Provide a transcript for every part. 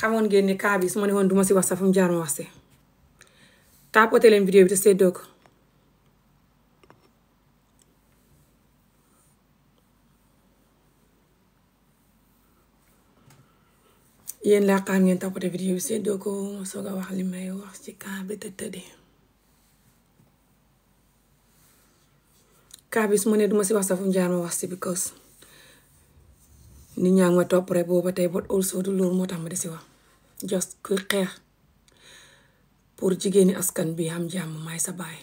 xamoon ngeen ni cas su ma ne woon du si wax sax fu jaar ma wax si bi te séddoo ko yéen bi séddoo ko ma soog a wax li may wax ci su ma ne du ma wax sax fu wax si because nit ñaa ma topp rek booba tey but also du loolu moo tax ma de si wax jos kuy xeex pour jigéeni askan bi am jàmm may sa baay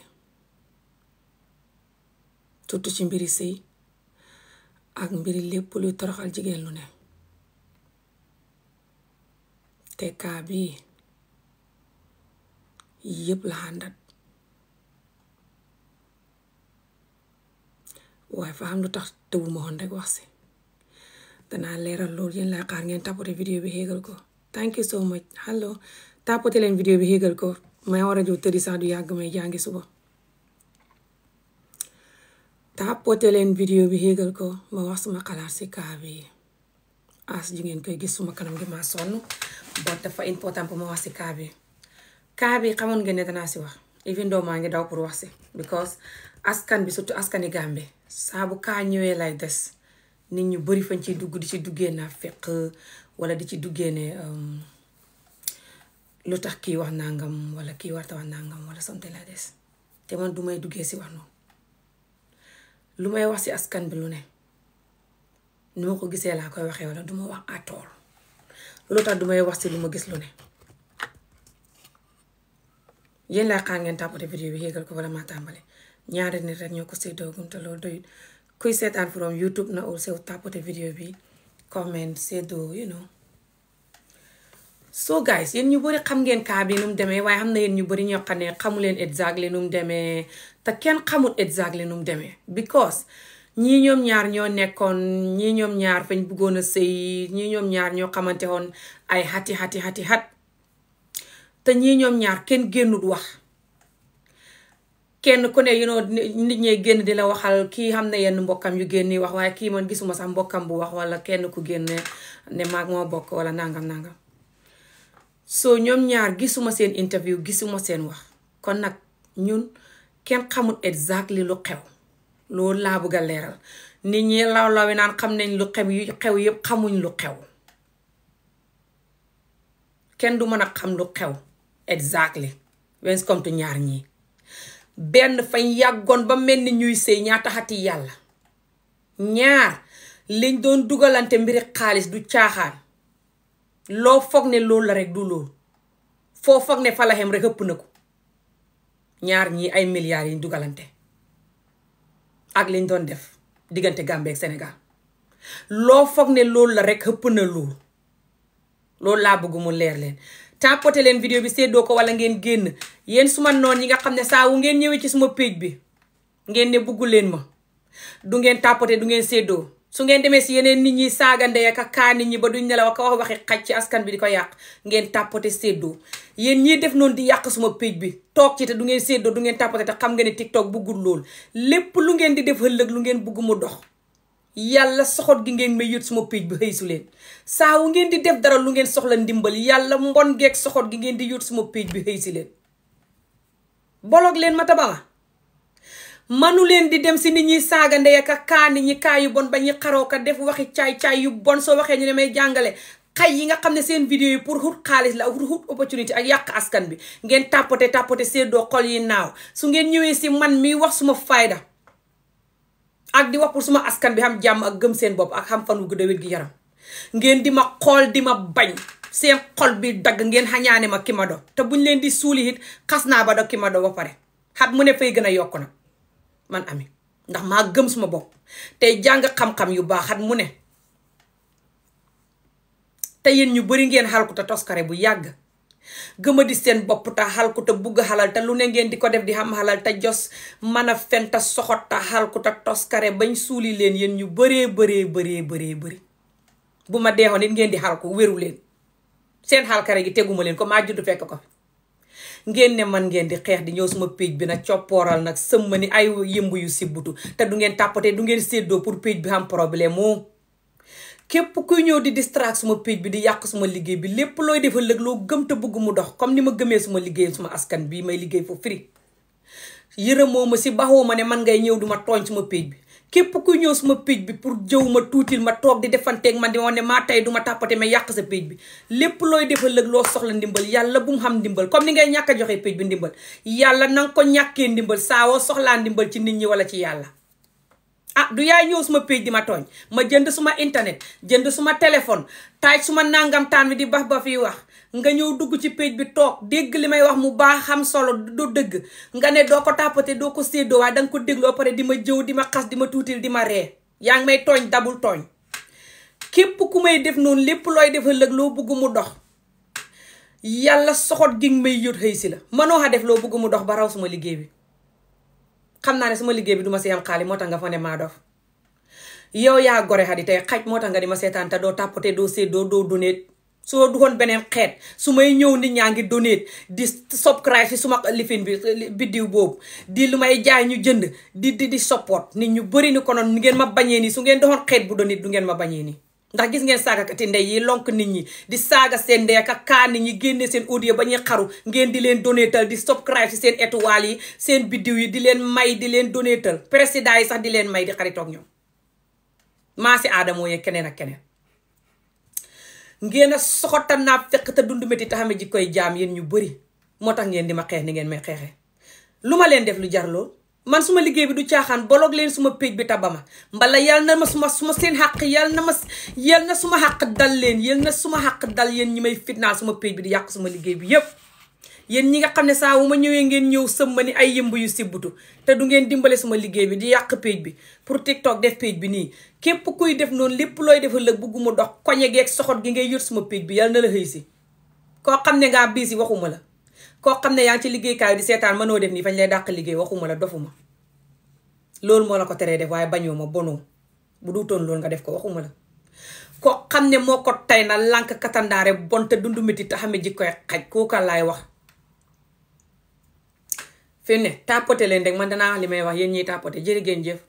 surtout ci mbiri sëy ak mbiri lépp luy toroxal jigéen lu ne te kaa bii yépp la xàndat waaye fa xam lu tax tëbu ma woon rek wax si danaa leeral loolu yéen laa xaar ngeen tapote vidéo bi xéegal ko thank you so much hello tapote leen vidéo bi yéegal ko may war a jóg tëddi sax du yàgg may jàngi suba tapote leen vidéo bi yéegal ko ma wax suma xalaat si kaa bi ji ngeen koy gis suma kanam gi ma sonn bon dafa important pour ma si kaa bi kaa bi xamoon ngeen ne danaa si wax maa ngi daw pour wax si because askan bi surtout askani Gàmbi saa bu kaa ñëwee lay des nit ñu bari fañ ciy dugg di ci duggee naa fekk wala di ci duggee ne um, lu tax kii wax nangam wala kiy warta wax nangam wala something like this te man du may duggee si wax noonu lu may wax si askan bi lu ne nu ma ko gisee laa koy waxee wala du ma wax à tort loolu tax du may wax si lu ma gis lu ne yéen laa xaar ngeen tàppate vidéo bi yéegal ko wala maa tàmbale ñaari nit rek ñoo ko séddoo gum te loolu doyut kuy seetaan from YouTube na aussi tàppate vidéo bi comment seddoo you know so guys yéen ñu bari xam ngeen kaa bi nu demee waaye xam na yéen ñu bari ñoo xam ne xamu leen exactly nu mu demee te kenn xamul exactly nu mu demee because ñii ñoom ñaar ñoo nekkoon ñii ñoom ñaar fañ bëggoon a sëy ñii ñoom ñaar ñoo xamante woon ay xati xati xati te ñii ñoom ñaar kenn génnut wax kenn ko ne you know nit ñee génn di la waxal kii xam na yenn mbokkam yu génn wax waaye kii man gisuma sax mbokkam bu wax walla kenn ku génn ne maag moo bokk wala nangam nangam so ñoom ñaar gisuma seen interview gisuma seen wax kon nag ñun kenn xamul exactly lu xew loolu laa bëgg a leeral nit ñi law lawi naan xam nañ lu xew yu xew yëpp xamuñ lu xew kenn du mën a xam lu xew exactly when come to ñaar ñii benn fañ yàggoon ba mel ni ñuy sëy ñaata xati yàlla ñaar liñ doon dugalante mbiri xaalis du caaxaan loo foog ne loolu la rek du loolu foo foog ne falaxem rek ëpp na ko ñaar ñii ay milliards yiñ dugalante ak liñ doon def diggante Gambie senegaal loo foog ne loolu la rekk ëpp na loolu loolu laa bëgg leer leen tapoté leen vidéo bi séddoo ko wala ngeen génn yéen suma ma noon yi nga xam ne saa wu ngeen ñëwee ci suma page bi ngeen ne bugg leen ma du ngeen tapoté du ngeen séddoo su ngeen demee si yeneen nit ñi saagande ak kaa nit ñi ba duñ nelaw ak wax waxi xaj ci askan bi di ko yàq ngeen tapoté séddoo yéen ñiy def noonu di yàq suma page bi toog ci te du ngeen séddoo du ngeen tapoté te xam nga ne TikTok buggul lool lépp lu ngeen di def ëllëg lu ngeen bugg mu dox yàlla soxoot gi ngeen may yët suma péej bi xëy su leen saa wu ngeen di def dara lu ngeen soxla ndimbal yàlla mbon geeg soxoot gi ngeen di yët suma péej bi xëy si leen bolog leen ma manu leen di dem si nit ñuy saaga ndey ak kaani ñi kaay yu bon ba ñu xaroo ka def waxi caay-caay yu bon soo waxee ñu ne may jàngale xay yi nga xam ne seen vidéo yi pour xut xaalis la ak xut opportunité ak yàq askan bi ngeen tàppate tàppate seddoo xol yi naaw su ngeen ñëwee si man mi wax suma fayda ak di wax pour suma askan bi xam jàmm ak gëm seen bopp ak xam fan wu gudda gi yaram ngeen di ma xool di ma bañ seen xol bi dagg ngeen xañaane ma ki ma do te buñ leen di suuli xas naa ba do ki ma do ba pare xat mu ne fay gën a yokk nag man ami ndax maa gëm suma bopp te jàng xam-xam yu baax xat mu ne te yéen ñu bari ngeen xalku te toskare bu yàgg gëma di seen bopp te xalku te bugg xalal te lu ne ngeen di ko def di xam xalal te jos mën a fen te soxot te xalku te toskare bañ suuli leen yéen ñu bëree bëree bëree bëree bëri bu ma deexoon it ngeen di xalku wéru leen seen xalkare gi teguma leen ko maa juddu fekk ko ngeen ne man ngeen di xeex di ñëw suma page bi nag coppooral nag sëmma ni ay yëmb yu sibbutu te du ngeen tàppatee du ngeen séddoo pour page bi xam problème moo képp kuy ñëw di distract suma page bi di yàq suma liggéey bi lépp looy defal lëg loo gëm te bëgg mu dox comme ni ma gëmee suma liggéey suma askan bi may liggéey foofu free yërëmoo ma si baxoo ma ne man ngay ñëw duma tooñ suma page bi képp kuy ñëw suma page bi pour jëw ma ma toog di defanteeg man di woon ne maa tey duma tàppate ma yàq sa page bi lépp looy defal lëg loo soxla ndimbal yàlla bu mu xam ndimbal comme ni ngay ñàkk joxe joxee bi ndimbal yàlla na ko ñàkkee ndimbal saa woo soxlaa ndimbal ci nit ñi wala ci yàlla ah du yaay ñëw suma page di ma tooñ ma jënd suma internet jënd suma téléphone taaj suma nangam bi di bax ba fi wax nga ñëw dugg ci page bi toog dégg li may wax mu baax xam solo du dëgg nga ne doo ko tàppate doo ko séddoo waaye danga ko dégg dégloo pare di ma jëw di ma xas di ma tuutil di ma ree yaa ngi may tooñ dabul tooñ képp ku may def noonu lépp looy def ëllëg loo bëgg mu dox yàlla soxot gi may yót xëy si la mënoo xa def loo bëgg mu dox ba raw suma liggéey bi xam naa ne suma liggéey bi du ma si am xaali moo tax nga fa ne maa dof yow yaa gore xadi tey xaj moo tax nga di ma seetaan te doo tàppate doo séddoo doo donate soo dugoon beneen xeet su may ñëw nit ñaa ngi donate di subscribe si suma lifin bi biddiw boobu di lu may jaay ñu jënd di di di support nit ñu bëri ni konoon ni ngeen ma bañee nii su ngeen doxoon xeet bu donate du ngeen ma bañee nii ndax gis ngeen saaga saagakati ndey yi lonk nit ñi di saaga seen ndey ak kaa nit ñi génne seen audio ba ñuy xaru ngeen di leen doneetal di subscribe si seen étoile yi seen biddiw yi di leen may di leen doneetal président sax di leen may di xaritoog ñoom maasi aadama aadamoo keneen ak keneen ngeen a soxotam naa fekk te dund métti te ji koy jaam yéen ñu bari moo tax ngeen di ma xeex ni ngeen may xeexee lu ma leen def lu jar lool man suma liggéey bi du caaxaan boloog leen suma péej bi taba ma mbala yal na ma suma suma seen xàq yal na ma yal na suma xàq dal leen yal na suma xàq dal yéen ñi may fitnaal suma péej bi di yàq suma liggéey bi yépp yéen ñi nga xam ne saa wu ma ñëwee ngeen ñëw sëm ma ni ay yëmb yu sibbutu te du ngeen dimbale suma liggéey bi di yàq page bi pour TikTok def page bi nii képp kuy def noonu lépp looy def ëllëg bugguma dox koñe geeg soxot gi ngay yot suma page bi yàlla na la xëy si koo xam ne ngaa biisi waxuma la koo xam ne yaa ngi ci liggéeykaay di seetaan mënoo def nii fañ lay dàq liggéey waxuma la dofuma loolu moo la ko teree def waaye bañoo ma bonoo bu duutoon loolu nga def ko waxuma la ko xam ne moo ko tay na lànk katandaare bon te dundu métti te xame ji koy xaj laay wax fi ne leen rek man danaa wax li may wax yéen ñiy tàppate jërë ngeen jëf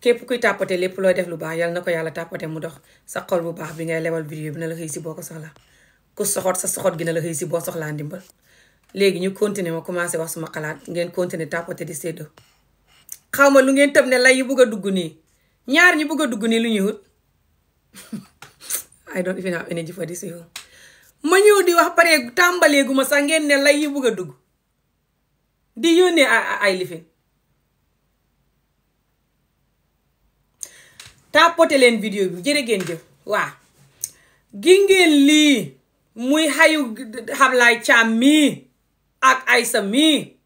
képp kuy tàppate lépp looy def lu baax yàlla na ko yàlla tàppate mu dox sa xol bu baax bi ngay lebal vidéo bi na la xëy si boo ko soxla ku soxot sa soxot gi na la xëy si boo soxlaa ndimbal léegi ñu continuer ma commencé wax suma xalaat ngeen continuer tàppate di séddoo xaw ma lu ngeen tëb ne lay yu bëgg a dugg nii ñaar ñi bugg a dugg nii lu ñuy wut I ma ñëw di wax pare tàmbalee ma sax ngeen ne lay yu bëgg a dugg di yónnee ay lifin tàppate leen vidéo bi jërë ngeen jëf waa gi ngeen lii muy xayu xablaay càmm mii ak Aïssa mii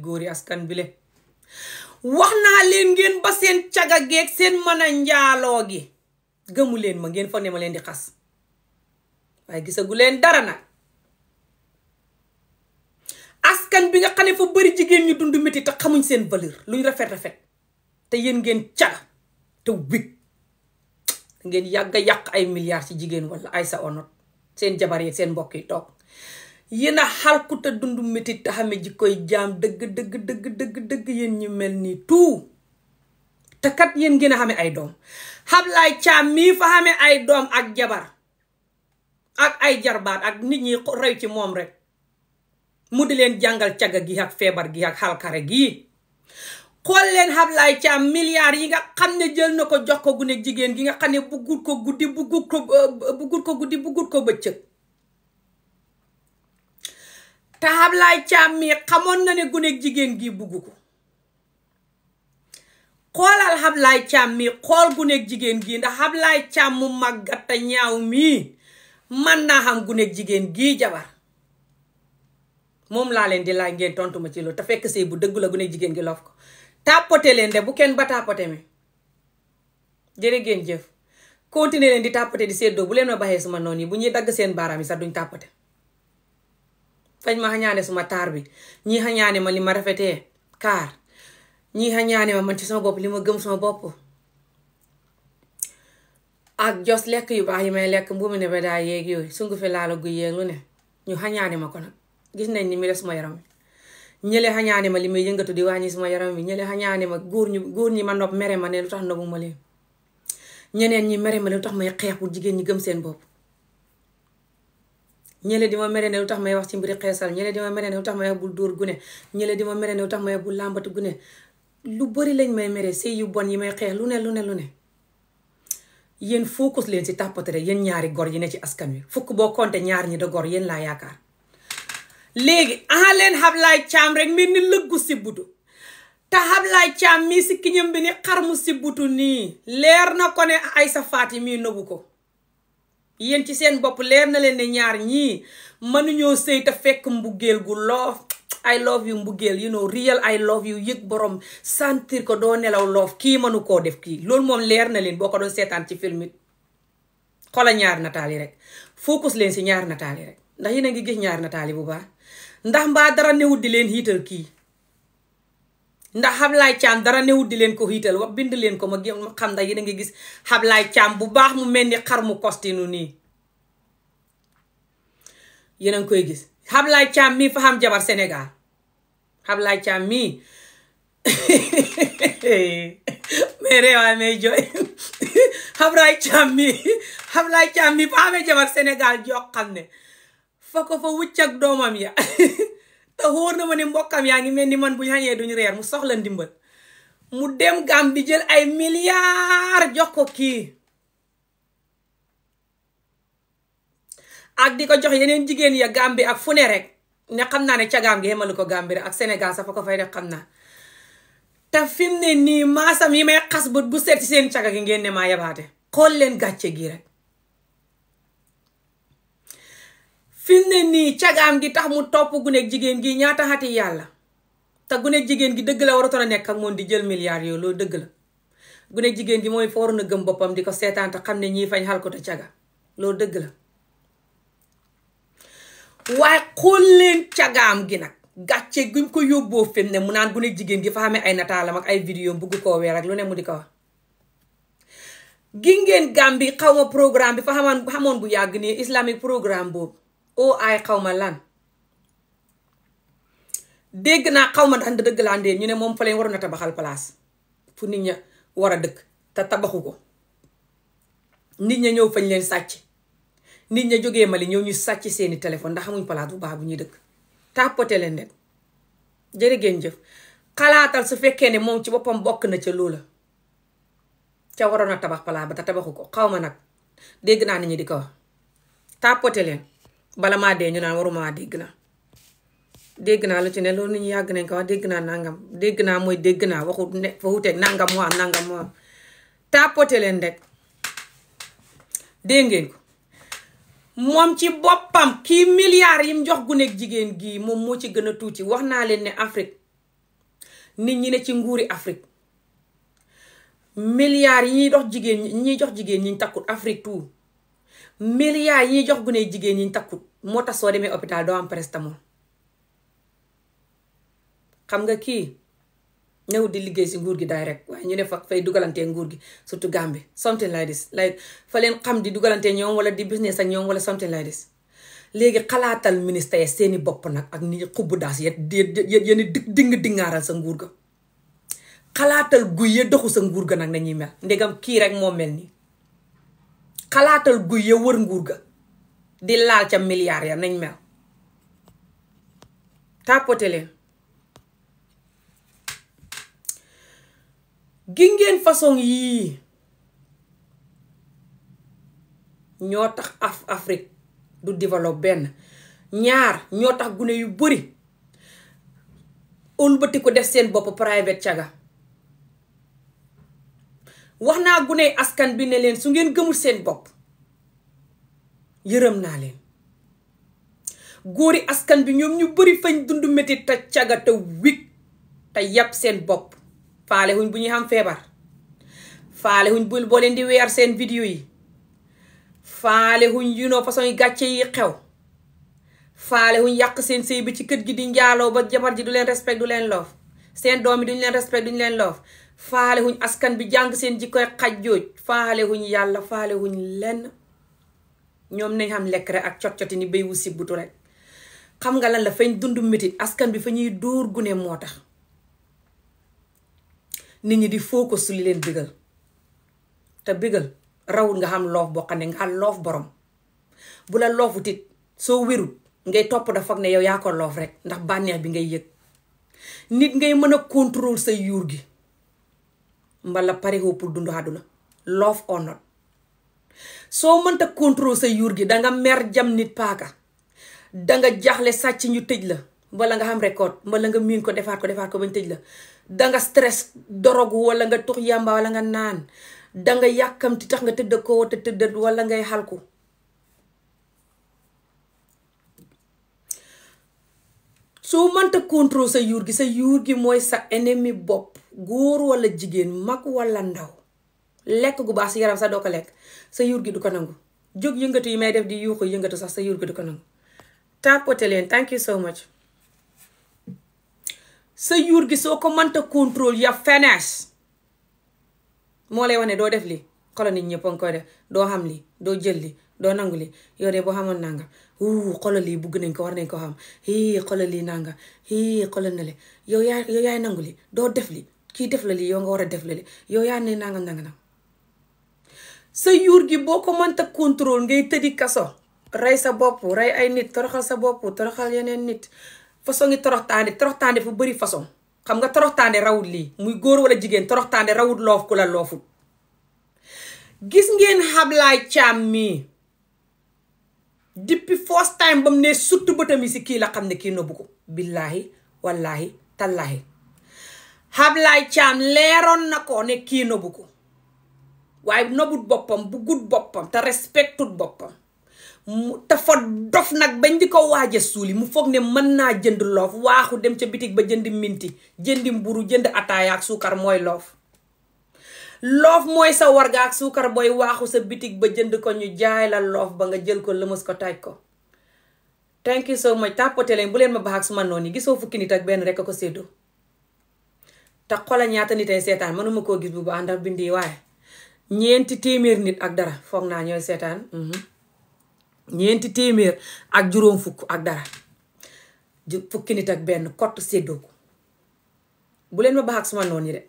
góor yi askan bile wax naa leen ngeen ba seen caga geeg seen mën a njaaloo gi gëmu leen ma ngeen foog ne ma leen di xas waaye gisagu leen dara nag askan bi nga xam ne fa bëri jigéen ñu dund métti te xamuñ seen valeur luñ rafet rafet te yéen ngeen caga te wig ngeen yàgg yàq ay milliards ci jigéen wala ay sa onot seen jabar yeeg seen mbokk yi toog yéen a xalku te dund métit te xame ji koy jaam dëgg dëgg dëgg dëgg dëgg yéen mel nii tout te kat yéen ngeen a xame ay doom Ablaye Thiam mii fa xame ay doom ak jabar ak ay jarbaat ak nit ñi roy ci moom rek mu di leen jàngal cagga gi ak feebar gi ak xalkare gi xool leen Ablaye Thiam milliards yi nga xam ne jël na ko jox ko gune jigéen gi nga xam ne buggut ko guddi buggut ko euh, buggut ko guddi buggut ko bëccëg te Ablaye Thiam mi xamoon na ne gune jigéen gi bugg ko xoolal Ablaye Thiam mi xool gune jigéen gi ndax Ablaye Thiam mu màggat te ñaaw mii man naa xam gune jigéen gii jabar moom laa leen di laaj ngeen tontuma ci loolu te fekk sëy bu dëgg la gune jigéen gi loof ko tàppote leen de bu kenn ba tàppote mi jërë ngeen jëf continuer leen di tàppate di séddoo bu leen ma baxee suma noon yi bu ñuy dagg seen baaraam yi sax duñ tàppate fañ ma xañaane suma taar bi ñii xañaane ma li ma rafetee kaar ñii xañaane ma man ci sama bopp li ma gëm sama bopp ak jos lekk yu baax yi may lekk mbuumi ne ba daa yéeg yooyu sungu fi laala guy yéeg ne ñu xañaane ma ko nag gis nañ ni mi suma yaram ñële xañaane ma li may yëngatu di wàññi suma yaram bi ñële xañaane ma góor ñu góor ñi ma nopp mere ma ne lu tax nobu ma leen ñeneen ñi mere ma ne lu tax may xeex pour jigéen ñi gëm seen bopp ñële di ma mere ne lu tax may wax ci mbiri xeesal ñële di ma mere ne lu tax dóor gune ñële di ma mere ne lu tax may bul làmbatu gune lu bari lañ may mere sëy yu bon yi may xeex lu ne lu ne lu ne yéen focus leen si tàppate rek yéen ñaari gor yi ne ci askan wi fukk boo compté ñaar ñi da gor yéen laa yaakaar léegi aha leen Ablaye Thiam rek mi ni lëggu si butu te Ablaye Thiam mii si kiñam bi ni xar mu si nii leer na ko ne Aïssa Faty mii nëbu ko yéen ci seen bopp leer na leen ne ñaar ñii mënuñoo sëy te fekk mbugeel gu loof I love you mbugeel you know real I love you yëg borom sentir ko doo nelaw loof kii mënu koo def kii loolu moom leer na leen boo ko doon seetaan ci film it xoolal ñaar nataal yi rek focus leen si ñaar nataal yi rek ndax yéen a ngi ñaar nataal yi bu ndax mbaa dara newut di leen hiital kii ndax xablaay caam dara newut di leen ko hiital wa bind leen ko ma xam ndax yéen a ngi gis xablaay caam bu baax mu mel ni xar mu kostinu nii yéen koy gis mii fa xam jabar Sénégal xablaay caam mii mais réewaay may jooy xablaay caam mii xablaay fa xamee jabar Sénégal joo xam ne fa ko fa wucc ak doomam ya te xóor na ma ni mbokkam yaa ngi mel ni man bu ñu xañee duñu reer mu soxla ndimbal mu dem gam bi jël ay milliards jox ko kii ak di ko jox yeneen jigéen ya Gambie ak fune ne rek ne xam naa ne ca Gambie yemalu ko gàmbi rek ak Sénégal sax fa ko fay def xam naa te fi mu ne nii maasam yi may xas bët bu set ci seen caga gi ngeen ne maa yabaate xool leen gàcce gii rek fi mu ne nii cagaam gi tax mu topp guneeg jigéen gi ñaata xati yàlla te guneeg jigéen gi dëgg la waratoon a nekk ak moom di jël milliards yooyu loo dëgg la guneeg jigéen gi mooy fa waroon a gëm boppam di ko seetaan xam ne ñii fañ xal ko te caga loolu dëgg la waaye ko yóbboo fi mu ne mu naan jigéen gi fa ay nataalam ak ay vidéo bugg koo weer ak lu ne mu di ko wax gi ngeen gàm bi xaw ma programme bi fa xamoon bu yàgg nii islamique programme boobu OI xaw ma lan dégg naa xaw ma ndax dëgg laa ndéem ñu ne moom fa leen waroon a tabaxal palaas fu nit ña war a dëkk te tabaxu ko nit ña ñëw fañ leen sàcc nit ña jógee Mali ñëw ñu sàcc seeni téléphone ndax amuñ place bu baax bu ñuy dëkk tàppate leen nen jërë ngeen xalaatal su fekkee ne moom ci boppam bokk na ca loola ca waroon a tabax place ba te tabaxu ko xaw ma nag dégg naa nit ñi di ko wax leen bala maa dee ñu naan waruma dégg naa dégg naa lu ci ne loolu nit yàgg nañ ko wax dégg naa nangam dégg naa mooy dégg naa waxu ne fa wuteeg nangam moo am leen rek dégg ko moom ci boppam kii milliards yim jox gu nekk jigéen gii moom moo ci gën a tuuti wax naa leen ne Afrique nit ñi ne ci nguuri Afrique milliards yi ñuy dox jigéen ñi ñuy jox jigéen ñi ñu takkut Afrique tout milliards yi ñuy jox gune jigéen ñi takkut moo tax soo demee hôpital doo am paracetamol xam nga kii ñëw di liggéey si nguur gi daay ñu ne fa fay dugalantee nguur gi surtout Gambie something like this like fa leen xam di dugalantee ñoom wala di business ak ñoom wala something like léegi xalaatal ministère seeni bopp nag ak ni xubb daas ya yeni di ding dingaaral sa nguur ga xalaatal guy ya doxu sa nguur ga nag nañuy mel ndegam kii rek moo mel nii xalaatal guy ya wër nguur ga di laal ca milliards ya nañ mel tàppate leen gi ngeen façon yii ñoo tax af Afrique du développe benn ñaar ñoo tax gune yu bëri ëlbati def seen bopp private caga wax naa gune askan bi ne leen su ngeen gëmul seen bopp yërëm naa leen góori askan bi ñoom ñu bari fañ dundu metti te caga te wig te yàpp seen bopp faale huñ bu ñuy xam feebar faale huñ bul boo leen di weer seen vidéo yi faale huñ yu noo façon yi gàcce yi xew faale huñ yàq seen sëy bi ci kër gi di njaaloo ba jabar ji du leen respect du leen loof seen doom yi duñ leen respect duñ leen loof faale wuñ askan bi jàng seen jikkoy xajjooj faale wuñ yàlla faale wuñ lenn ñoom nañ xam lekk rek ak cot-coti ni béy wu sibbutu rek xam nga lan la fañ dund métit askan bi fa ñuy dóor gune moo tax nit ñi di foo ko su leen bégal te bégal rawul nga xam loof boo ne nga xam loof borom bu la loofu tit soo wérut ngay topp da foog ne yow yaa ko loof rek ndax bànneex bi ngay yëg nit ngay mën a contrôle sa yuur gi mbala pare woo pour dund àdduna love or not soo mënta contrôle sa yuur gi danga mer jam nit paaka danga jaxle sàcc ñu tëj la wala nga xam record mbala nga miin ko defaat ko defaat ko bañ tëj la danga stress dorogu wala nga tux yàmba wala nga naan danga yàkkamti tax nga tëdd ko wata tëdd wala ngay xalku soo mënta contrôle sa yuur gi sa yuur gi mooy sa ennemi bopp góor wala jigéen mag wala ndaw lekk gu baax si yaram sax doo ko lekk sa yuur gi du ko nangu jóg yëngatu yi may def di yuuxu yëngatu sax sa yuur gi du ko nangu tapote leen thank you so gi soo ko mënta contrôle ya fenees moo lay wax ne doo def li xoolal nit ñëpp a def doo xam li doo jël li doo nangu li yow de boo xamoon nanga wuu xoolal lii bugg nañ ko war nañ ko xam hii xoolal lii nanga hii xoolal na le yow yaay yow yaay nangu li doo def li kii def la lii yow nga war a def la lii yow yaa ne nangam nangam sa yuur gi boo ko mënta contrôle ngay tëddi kaso rey sa bopp rey ay nit toroxal sa bopp toroxal yeneen nit façon ngi toroxtaande toroxtaande fu bari façon xam nga toroxtaande rawut lii muy góor wala jigéen toroxtaande rawut loof ku la loofut gis ngeen Ablaye Thiam mii depuis first time ba ne surtout bëtam yi si kii la xam ne kii nobbu ko billaahi wallaahi tallaahi Ablaye Thiam leeroon na ko ne kii nëbbu ko waaye nobut boppam bu gut boppam te respectut boppam mu dafa dof nag bañ di ko waaj a suuli mu foog ne mën naa jënd loof waaxu dem ca bitig ba jënd minti jëndi mburu jënd ataaya ak suukar mooy loof loof mooy sa warga ak suukar booy waaxu sa bitig ba jënd ko ñu jaay la loof ba nga jël ko lëmas ko taaj ko thank you so much tàppate leen bu leen ma baax ak suma noon yi gisoo fukki nit ak benn rekk a ko séddoo te xola ñaata nit ay seetaan mënuma koo gis bu baax ndax bind yi waaye ñeenti téeméer nit ak dara foog naa ñooy seetaan mhm. ñeenti téeméer ak juróom fukk ak dara fukki nit ak benn kott séddoo ko bu leen ma baax suma noon yi de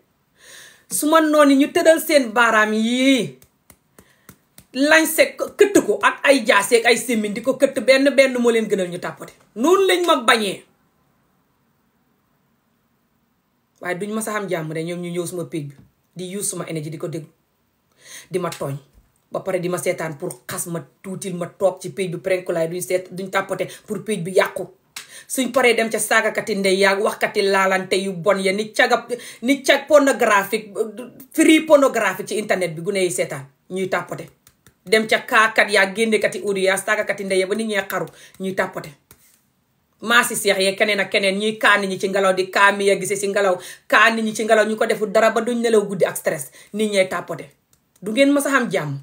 suma noon yi ñu tëddal seen baaraam yii lañ se këtt ko ak ay jaaseeg ay sémmiñ di ko këtt benn benn moo leen gënal ñu tàppate noonu lañ ma bañee waaye duñ ma sa xam jàmm de ñoom ñu ñëw suma page bi di use suma énergie di ko déglu di ma tooñ ba pare di ma seetaan pour xas ma tuutil ma toog ci page bi prenkulaay duñ seet duñ tàppate pour page bi yàqu suñ paree dem ca saagakati ndey yaag waxkati laalante yu bon ya ni cagab ni cag pornographique free pornographique ci internet bi gune yi seetaan ñuy tàppate dem ca kaakat yaa génnekati yi audio yaa saagakati ndey ya ba nit ñee xaru ñuy tàppate maasi seex yee keneen ak keneen ñi kaa nit ñi ci ngelaw di kaa mi ya gisee si ngelaw kaa nit ñi ci ngelaw ñu ko deful dara ba duñ nelaw guddi ak stress nit ñay tàppote du ngeen mës a xam jàmm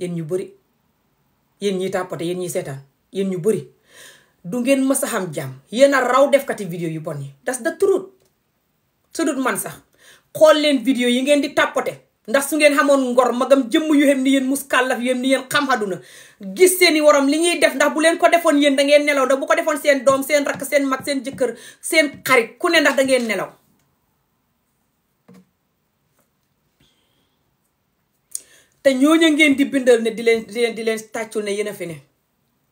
yéen ñu bëri yéen ñuy tàppote yéen ñuy seetaan yéen ñu bëri du ngeen mës a xam jàmm yéen a raw defkati vidéo yu bon yi das da turut su dut man sax xool leen vidéo yi ngeen di tàppote ndax su ngeen xamoon ngor magam jëmm yu xem ni yéen muskàllaf yu xem ni yéen xam àdduna gis seen yi waram li ñuy def ndax bu leen ko defoon yéen da ngeen nelaw ndax bu ko defoon seen doom seen rakk seen mag seen jëkkër seen xarit ku ne ndax da ngeen nelaw te ñooñu ngeen di bindal ne di leen di leen di tàccul ne yéen a fi ne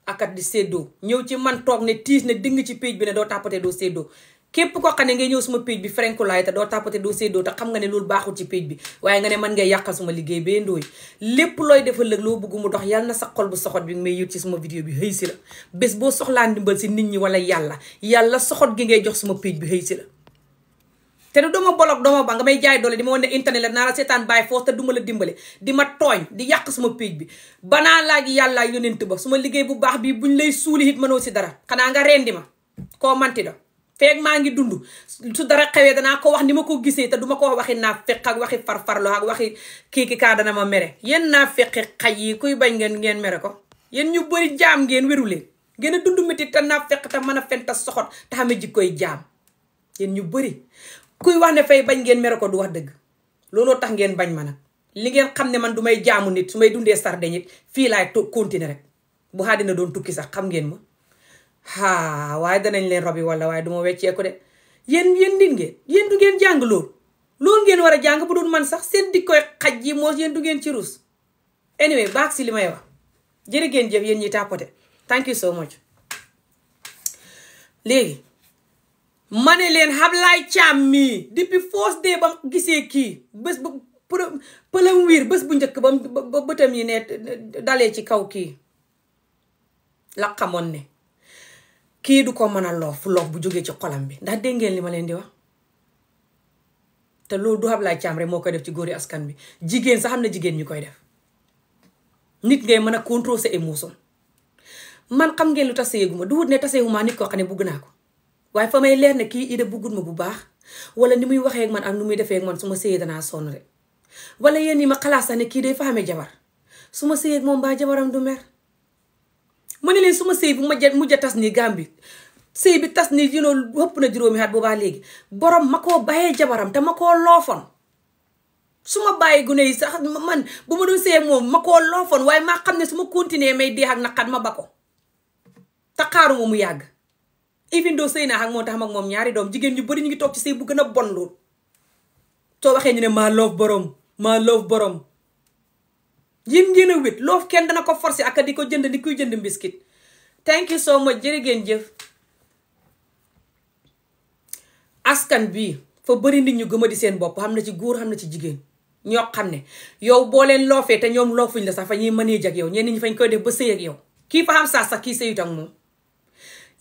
akat di séddoo ñëw ci man toog ne tiis ne ding ci page bi ne doo tàppatee doo séddoo képp koo xam ne ngay ñëw suma page bi frenkulaay te doo tàppate doo séddoo te xam nga ne loolu baaxul ci page bi waaye nga ne man ngay yàqal suma liggéey bee ndooy lépp looy defal lëg loo bëgg dox yal na sa xol bu soxot bi may yët ci suma vidéo bi xëy si la bés boo soxlaa ndimbal si nit ñi wala yàlla yàlla soxot gi ngay jox suma page bi xëy si la te du duma bolog dooma ba nga may jaay doole di ma wane ne internet la naa la seetaan bàyyi foofu te du ma la dimbale di ma tooñ di yàq suma page bi banaa laaj yàlla yonent ba suma liggéey bu baax bii buñ lay suuli it mënoo si dara xanaa nga rendi ma koo manti do feeg maa ngi dund su dara xewee danaa ko wax ni ma ko gisee te duma ko wax waxi naa feq ak waxi farfarloo ak waxi kii ki kaa dana ma mere yéen naa feqi xaj yi kuy bañ ngeen ngeen mere ko yéen ñu bëri jaam ngeen wéru leen ngeen a dund métti te naa feq mën a fen te soxot te xame jikkoy jaam yéen ñu bëri kuy wax ne fay bañ ngeen mere ko du wax dëgg looloo tax ngeen bañ ma nag li ngeen xam ne man du may jaamu nit su may dundee sarde nit fii laay continuer rek bu xaa dina doon tukki sax xam ngeen ma haa waaye danañ leen robi walla waaye du moo wecceeku de yéen yéen nit ngeen yéen du ngeen jàng loolu loolu ngeen war a jàng bu doon man sax seen di koy xaj yi moo yéen du ngeen ci ruus anyway baax si li may wax jërë jëf yéen ñi tàppate thank you so ma ne leen Ablaye Thiam mii depuis first day ba gisee kii bës ba pëlam wiir bés bu njëkk ba ba yi ne dalee ci kaw kii la xamoon ne kii du ko mën a loof loof bu jógee ci xolam bi ndax dégg ngeen li ma leen di wax te loolu du Ablaye Thiam rek moo koy def ci góori askan bi jigéen sax xam na jigéen ñi koy def nit ngay mën a contrôle sa émotion man xam ngeen lu taseeguma du wut ne taseewuma nit koo xam ne bugg naa ko waaye fa may leer ne kii Ida buggut ma bu baax wala ni muy waxee man am nu muy defee man su ma sëyee danaa sonn rek wala yéen ñi ma xalaat sax ne kii day fa xamee jabar su ma moom baa jabaram du mer mu ne leen su ma sëy bu mujj a tas nii bi sëy bi tas ni yinoo ëpp na juróomi at boobaa léegi boroom ma koo bàyyee jabaram te ma koo loofoon su ma bàyyi gune yi sax man bu ma doon sëy moom ma koo loofoon waaye maa xam ne su ma continuer may dee ak naqat ma bakko ko te xaaruma mu yàgg even doo sëy naa ak moo tax mag moom ñaari doom jigéen ñu bari ñu ngi toog ci sëy bu gën a bon lool soo waxee ñu ne maa loof borom maa loof borom yéen ngeen a wét loo kenn dana ko forcé ak di ko jënd di kuy jënd mbiskit thank you so much jërë jëf askan bi fa bëri nit ñu gëma di seen bopp xam na ci góor xam na ci jigéen ñoo xam ne yow boo leen loofee te ñoom loofuñ la sax fa ñuy mënee jag yow ñenn ñi fañ koy def ba sëy yow kii fa xam saas sax kii sëyut ak moom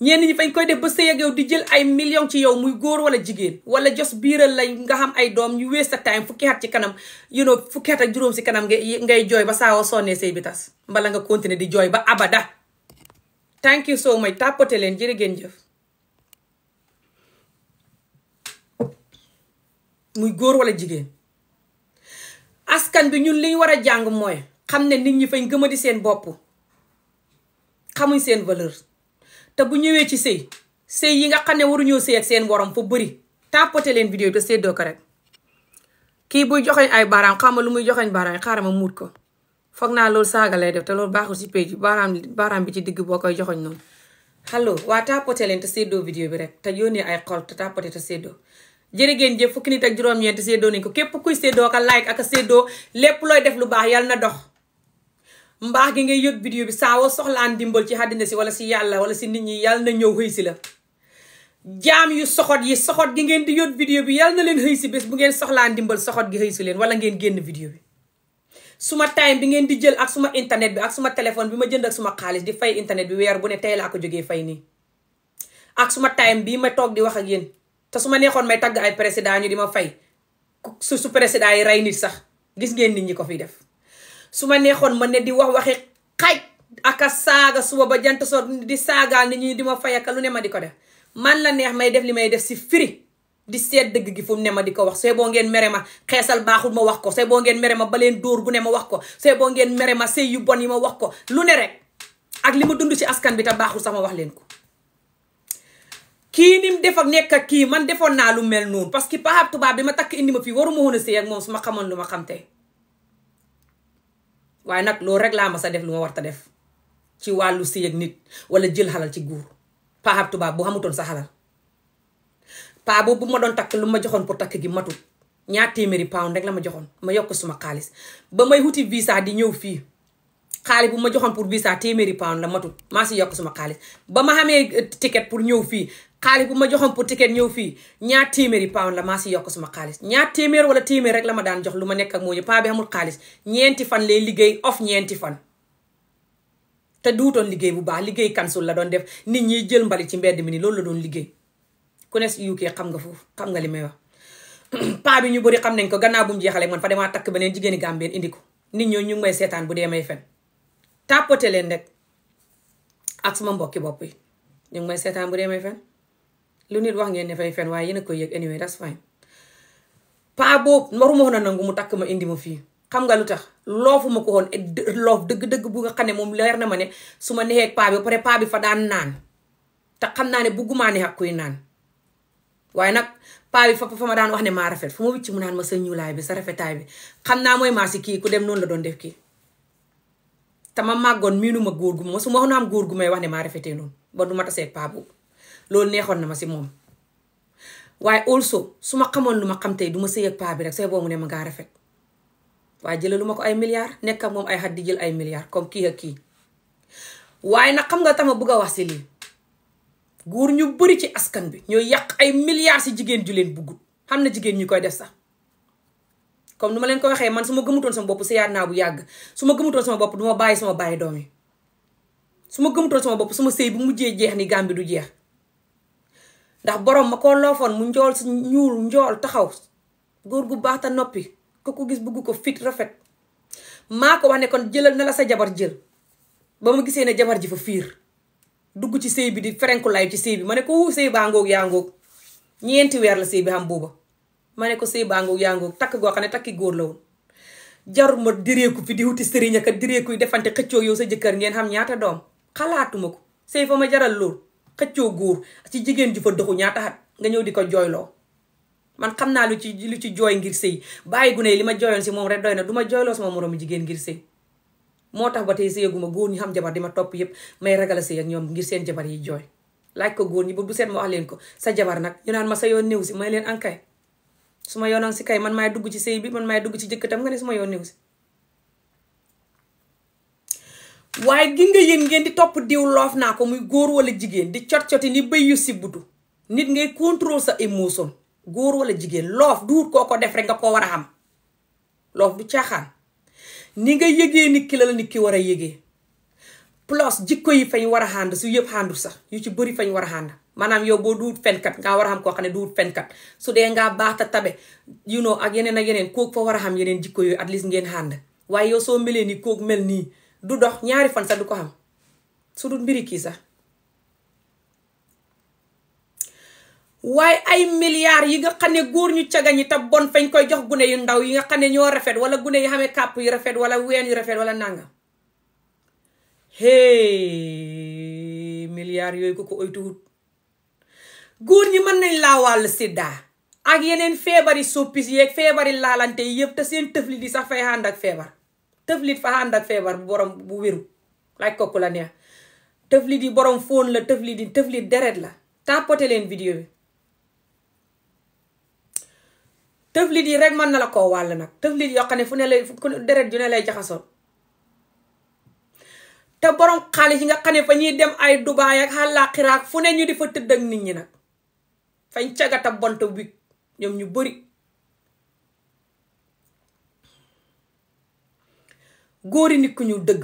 ñenn ñi fañ koy def ba sëy ak yow di jël ay million ci yow muy góor wala jigéen wala jos biiral lay nga xam ay doom ñu wees sa time fukki at ci kanam you know fukki ak juróom si kanam ngay ngay jooy ba saawoo sonnee sëy bi tas mbala nga continuer di jooy ba abada thank you so much tàppate leen jërë ngeen jëf muy góor wala jigéen askan bi ñun liñ war a jàng mooy xam ne nit ñi fañ gëma di seen bopp xamuñ seen valeur te bu ñëwee ci sëy sëy yi nga xam ne waruñoo sëy ak seen borom fa bëri tapoté leen vidéo te séddoo ko rek kii buy joxeñ ay baaraam xam lu muy joxeñ baaraam xaaral ma muut ko foog naa loolu saaga lay def te loolu baaxul si page bi baaraam bi ci digg boo koy joxoñ noonu allo waa tapoté leen te séddoo vidéo bi rek te yónnee ay xol te tapoté te séddoo jërëgéen jëf fukki nit ak juróom-ñeent séddoo nañ ko képp kuy séddoo ka like ak a séddoo lépp looy def lu baax yàlla na dox mbaax gi ngay yót vidéo bi saa soxlaa soxlaan dimbal ci àddina si wala si yàlla wala si nit ñi yàlla na ñëw xëy si la jaam yu soxot yi soxot gi ngeen di yót vidéo bi yal na leen xëy si bés bu ngeen soxlaan dimbal soxot gi xëy si leen wala ngeen génn vidéo bi suma time bi ngeen di jël ak suma internet bi ak suma téléphone bi ma jënd ak suma xaalis di fay internet bi weer bu ne tey laa ko jógee fay nii ak suma time bii ma toog di wax ak yéen te su ma neexoon may tagg ay président ñu di ma fay su su président yi rey nit sax gis ngeen nit ñi ko fiy def su ma neexoon ma ne di wax waxi xaj aka saaga suba ba jant so di saagaal ni ñuy di ma fayaka lu ne ma di ko def man la neex may def li may def si firi di seet dëgg gi fu ne ma di ko wax sooy boo ngeen mere ma xeesal baaxul ma wax ko sooy boo ngeen mere ma baleen dóor gu ne ma wax ko sooy boo ngeen mere ma sëy yu bon yi ma wax ko lu ne rek ak li ma dund ci askan bi te baaxul sax ma wax leen ko kii ni mu def ak nekk ak kii man defoon naa lu mel noonu parce que paxab tubaab bi ma takk indi ma fii waruma woon a sëy ak su ma xamoon lu ma xam waaye nag loolu rek laa ma sa def lu ma war ta def ci wàllu sëy ak nit wala jël xalal ci guur paaxab tubaab bu xamutoon sa xalal paa boobu bu ma doon takk lu ma joxoon pour takk gi matut ñaar téeméeri pound rek la ma joxoon ma yokk suma xaalis ba may wuti visa di ñëw fii xaalis bu ma joxoon pour visa téeméeri pound la matut maa si yokk suma xaalis eh, ticket pour ñëw fii xaalis bu ma joxoon pour ticket ñëw fii ñaar téeméeri pound la maa si yokk suma xaalis téeméer wala téeméer rek ma daan jox lu ma nekk ak mooñu bi amul xaalis ñeenti fan lay liggéey of ñeenti fan te liggéey bu baax liggéey kansul la doon def nit ñi jël mbali ci mbedd mi ni loolu la doon liggéey ku ne UK xam nga foofu xam nga li may wax paa bi ñu bëri xam nañ ko gannaaw bu mu jeexalee man fa demaa takk beneen jigéeni Gambien indi ko nit ñoo ñu ngi may seetaan bu dee may fen tàppote leen rek ak suma mbokki bopp yi ñu may seetaan bu dee may fen lu nit wax ngeen ne fay fen waaye yéen a koy yëg anyway that's fine paa boobu waruma woon a nangu mu takk ma indi ma fii xam nga lu tax loofu ma ko woon loof dëgg-dëgg bu nga xam ne moom leer na ma ne su ma neexee paa bi paa bi fa daan naan te xam naa ne bugguma ak kuy naan waaye nag paa bi fa fa ma daan wax ne maa rafet fu ma wicc mu naan ma sa ñuulaay bi sa rafetaay bi xam naa mooy maa si kii ku dem noonu la doon def kii te ma màggoon miinu ma góor gu ma su ma xam góor gu may wax ne maa rafetee noonu ba du ma tasee paa loolu neexoon na ma si moom waaye also su ma xamoon lu ma xam tey du ma sëy ak paa bi rek say boobu ne ma ngaa rafet waaye jëlee lu ma ko ay milliards nekk ak moom ay xat di jël ay milliards comme kii kii waaye nag xam nga tama bëgg a wax si lii góor ñu bëri ci askan bi ñoo yàq ay milliards si jigéen ju leen buggut xam na jigéen ñi koy def sax comme nu ma leen ko waxee man su ma gëmutoon sama bopp sëyaat naa bu yàgg su ma gëmutoon sama bopp du bàyyi sama bàyyi doom yi su ma gëmutoon sama bopp su ma sëy bu mujjee jeex ni gàmbi du jeex ndax borom ma koo loofoon mu njool si ñuul njool taxaw góor gu baax te noppi ko ko gis bëgg ko fit rafet maa ko wax ne kon jëlal na la sa jabar jël ba ma gisee ne jabar ji fa fiir dugg ci sëy bi di ferenku lay ci sëy bi ma ne ko wuu sëy baa ngoog yaa ngoog weer la sëy bi xam ne ko sëy baa ngoog takk goo xam ne takki góor la woon jarul ma direeku fi di wuti sëriñ ak direeku yi defante xëccoo yow sa jëkkër ngeen xam ñaata doom xalaatuma ko sëy fa ma jaral lool xëccoo góor ci jigéen ju fa doxu ñaata at nga ñëw di ko jooyloo man xam naa lu ci lu ci jooy ngir sëy bàyyi gune yi li ma jooyoon si moom rek doy na du ma jooyloo sama moroomu jigéen ngir sëy moo tax ba tey sëyaguma góor ñi xam jabar di ma topp yépp may ragal a sëy ak ñoom ngir seen jabar yi jooy laaj ko góor ñi ba bu set ma wax leen ko sa jabar nag ñu naan ma sa yoon néew si may leen ankay su ma yoonoon si kay man maay dugg ci sëy bi man maay dugg ci jëkkatam nga ne su ma yoon néew si waaye gi nga yéen ngeen di topp diw loof naa ko muy góor wala jigéen di cot-coti ni bay yu si buddu nit ngay contrôle sa émotion góor wala jigéen loof duut koo ko def rek nga ko war a xam loof du caaxaan nga yëgee nit ki la la war a yëgee plus jikko yi fañ war a xànd su yëpp xàndul sax yu ci bëri fañ war a xànd maanaam yow boo duut fenkat nga war a xam koo xam ne duut fenkat su dee ngaa baax ta tabe you ak yeneen a yeneen kooku fa war a xam yeneen jikko yooyu at least ngeen xànd waaye yow soo melee ni mel nii du dox ñaari fan sax du ko xam su dul mbiri kii sax waaye ay milliards yi nga xam ne góor ñu cagañ ñi te bon fañ koy jox gune yu ndaw yi nga xam ne ñoo rafet wala gune yi xamee kàpp yu rafet wala ween yu rafet walla nangam hey milliards yooyu ko ko oytuwut góor ñi mën nañ laa wàll sida ak yeneen feebari soppis yee feebari laalante yi yëpp te seen tëfli di sax fay ak feebar tëflit fa ànd ak feebar bu bu wéru laaj ko ku la neex tëflit yi borom foon la tëflit yi tëflit deret la tàppote leen vidéo bi tëflit yi rek mën na la koo wàll nag tëflit yoo xam ne fu ne lay deret ju ne lay jaxasoo te borom xaalis yi nga xam ne fa ñuy dem ay Dubaay ak àllaaxira fu ne ñu di fa tëdd ak nit ñi nag fañ cagata bont bi ñoom ñu bëri góori nit ku ñuul dëgg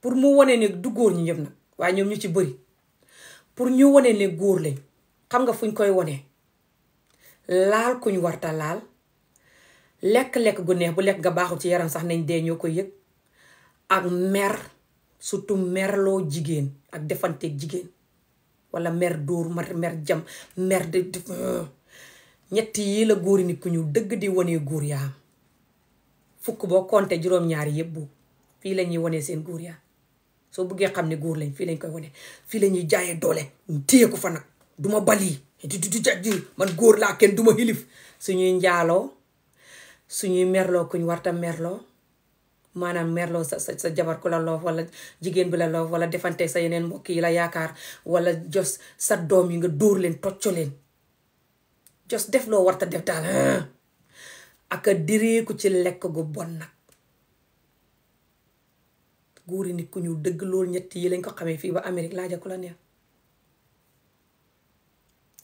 pour mu wane ne du góor ñi yëpp nag waaye ñoom ñu ci bëri pour ñu wane ne góor lañ xam nga fuñ koy wone laal kuñ warta laal lekk-lekk gu neex bu lekk nga baaxul ci yaram sax nañ dee ñoo koy yëg ak mer surtout merloo jigéen ak defanteeg jigéen walla mer dóor mer jam mer de euh. ñett yii la góori nit ku ñuul dëgg di wane góor yaa am fukk boo compté juróom-ñaari yëpp boobu fii la ñuy wonee seen góor yaa soo buggee xam ne góor lañ fii lañ koy wone fii lañuy jaayee doole téye ko fa nag duma bali di di di man góor laa kenn duma xilif suñuy njaaloo suñuy merloo kuñ warta merloo maanaam merloo sa sa jabar ko la loof wala jigéen bi la loof wala defante sa yeneen mbokk la yaakaar wala jos sa doom yi nga dóor leen tocco leen jos def loo warta def daal ak a direeku ci lekk gu bon nag góori nit ku ñuul dëgg loolu ñett yi lañ ko xamee fii ba Amérique laaja ku la neex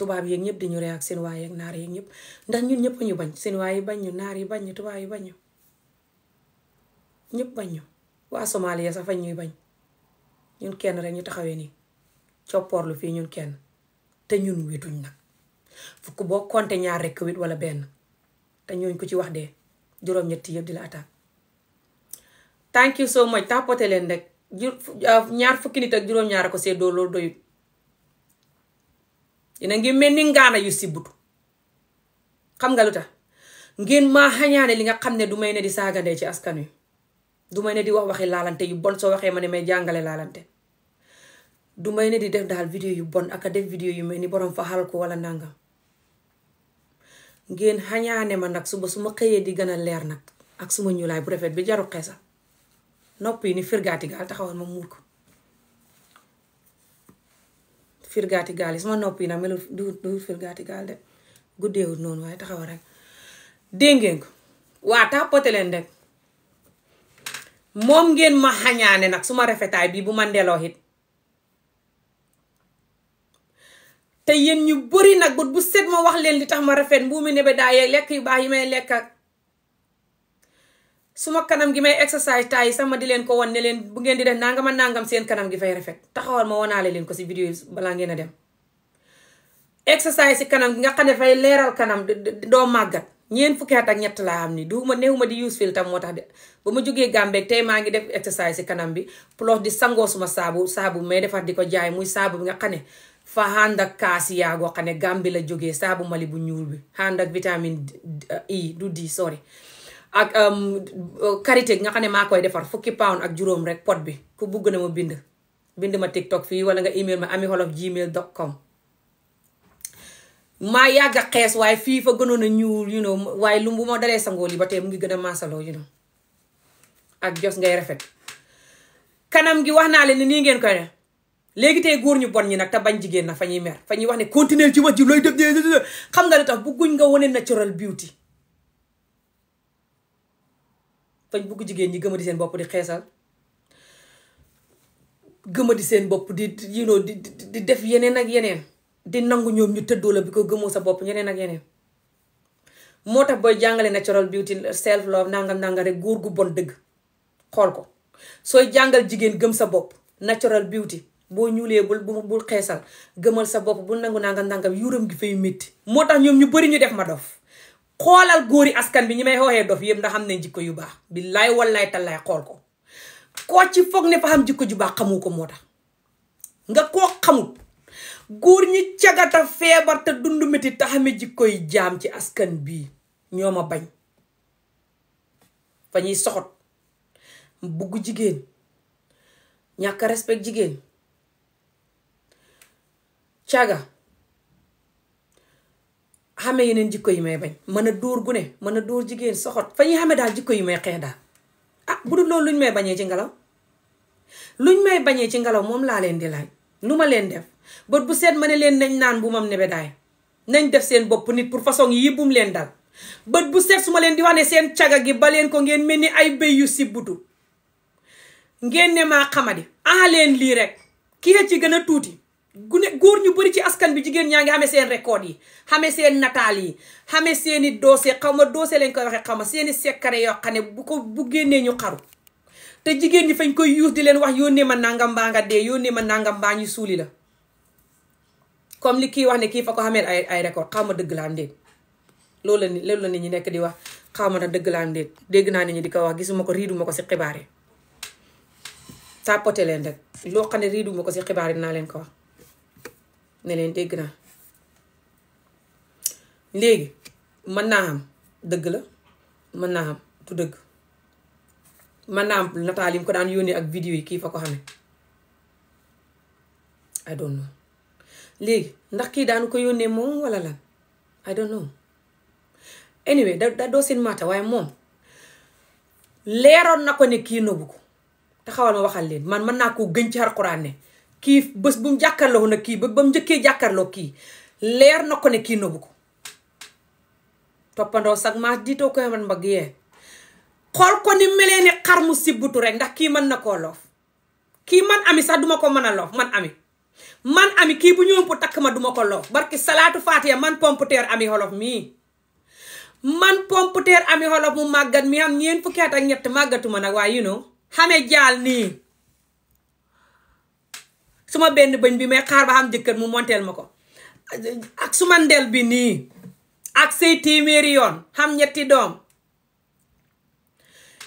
tubaab yeeg ñëpp dañu rey ak seen waay naar yeeg ñëpp ndax ñun ñëpp ñu bañ seen waay bañ ñu naar yi bañ ñu tubaab yi bañ ñu ñëpp bañ ñu waa Somalia sax fañ ñuy bañ ñun kenn rek ñu taxawee nii coppoorlu fii ñun kenn te ñun wituñ nag fukk boo konte ñaar rekk wit wala benn te ñooñ ko ci wax de juróom-ñetti yëpp di la attaque thank you so much tàppate leen rek uh, ñaar fukki nit ak juróom-ñaar ko seddoo loolu doyut dina ngi mel ni ngaana yu sibbutu xam nga lu tax ngeen maa xañaane li nga xam ne du may ne di saagandee ci askan wi du may ne di wax waxi laalante yu bon soo waxee ma ne may jàngale laalante du may ne di def daal vidéo yu bon ak a def vidéo yu mel ni borom fa faxal ko wala nangam ngeen xañaane ma nag suba su ma xëyee di gën a leer nag ak suma ñuulaay bu rafet bi jaru xeesa nopp yi ni firgaati gaal taxawal ma muur ko firgaati gaal yi suma nopp yi nag melul du du firgaati gaal de guddeewut noonu waaye taxawal rek dégg ngeen ko waa tàppate leen moom ngeen ma xañaane nag suma rafetaay bii bu ma ndeloo it te yéen ñu bëri nag bët bu set ma wax leen li tax ma rafet mbuumi nebe daa lekk yu baax yi may lekk suma kanam gi may exercise taay yi sax di leen ko wan ne leen bu ngeen di def nangam seen kanam gi fay rafet taxawal ma wanaale leen ko si vidéo balaa ngeen a dem exercise si kanam gi nga xam ne fay leeral kanam doo màggat ñeent fukki at ñett laa am ni duuma neewuma di use filter moo tax de ba ma jógee Gambie tey maa ngi def exercise si kanam bi plus di sangoo suma saabu saabu may defar di ko jaay muy saabu bi nga xam fa ànd ak kaasi yaa goo xam ne Gàmbi la jógee saabu mali bu ñuul bi ànd ak vitamine E du di sorry ak um, karité gi nga xam ne maa koy defar fukki pound ak juróom rek pot bi ku bugg na ma bind bind ma tiktok fii wala nga email ma ami xolof gmail dot com maa yàgg a xees waaye fii fa gënoon a ñuul you know waaye lu mu ma dalee sangoo lii ba tey mu ngi gën a maasaloo you know ak jos ngay rafet kanam gi wax naa leen nii ngeen koy ne léegi tey góor ñu bon ñi nag te bañ jigéen na fa ñuy mer fa ñuy wax ne continuer ji wax ji looy def xam nga li tax bugguñ nga wane natural beauty fañ bugg jigéen ñi gëma di seen bopp di xeesal gëma di seen bopp di you di di def yeneen ak yeneen di nangu ñoom ñu tëddoo la bi ko gëmoo sa bopp ñeneen ak yeneen moo tax booy jàngale natural beauty self love nangam nangam rek góor gu bon dëgg xool ko sooy jàngal jigéen gëm sa bopp natural beauty boo ñuulee bul bul xeesal gëmal sa bopp bu nangu nangam nangam yuuram gi fay métti moo tax ñoom ñu bari ñu def ma dof xoolal góor yi askan bi ñi may xooxee dof yëpp ndax xam nañ jikko yu baax billaay wallaay tallaay xool ko koo ci foog ne fa xam jikko ju baax xamu ko moo tax nga koo xamut góor ñi cagata feebar te dund métti te xame jikkoy jaam ci askan bii ñoo ma bañ fa ñuy soxot bugg jigéen ñàkk respect jigéen caga xame yeneen jikko yi may bañ mën a dóor ne mën a dóor jigéen soxot fa ñuy xame daal jikko yi may xeex daal ah bu dul loolu ñu may bañee ci ngelaw luñ may bañee ci ngelaw moom laa leen di laaj nu ma leen def bët bu seet ma ne leen nañ naan bu mam nebe daay nañ def seen bopp nit pour façon yi bum leen dal bët bu set su ma leen di wax ne seen caga gi ba leen ko ngeen mel ni ay béy yu sibbutu ngeen ne maa xamadi ah leen lii rek ki ci gën a tuuti gune góor ñu bëri ci askan bi jigéen ñaa ngi xamee seen record yi xamee seen nataal yi xamee seeni i dossier xaw ma dossier lañ koy waxee xaw ma seen i yoo xam ne bu ko bu génnee ñu xaru te jigéen ñi fañ koy yuus di leen wax yónnee ma nangam baa nga dee yónnee ma nangam baa ñu suuli la comme li kii wax ne kii fa ko xamee ay ay record xaw ma dëgg la am loolu la ni la nit ñi nekk di wax xaw ma dëgg la dégg naa nit ñi di ko gisuma ko riiduma ko si xibaar yi tàppote leen rek loo xam ne riiduma ko si xibaar yi naa leen ko wax ne leen dégg naa léegi mën naa am dëgg la mën naa am du dëgg mën naa am nataal yi mu ko daan yónnee ak vidéo yi kii fa ko xamee I don't know léegi ndax kii daan ko yónnee moom wala lan I don't know anyway da doo seen maata waaye moom leeroon na ko ne kii nëbbu ko te xawal ma waxal leen man mën naa koo gën ci Alxuraan ne kii bës bu mu jàkkaarloo na kii ba ba mu njëkkee jàkkaarloo kii leer na ko ne kii nëbbu ko toppandoo sax maa diitoo ko man mbagg yee xool ko ni melee ni xar mu sibbutu rek ndax kii mën na koo loof kii man ami sax duma ko mën a loof man ami man ami kii bu ñëwoon pour takk ma duma ko loof barki salaatu faatiya man pomputeer ami xolof mii man pomputeer ami xolof mu màggat mi am ñeent fukki at ñett màggatuma nag waaye you know xame jaal suma benn bëñ bi ma xaar ba am jëkkër mu monteel ma ko ak suma ndel bi nii ak say téeméeri yoon xam ñetti doom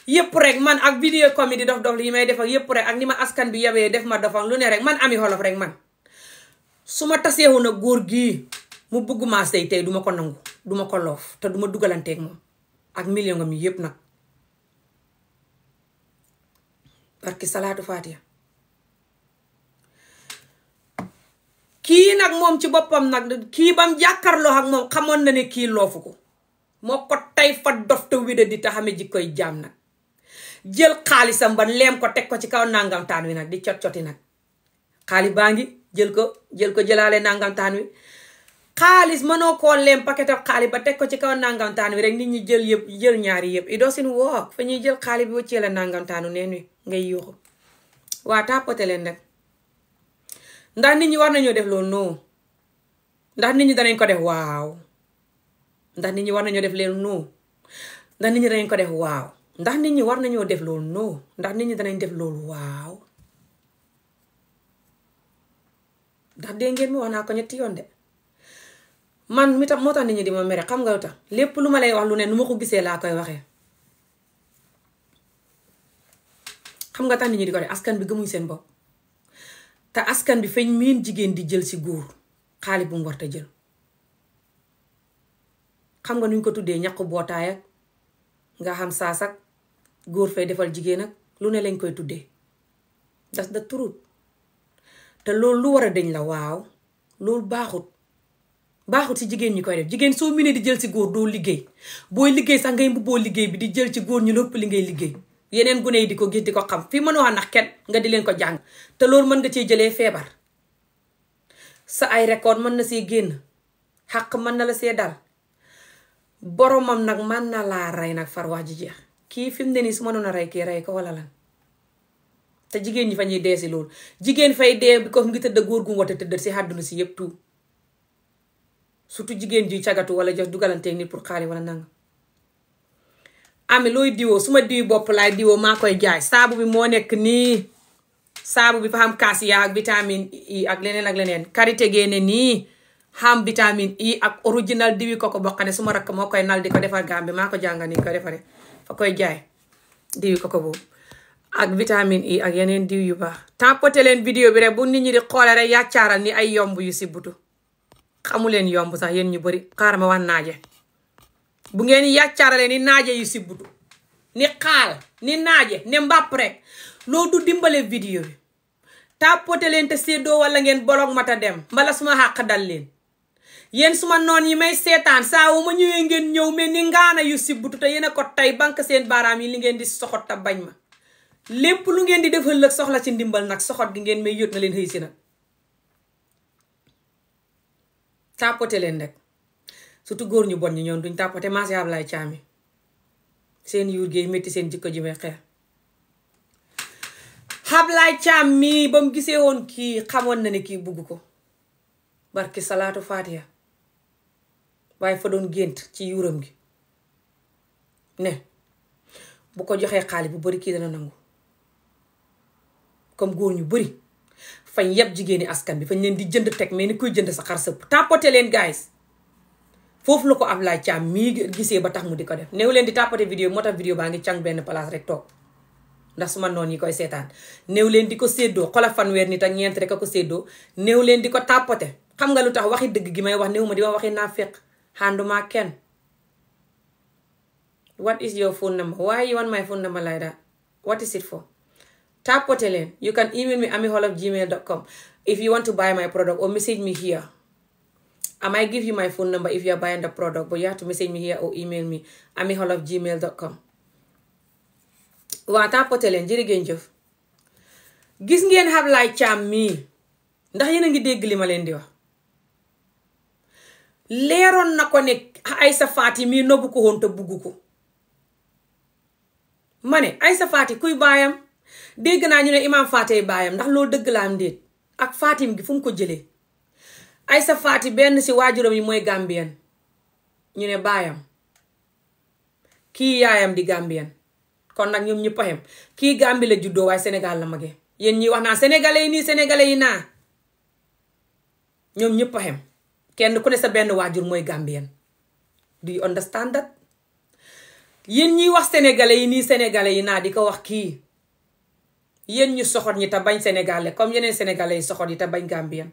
yëpp rek man ak vidéo di dof dof li may def yëpp rek ak ni ma askan bi yabee def ma dofam lu ne rek man ami xolof rek man su ma taseewu na góor gi mu bugg maa sëy tey duma ko nangu duma ko loof te duma dugalanteeg moom ak million mi yëpp nag barki salaatu faatiha kii nag moom ci boppam nag kii bam jàkkarloo ak moom xamoon na ne kii loofu ko moo ko tey fa dof te wida di taxame ji koy jaam nag jël xaalisam ba leem ko teg ko ci kaw nangamtaan wi nag di cot coti nag baa ngi jël ko jël ko jëlaale nangamtaan wi xaalis mënoo koo leem paquet ab xaalis ba teg ko ci kaw nangamtaan wi rek nit ñi jël yëpp jël ñaari yëpp i dosin wook fa ñuy jël xaalis bi wëccee la nangamtaanu neen wi ngay yuuxu waa tàppate leen rek ndax nit ñi war nañoo def loolu non ndax nit ñi danañ ko def waaw ndax nit ñi war nañoo def loolu non ndax nit ñi danañ ko def waaw ndax nit ñi war nañoo def loolu non ndax nit ñi danañ def loolu waaw ndax dégg ngeen mi wax naa ko ñetti yoon de man mi tam moo tax nit ñi di ma mere xam nga tax lépp lu ma lay wax lu ne nu ma ko gisee laa koy waxee xam nga tax nit ñi di ko def askan bi gëmuñ seen bopp te askan bi feeñ miin jigéen di jël si góor xaalis bu mu war jël xam nga nuñ ko tuddee ñaqu bootaay ak nga xam saa ak góor fay defal jigéen ak lu ne lañ koy tuddee das da turut te loolu lu war a deñ la waaw loolu baaxut baaxut si jigéen ñi koy def jigéen soo miinee di jël si góor doo liggéey booy liggéey sax ngay mbubboo liggéey bi di jël ci góor ñu lépp li ngay liggéey yeneen gune yi di ko gis di ko xam fii mënoo nax kenn nga di leen ko jàng te loolu mën nga ciy jëlee feebar sa ay record mën na see génn xaq mën na la see dal boromam nag mën na laa rey nag far wax ji jeex kii fi mu ne nii su mënoon a rey kii rey ko wala lan te jigéen ñi fa ñuy dee si loolu jigéen fay dee bi ko ngi tëdd góor gu mu wata tëdd si àdduna si yëpp tout surtout jigéen ji cagatu wala jox dugalanteeg nit pour xaalis wala nanga ami looy diwoo su ma diw bopp laay diwoo maa koy jaay saabu bi moo nekk nii saabu bi fa xam kaasiya ak vitamine I ak leneen ak leneen karité génne nii xam vitamine I ak original diwi koko bokkane su ma rakk moo koy nal di ko defar gaam bi maa ko jànga ni ko defare fa koy jaay diwi koko boobu ak vitamine I ak yeneen diw yu baax tampoté leen vidéo bi rek bu nit ñi di xoole rek yaccaaral ni ay yomb yu si butu xamu leen yomb sax yéen ñu bëri xaar ma wan naaje bu ngeen yàccaarale ni naaje yu sibbutu ni xaal ni naaje ne mbàpp rek loo du dimbalee vidéo bi tàppote leen te séddoo wala ngeen bolog ma ta dem mbala suma xàq dal leen yéen suma noon yi may seetaan saa wu ma ñëwee ngeen ñëw mel ni ngaana yu sibbutu te yéen a ko tey banque seen baaraam yi li ngeen di soxot te bañ ma lépp lu ngeen di def ëllëg soxla ci ndimbal nag soxot gi ngeen may yót na leen xëy si nag tàppote leen rek surtout góor ñu bon ñi ñoom duñ tàppate maasé Ablaye Thiam seen yuur gi métti seen jikko ju may xeex Ablaye Thiam mii ba gisee woon kii xamoon na ne kii bugg ko barki salaatu faatiya waaye fa doon gént ci yuuram gi ne bu ko joxee xaalis bu bari kii dana nangu comme góor ñu bari fañ yeb jigéeni askan bi fañ leen di jënd teg mais ni kuy jënd sa xar sëpp tàppate leen guys foofu la ko am laay caam mii gisee ba tax mu di ko def néew leen di tàppate vidéo moo tax vidéo baa ngi càng benn place rek toog ndax su ma noonu yi koy seetaan néew leen di ko séddoo xoolal fanweer nit ak ñeent rek a ko séddoo new leen di ko tàppate xam nga lu tax waxi dëgg gi may wax new ma di wax waxi naa féq xànduma kenn what is your phone number why you want my phone number like that what is it for tàppate leen you can email me amie wolof gmail dot com if or message me I might give you my phone number if you are buying the product, but you have to message me here or email me amiholof@gmail.com. waa tàppate leen jërë ngeen gis ngeen Ablaye Thiam mii ndax yéen a ngi dégg li ma leen di wax leeroon na ko ne Aïssa Faty mii nobu ko woon te bugg ko ma ne Aïssa Faty kuy baayam dégg naa ñu ne Imam Faty baayam ndax loo dëgg la am ak Fatim gi fu mu ko jëlee sa Faty benn si waajuram yi mooy Gambien ñu ne baayam kii yaayam di Gambien kon nag ñoom ñëpp a kii Gambie la juddoo waaye Sénégal la mage yéen ñi wax naa sénégalais yi nii sénégalais yi naa ñoom ñëpp xem kenn ku ne sa benn waajur mooy Gambien do you understand that wax sénégalais yi nii sénégalais yi naa di ko wax kii yéen ñu soxor ñi te bañ sénégalais comme yeneen sénégalais yi soxor yi te bañ Gambien.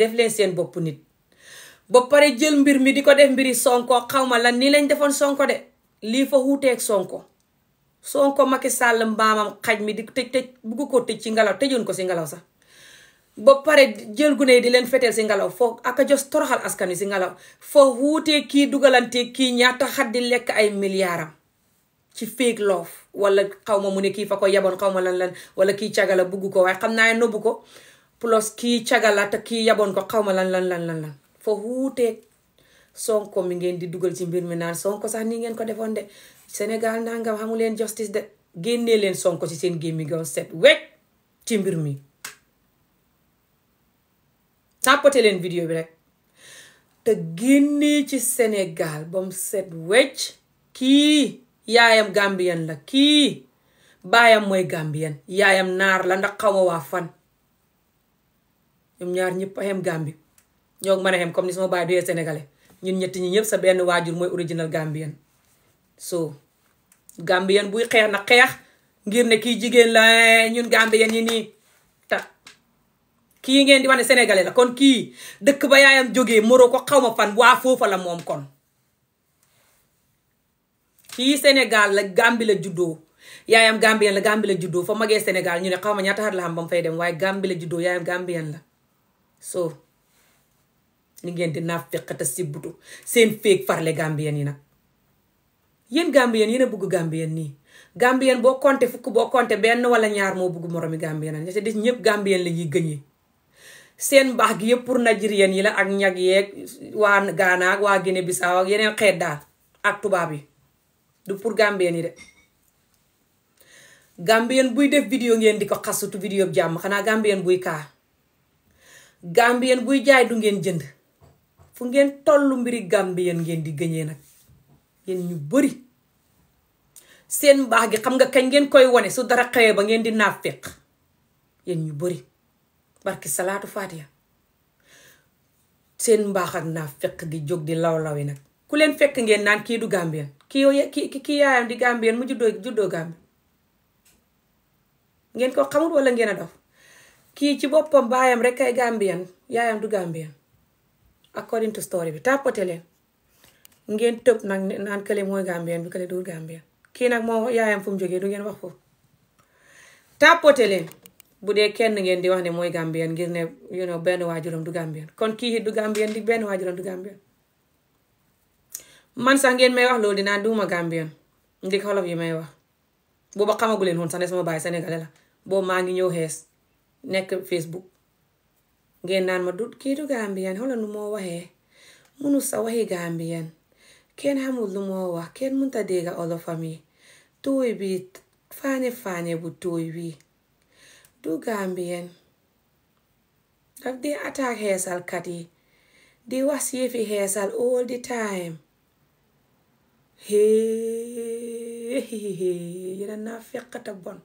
def leen seen bopp nit ba pare jël mbir mi di ko def mbiri sonko xawma lan nii lañ defoon sonko de lii fa wuuteeg sonko sonko Macky Sall mbaamam xaj mi di tëj tëj bugg ko tëj ci ngelaw tëjoon ko si ngalaw sax ba pare jël gune yi di leen feteel si ngelaw foo aka jos toroxal askan wi si ngelaw foo wuutee kii dugalante kii ñaata xat di lekk ay miliyaaram ci fake love walla xaw ma mu ne kii fa ko yaboon xaw ma lan lan wala kii cagala buggu ko waaye xam naa ne ko plus kii cagalaat ak kii yaboon ko xaw ma lan lan lan lan lan fa wuuteeg sonko mi ngeen di dugal ci mbir mi naan sonko sa nii ngeen ko defoon de senegal nangam xamu leen justice de génnee leen sonko ci seen gémmi gaw set wecc ci mbir mi sàppate leen vidéo bi rek te génnee ci Sénégal ba set wecc kii yaayam Gambien la kii baayam mooy Gambien yaayam naar la ndax xaw ma ñoom ñaar ñëpp a xem Gambie ñoo mën a comme ni sama baay duyee sénégalais ñun ñetti ñi ñëpp sa benn waajur mooy original Gambien so Gambien buy xeex na xeex ngir ne kii jigéen la eh, ñun Gambien ñi nii ta kii ngeen di wax ne sénégalais la kon kii dëkk ba yaayam jógee Morocco ko xaw ma fan waa foofa la moom kon kii Sénégal la gàmbi la juddoo yaayam Gambien la Gambie la juddoo fa magee Sénégal ñu ne xaw ma ñaata at la xam ba fay dem waaye Gambie la juddoo yaayam Gambien la so li ngeen di naafeq te sibbutu seen féeg farle gambien yi nag yéen gambien yéen a bugg gambien nii gambien boo compté fukk boo compté benn wala ñaar moo bugg moroomi gambien ñëpp gambien la ñuy gëñee seen mbaax gi yëpp pour yi la ak ñag yeeg waa Ghana ak waa Guinée Bissau ak yeneen xeet daal ak tubaab yi du pour gambien yi de gambien buy def vidéo ngeen di ko xasutu vidéo bi jàmm xanaa gambien buy kaa gambien buy jaay du ngeen jënd fu ngeen tollu mbiri gambien ngeen di gëñee nag yéen ñu bëri seen mbaax gi xam nga kañ ngeen koy wone su dara xewee ba ngeen di naafeq yéen ñu bëri barki salaatu faatiya seen mbaax naaf naafeq gi jóg di law-lawi nag ku leen fekk ngeen naan kii du gambien kii yow yaayam di gambien mu juddoo juddoo gambien ngeen ko xamul wala ngeen a dof kii ci boppam baayam rek ay Gambien yaayam du Gambien according to story bi tàppate leen ngeen tëb nag naan kële mooy Gambien bi kële du Gambien kii moo yaayam fu mu jógee du ngeen wax foofu tàppate leen bu dee kenn ngeen di wax ne mooy Gambien ngir ne you waajuram du Gambien kon kii du Gambien di benn waajuram du Gambien man sax ngeen may wax loolu dinaa duuma Gambien ndik xolof yi may wax booba xamagu leen woon sax ne sama baay Sénégalais la boobu maa ngi ñëw xees nekk Facebook ngeen naan ma du kii du Gambian xoolal nu moo waxee munu sa waxi Gambian kenn xamul lu moo wax kenn munta dégga olofam yi tuuy bi faane faane bu tuuy bi du Gambian daf di attack xeesalkat yi di wax si yëfi xeesal all the time hee yéen naa fekkata bon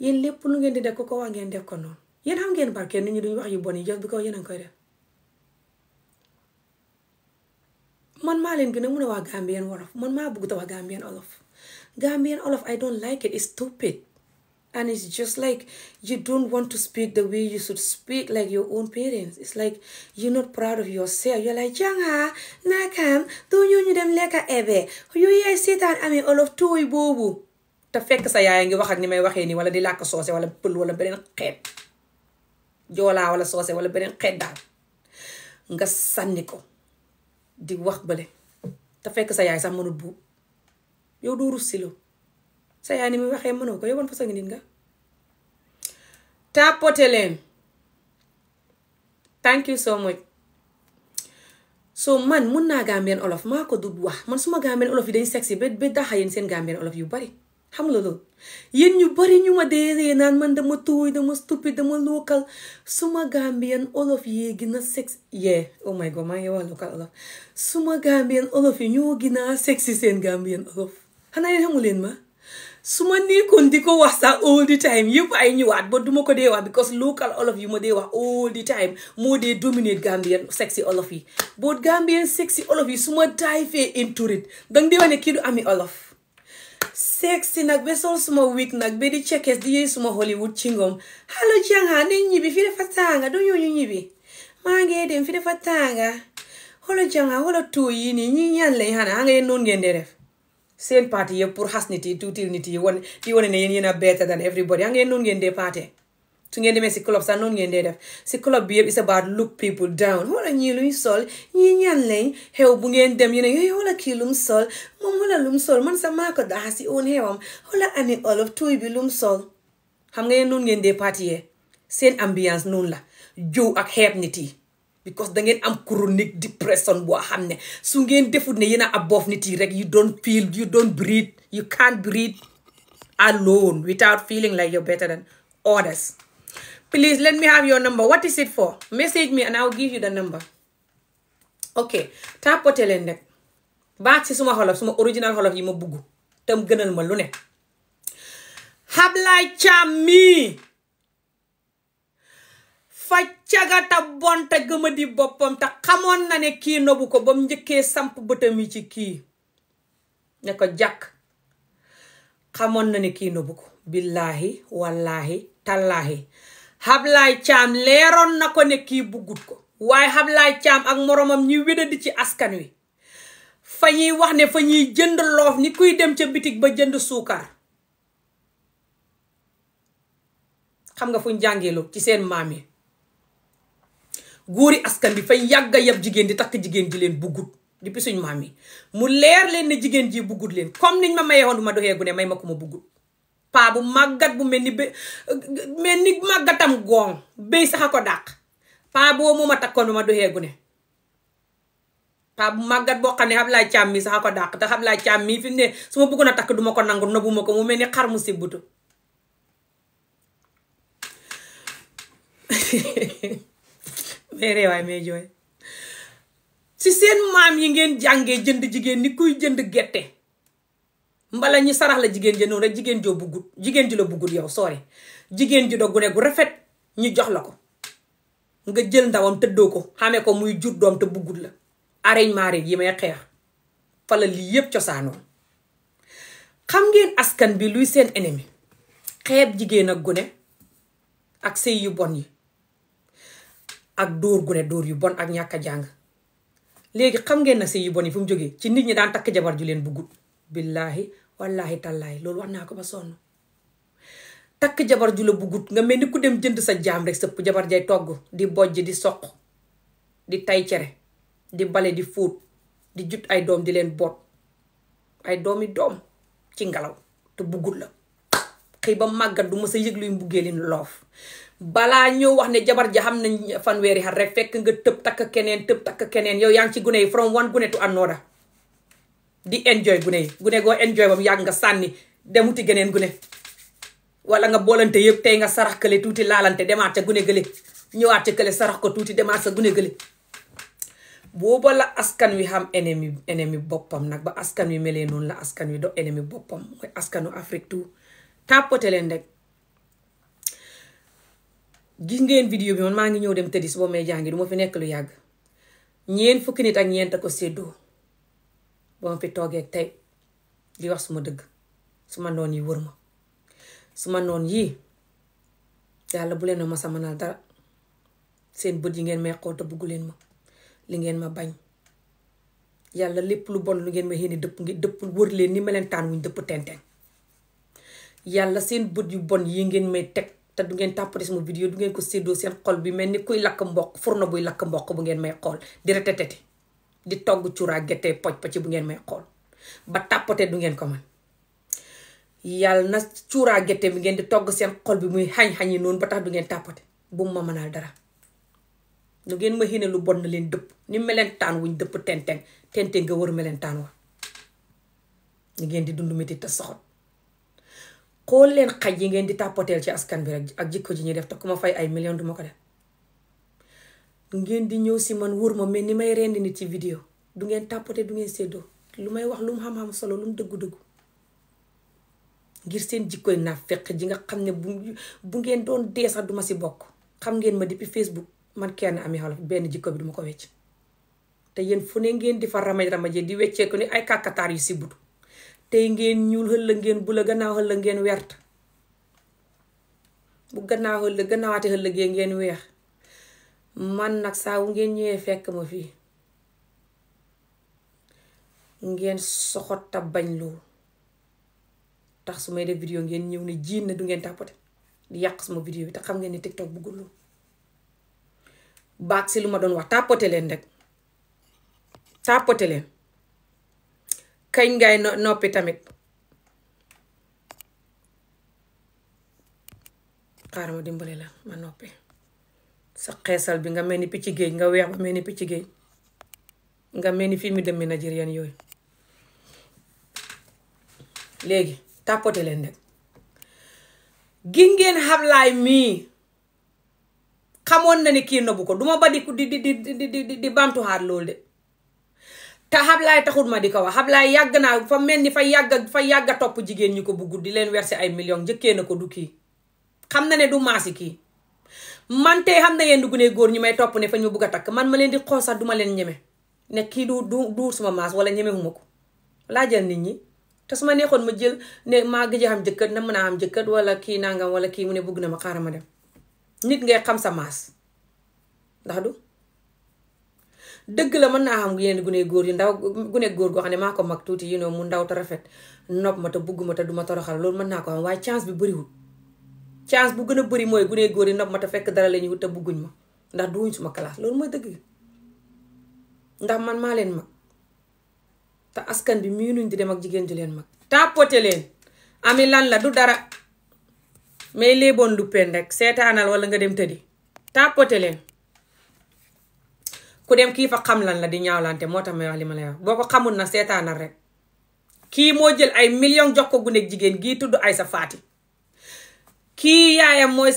yéen lépp lu ngeen di def ko ko wax ngeen def ko noonu yéen xam ngeen barke nit ñi duñu wax yu bon yi jos bi ko koy def man maa leen gën a mun a wax Gambien wolof man maa bëgg ta wax Gambien olof Gambien olof I don't like it it's stupid and it's just like you don't want to speak the way you should speak like your own parents it's like you're not proud of yourself you're like janga nakam du ñu ñu dem lekka ebe yu yaay seetaan amee olof tooy boobu te fekk sa yaay a ngi wax ak ni may waxee nii wala di làkk soose wala pël wala beneen xeet joolaa wala soose wala beneen xeet daal nga sànni ko di wax bële te fekk sa yaay sax mënut buub yow doo rus si lo sa yaay ni muy waxee mënoo ko yow ban fa nga tàppote leen thank so much so mun naa gambien olof maa ko du wax man suma gambien olof yi dañ sexy ba ba daxa yéen seen gambien olof yu bari xam la loolu yéen ñu bari ñu ma dee naan man dama tuuy dama stupide dama local suma gambien olof yee gën a sex yee oh maa ngi wax local olof suma gambien olof yi ñoo gën a seen gambien olof xanaa yéen xamu leen ma su ma nekkoon di ko wax sax all the time yëpp ay ñëwaat ba duma ko dee wax because local yi ma dee wax all the time moo dee dominate Gambian sexy olof yi but Gambian sexy olof yi su ma dive into it danga dee wax ne du ami olof sexy nag ba sol suma wig nag ba di checkers di yëy suma Hollywood cingom xalo jànga ne ñibi fi fa tànga du ñooñu ñibbi maa ngi dem fi dafa tànga xolo jànga xolo tuu yi nii ñi ñaan lañ xanaa xa nga yéen noonu ngeen di def seen parti yëpp pour xas nit yi tuutil nit yi wan di wane ne yéen yéen a better than everybody xa nga yéen noonu ngeen dee paate su ngeen demee si club sax noonu ngeen dee def si club bi yëpp it's about look people down xoolal ñii luñ sol ñii ñan lañ xew bu ngeen dem yéen a kii lum sol moom xoolal lum sol man sax maa daa si oon xewam xoolal ani olof tuuy bi lum sol xam nga noonu ngeen dee partiyee seen ambiance noonu la jow ak xeeb nit yi because da ngeen am chronique depression boo xam ne su ngeen defut ne yéen a aboof nit yi rek you don't feel you don't breathe you can't breathe alone without feeling like you're better than others Please let me have your number. What is it for? Message me and give you the number. ok tàppote leen rek baax ci suma xolof suma original xolof yi ma bugg tam gënal ma lu ne Ablaye Thiam mii fa cagata bonta gëma di boppam ta xamoon na ne kii nobu ko bam njëkkee samp bëtam yi ci kii ne ko jàkk xamoon na ne kii nobu ko billaahi wallaahi tallaahi Ablaye Thiam leeroon na ko ne kii buggut ko waaye Ablaye caam ak moroomam ñi wédadi ci askan wi fa ñuy wax ne fa ñuy jënd loof ni kuy dem ca bitig ba jënd suukar xam nga fu ñu jàngeeloo ci seen maam yi góori askan bi fay yàgg a yab jigéen di takk jigéen ji leen buggut depuis suñu maam yi mu leer leen ne jigéen ji buggut leen comme niñ ma mayewoon bu ma doxee gu ne may ma ko ma buggut paa bu màggat bu mel ni ba mel ni màggatam goon béy sax a ko dàq paa boo moom a takkoon ma doxeegu ne paa bu màggat boo xam ne xam laa càmm mi sax a ko dàq te xam laa càmm mi fi ne su ma bëggoon a takk duma ko nangu nobu ma ko mu mel ni xar mu sibbutu may reewaay may jooy si seen maam yi ngeen jàngee jënd jigéen ni kuy jënd gerte mbala ñu sarax la jigéen ja noonu rek jigéen joo buggut jigéen ji la buggut yow soore jigéen ji do gune gu rafet ñu jox la ko nga jël ndawam tëddoo ko xamee ko muy jur doom te buggut la arrangement yi may xeex fala lii yëpp cosaanoo xam ngeen askan bi luy seen ennemi xeet jigéen ak gune ak sëy yu bon yi ak dóor gune dóor yu bon ak ñàkk a jàng léegi xam ngeen na sëy yu bon yi fu mu jógee ci nit ñi daan takk jabar ju leen buggut billaahi wallaahi tallaahi loolu wax naa ko ba sonn takk jabar ju la buggut nga mel ni ku dem jënd sa jaam rek sëpp jabar jay togg di bojj di soq di tay cere di bale di fóot di jut ay doom di leen boot ay doomi doom ci ngelaw te buggut la xëy ba màggat du ma sa yëg luy mbuggee leen loof balaa ñëw wax ne jabar ja xam nañ fanweeri xat rek fekk nga tëb takk keneen tëb takk keneen yow yaa ngi ci gune yi forom wan gune to another di enjoy gune yi gune goo enjoy ba mu yàgg nga sànni demuti geneen gune wala nga boolante yëpp tey nga sarax kële tuuti laalante demaat ca gune gële ñëwaat ca kële sarax ko tuuti demaat sa gune gële booba la askan wi xam ennemi ennemi boppam nag ba askan wi melee noonu la askan wi doo ennemi boppam mooy askanu Afrique tout tàppate leen rek gis ngeen vidéo bi man maa ngi ñëw dem tëddi su boo may jàngi du ma fi nekk lu yàgg ñeent fukki nit ak ñeent a ko séddoo ba ma fi toogee tey di wax suma dëgg suma noon yi wër ma suma noon yii yàlla bu leen ma masa mënal dara seen bët yi ngeen may xool te bugg leen ma li ngeen ma bañ yàlla lépp lu bon lu ngeen ma yéene dëpp ngi dëpp wër leen ni melentaan leen taan wuñ dëpp tenten yàlla seen bët yu bon yi ngeen may teg te du ngeen tàppati sama vidéo du ngeen ko séddoo seen xool bi mel ni kuy lakk mboq fur furna buy lakk mboq bu ngeen may xool di retetete di togg curaa gerte poj poj bu ngeen may xool ba tàppate du ngeen ko man yàlla na cuuraa gerte bi ngeen di togg seen xool bi muy xañ-xañ yi noonu ba tax du ngeen tàppate bu mu ma mënal dara lu ngeen ma xine lu bon na leen dëpp ni melentaan wuñ dëpp tenteng tenteng nga war melentaan wa ñu ngeen di dund metti te soxot xool leen xaj yi ngeen di tàppateel ci askan bi rek ak jikko ji ñuy def te ku ma fay ay million duma ko def ngeen di ñëw si man wur ma mel ni may rendi nit ci vidéo du ngeen tàppate du ngeen séddoo lu may wax lum xam-xam solo lu mu dëggu-dëggu ngir seen jikkoy naa fekk ji nga xam ne bu ngeen doon dee sax duma si bokk xam ngeen ma depuis Facebook man kenn Ami Olof benn jikko bi duma ko wecc te yéen fu ne ngeen di fa ramaj ramajee di wecceeku ni ay kàkkataar yu si butu tey ngeen ñuul xëlla ngeen bula gannaaw xëlla ngeen wert bu gannaaw xëlla gannaawaate xëlla ngeen weex man nag saa wu ngeen ñëwee fekk ma fii ngeen soxot ta bañ loolu tax su may def vidéo ngeen ñëw ne jiin na du ngeen tàppate di yàq sama vidéo bi te xam ngeen ne tiktok bëggul loolu si lu ma doon wax tàppate leen rek tàppate leen kañ ngay noppi tamit xaaral ma dimbale la ma noppi sa xeesal bi nga mel ni picc géej nga weex ba mel ni picc géej nga mel ni fii yi dem nigérian yooyu léegi tàppote leen nag gi ngeen xablaay mii xamoon na ni kii nobu ko duma ba di di di di di bamtuxaat loolu de te xablaay taxut ma di ko wax xablaay yàgg naa fa mel ni fa yàgg fa yàgg topp jigéen ñi ko bugg di leen weer werse ay million njëkkee na ko du kii xam na ne du maasi kii man te xam na yéen du góor ñi may topp ne fa ñu bugg a takk man ma leen di xool sax duma leen ñeme ne kii du du du suma maas wala ñeme huma ko laa jël nit ñi te su ma neexoon ma jël ne maa gëj a xam jëkkër na mën a am jëkkër wala kii nangam wala kii mu ne bugg na ma xaaral ma dem nit ngay xam sa ndax du dëgg la mën naa xam yeneen gune góor yu ndaw gune góor xam ne maa ko mag tuuti yi noo mu ndaw te rafet nopp ma te bugg ma te duma toroxal loolu mën naa ko am waaye chance bi bëriwul chance bu gën a bëri mooy gune góor yi nopp ma te fekk dara la ñuy wut te bugguñ ma ndax duwuñ suma classe loolu ma dëgg ndax man maa leen mag te askan bi miinuñ di dem ak jigéen ju leen mag tàppote leen ami lan la du dara may léeboon lu pen rek seetaanal wala nga dem tëddi tàppote leen ku dem kii fa xam lan la di ñaawlante moo tax li ma lay wax boo ko xamul na seetaanal rek kii moo jël ay million jox ko guneeg jigéen gii tudd ay Aïssa faati kii yaayam mooy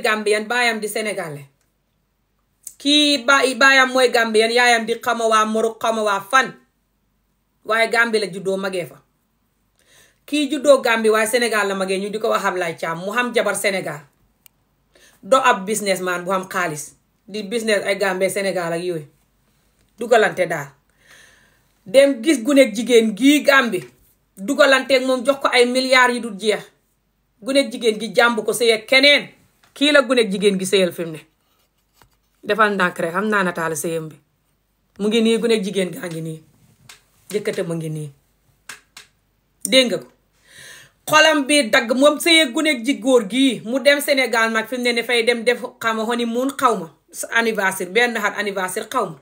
gàmbi mooy baayam di sénégalais kii ba baayam mooy gàmbi yaayam di xama waa Maroc xama waa fan waaye Gambie la juddoo magee fa kii juddoo Gambie waaye Sénégal la magee ñu di ko wax Ablaye Thiam mu xam jabar senegal do ab businessman bu xam xaalis di business ay Gambie Sénégal ak yooyu dugalante daal dem gis guneeg jigéen gii Gambie dugalanteeg moom jox ko ay miliyar yi du jeex gune jigéen gi jàmb ko sëy keneen kii la guneeg jigéen gi sëyal fi mu ne defal ndànk rek xam naa nataal sëyam bi mu ngi nii guneeg jigéen gaa ngi nii jëkkate mu ngi nii dégg nga ko xolam bi dagg moom sëyee guneeg ji góor gii mu dem Sénégal nag fi mu ne ne fay dem def xam xaw ma honeymoon xaw ma anniversaire benn xat anniversaire xaw ma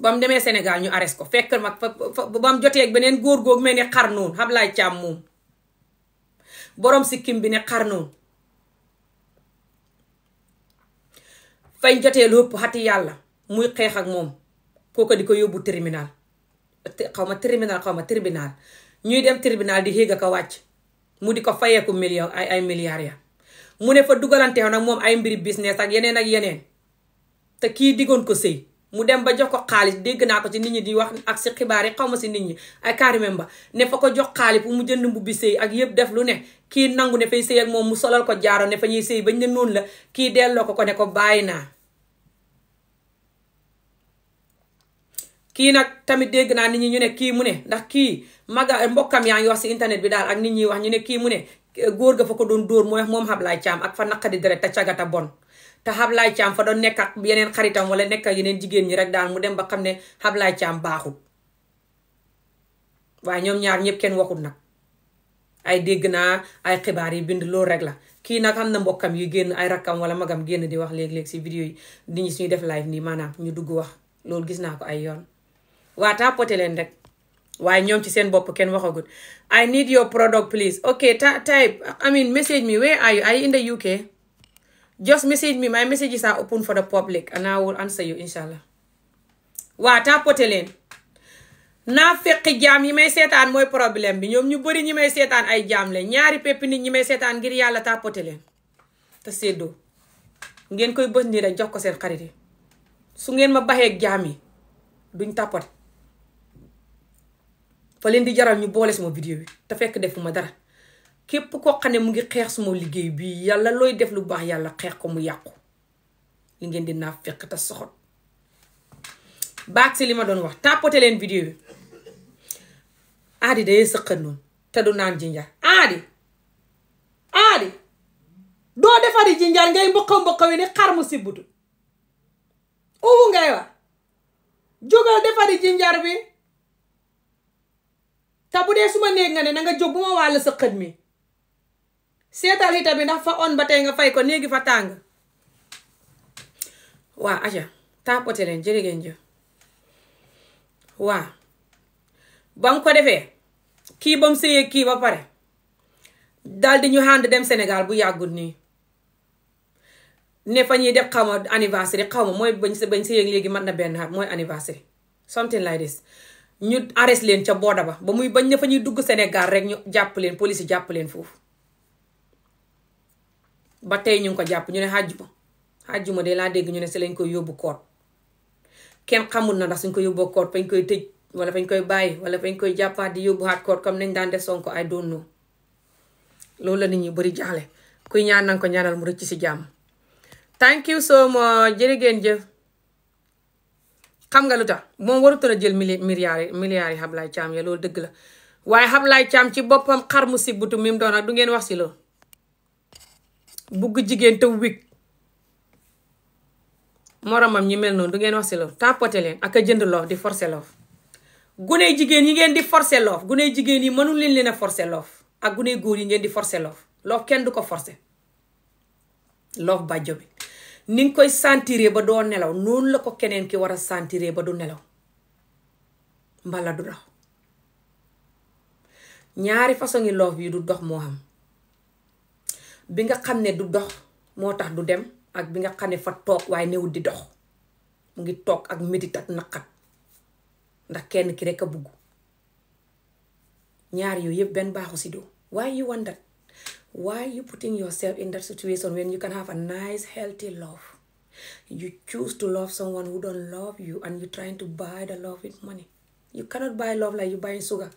ba demee Sénégal ñu arrest ko fekk mag fa ba jotee ak beneen góor googu mel ni xar noonu Ablaye Thiam moom borom sikkim bi ne xar noonu fañ jotee lu ëpp xati yàlla muy xeexak ak moom kooku di ko yóbbu tribunal xaw ma tribunal xaw ma tribunal ñuy dem tribunal di xéeg ak a wàcc mu di ko fayeeku million ay ay milliards ya mu ne fa dugalante nag moom ay mbiri business ak yeneen ak yeneen te kii diggoon ko sëy mu dem ba jox ko xaalis dégg naa ko ci nit ñi di wax ak si xibaar yi xaw ma si nit ñi ay Karim ba ne fa ko jox xaalis bu mu jënd mbubbi sëy ak yëpp def lu ne kii nangu ne fay sëy ak moom mu solal ko jaaro ne fa ñuy sëy bañ ne noonu la kii delloo ko ko ne ko bàyyi naa kii nag tamit dégg naa nit ñi ñu ne kii mu ne ndax kii maga mbokkam yaa ngi wax si internet bi daal ak nit ñi wax ñu ne kii mu ne góor ga fa ko doon dóor mooy moom Ablaye caam ak fa naqadi deret te cagata bon te Ablaye Thiam fa doon nekk ak yeneen xaritam wala nekk ak jigéen ñi rek daal mu dem ba xam ne Ablaye caam baaxut waaye ñoom ñaar ñëpp kenn waxut nag ay dégg naa ay xibaar yi bind loolu rek la kii nag am na mbokkam yi génn ay rakkam wala magam génn di wax léeg-léeg si vidéo yi nit ñi suñu def live nii maanaam ñu dugg wax loolu gis naa ko ay yoon waa tàppate leen rek waaye ñoom ci seen bopp kenn waxagut I need your product please ok type I mean message me where are you are just message me my messages are open for the public and I will answer you inshallah waa tàppote leen naa fekki jaam yi may seetaan mooy problème bi ñoom ñu bari ñi may seetaan ay jaam leen ñaari peppi nit ñi may seetaan ngir yàlla tàppote leen te séddoo ngeen koy bës nii rek jox ko seen xarit yi su ngeen ma baxee jaam yi duñ tàppote fa leen di jaral ñu boole sama vidéo yi te fekk ma dara képp koo xam ne mu ngi xeex suma liggéey bii yàlla looy def lu baax yàlla xeex ko mu yàqu li ngeen di naa fekk te soxot baag si li ma doon wax tàppate leen vidéo bi aadi day sëqat noonu te du naan jinjar aadi aadi doo defari jinjar ngay mbokkaw mbokkaw yi ni xar mu sibbutu uwu ngay wax jógal defari jinjar bi te bu dee suma néeg nga ne na nga jóg bu ma wàll sëqat mi seetal hita bi ndax fa on ba tey nga fay ko néegi fa tàng waa aja tàppote leen jërë ngeen waa ba ko defee kii bam mu kii ba pare dal di ñu ànd dem Sénégal bu yàggut nii ne fa ñuy def xaw ma anniversaire xaw ma mooy bañ bañ sëyeeg léegi mat na benn at mooy anniversaire something like this ñu arrest leen ca booda ba ba muy bañ ne fa ñuy dugg Sénégal rek ñu jàpp leen police jàpp leen foofu ba tey ñu ngi ko jàpp ñu ne àjjuma àjjuma de laa dégg ñu ne si lañ koy yóbbu koot kenn xamul na ndax suñ ko yóbboo koot fañ koy tëj wala fañ koy bàyyi wala fañ koy jàppaat di yóbbu yóbbuwaat koot comme nañ daan def Sonko ay doon noo loolu la nit ñi bëri jaaxle kuy ñaan nanga ko ñaanal mu rëcc si jàmm. thank you so much jërëgeen jëf xam nga lu tax moom warutoon a jël milliards yi milliards yi Ablaye Thiam ya loolu dëgg la waaye Ablaye Thiam ci boppam xar mu sibbutu mi mu du ngeen wax si loolu. bugg jigéen te wig moromam ñi mel noonu du ngeen wax si loof tapoté leen ak a jënd loof di forcé loof gune jigéen yi ngeen di forcé gune jigéen yi mënul leen leen a forcé loof ak gune góor yi ngeen di forcé loof loof kenn du ko forcé loof bàjjo bi ni koy sentiré ba doo nelaw noonu la ko keneen ki war a sentiré ba du nelaw mbala du dox ñaari façon yi loof yi du dox moo xam bi nga xam ne du dox moo tax du dem ak bi nga xam ne fa toog waaye newul di dox mu ngi toog ak métit ak naqat ndax kenn ki rek a bugg ñaar yooyu yëpp benn baaxu si doo why you want why you putting yourself in that situation when you can have a nice healthy love you choose to love someone who don't love you and you trying to buy the love with money you cannot buy love like you buying sugar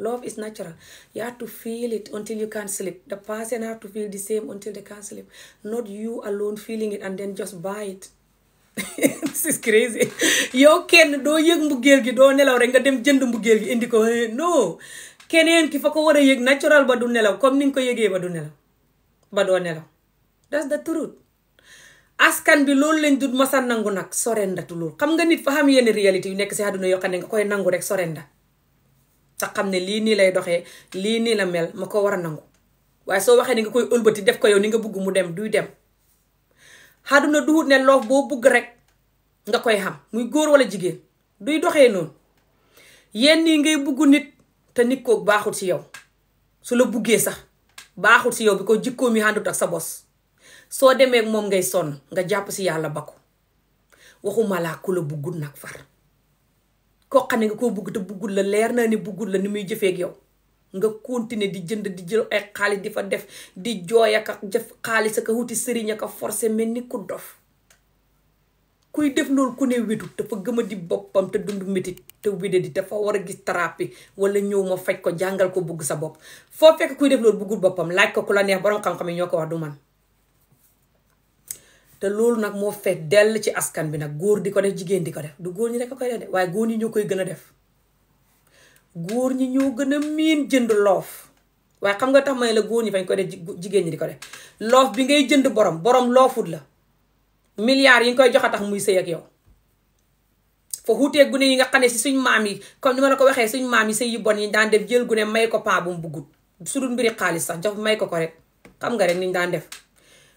Love is natural. You have to feel it until you can't sleep. The person have to feel the same until they can't sleep. Not you alone feeling it and then just buy it. this is crazy. yow kenn doo yëg mbëggeel gi doo nelaw rek nga dem jënd mbëggeel gi indi ko eh, no keneen ki fa ko war a yëg natural ba du nelaw comme ni nga ko yëgee ba du nelaw ba doo nelaw that's the truth. askan bi loolu lañ dut masa nangu nag sorenda tu loolu xam nga nit fa xam yenn réalité yu nekk si àdduna yoo xam koy nangu rek sorenda sa xam ne lii nii lay doxee lii nii la mel ma ko war a nangu waaye soo waxee ni nga koy ëlbati def ko yow ni nga bugg mu dem duy dem xaduna duhut ne loof boo bugg rek nga koy xam muy góor wala jigéen duy doxee noonu yenn yi ngay bugg nit te nit koo baaxul ci yow su la buggee sax baaxul si yow bi ko jikkoom yi àndut ak sa bos soo demee moom ngay sonn nga jàpp si yàlla bakku waxuma laa ku la buggut nag far kook xam ne nga koo bugg te buggul la leer naa ne buggul la ni muy jëfee ak yow nga continuer di jënd di jël ay xaalis di fa def di jooy ak jëf xaalis ak wuti sëriñ ak forcé mel ni ku dof kuy def loolu ku ne wetu dafa gëm a di boppam te dund métit te wéde di dafa war a gis thérapie wala ñëw ma faj ko jàngal ko bugg sa bopp foo fekk kuy def loolu buggul boppam laaj ko ku la neex borom xam-xam yi ñoo ko wax du man te loolu nag moo fees dell ci askan bi nag góor di ko def jigéen di ko def du góor ñi rek ko koy def waaye góor ñi ñoo koy gën a def góor ñi ñoo gën a miin jënd loof waaye xam nga tax may la góor ñi fañ koy def jigéen ñi di ko def loof bi ngay jënd borom borom loofut la milliards yi nga koy a tax muy sëy ak yow fa xuutee gune yi nga xam ne si suñ maam yi comme ni ma la ko waxee suñ maam yi sëy yi bon yi daan def jël gune may ko paa bu mu buggut su dul xaalis sax jox may ko ko rek xam nga rek niñ daan def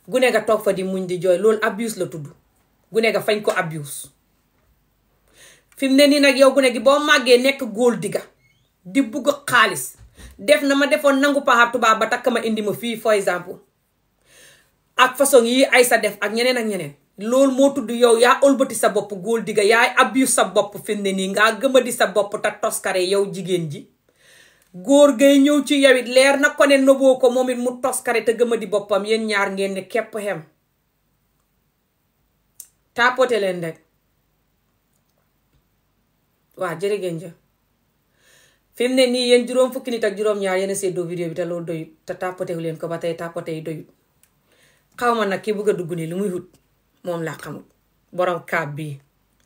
gune nga toog fa di muñ di jooy loolu abuse la tudd gune nga fañ ko abuse fi mu ne nii nag yow gune gi boo màggee nekk góol digga di bugg xaalis def na ma defoon nangu paxaab tubaab ba takk ma indi ma fii for exemple ak façon yii ay sa def ak ñeneen ak ñeneen loolu moo tudd yow yaa ëlbati sa bopp góor digga yaa abuse sa bopp fi mu ne nii ngaa gëmadi sa bopp te toskare yow jigéen ji góor gay ñëw ci yawit leer na ko ne noboo ko moom it mu toskare te gëma di boppam yéen ñaar ngeen ne képp xem taapote leen rek waa jërë ngeen jëf fi ne nii yéen juróom fukki nit ak juróom-ñaar yéen a seddoo vidéo bi te loolu doyut te tàppatewu leen ko ba tey tàppate yi doyut xaw ma nag ki bugg a dugg nii lu muy wut moom laa xamul borom kaab bii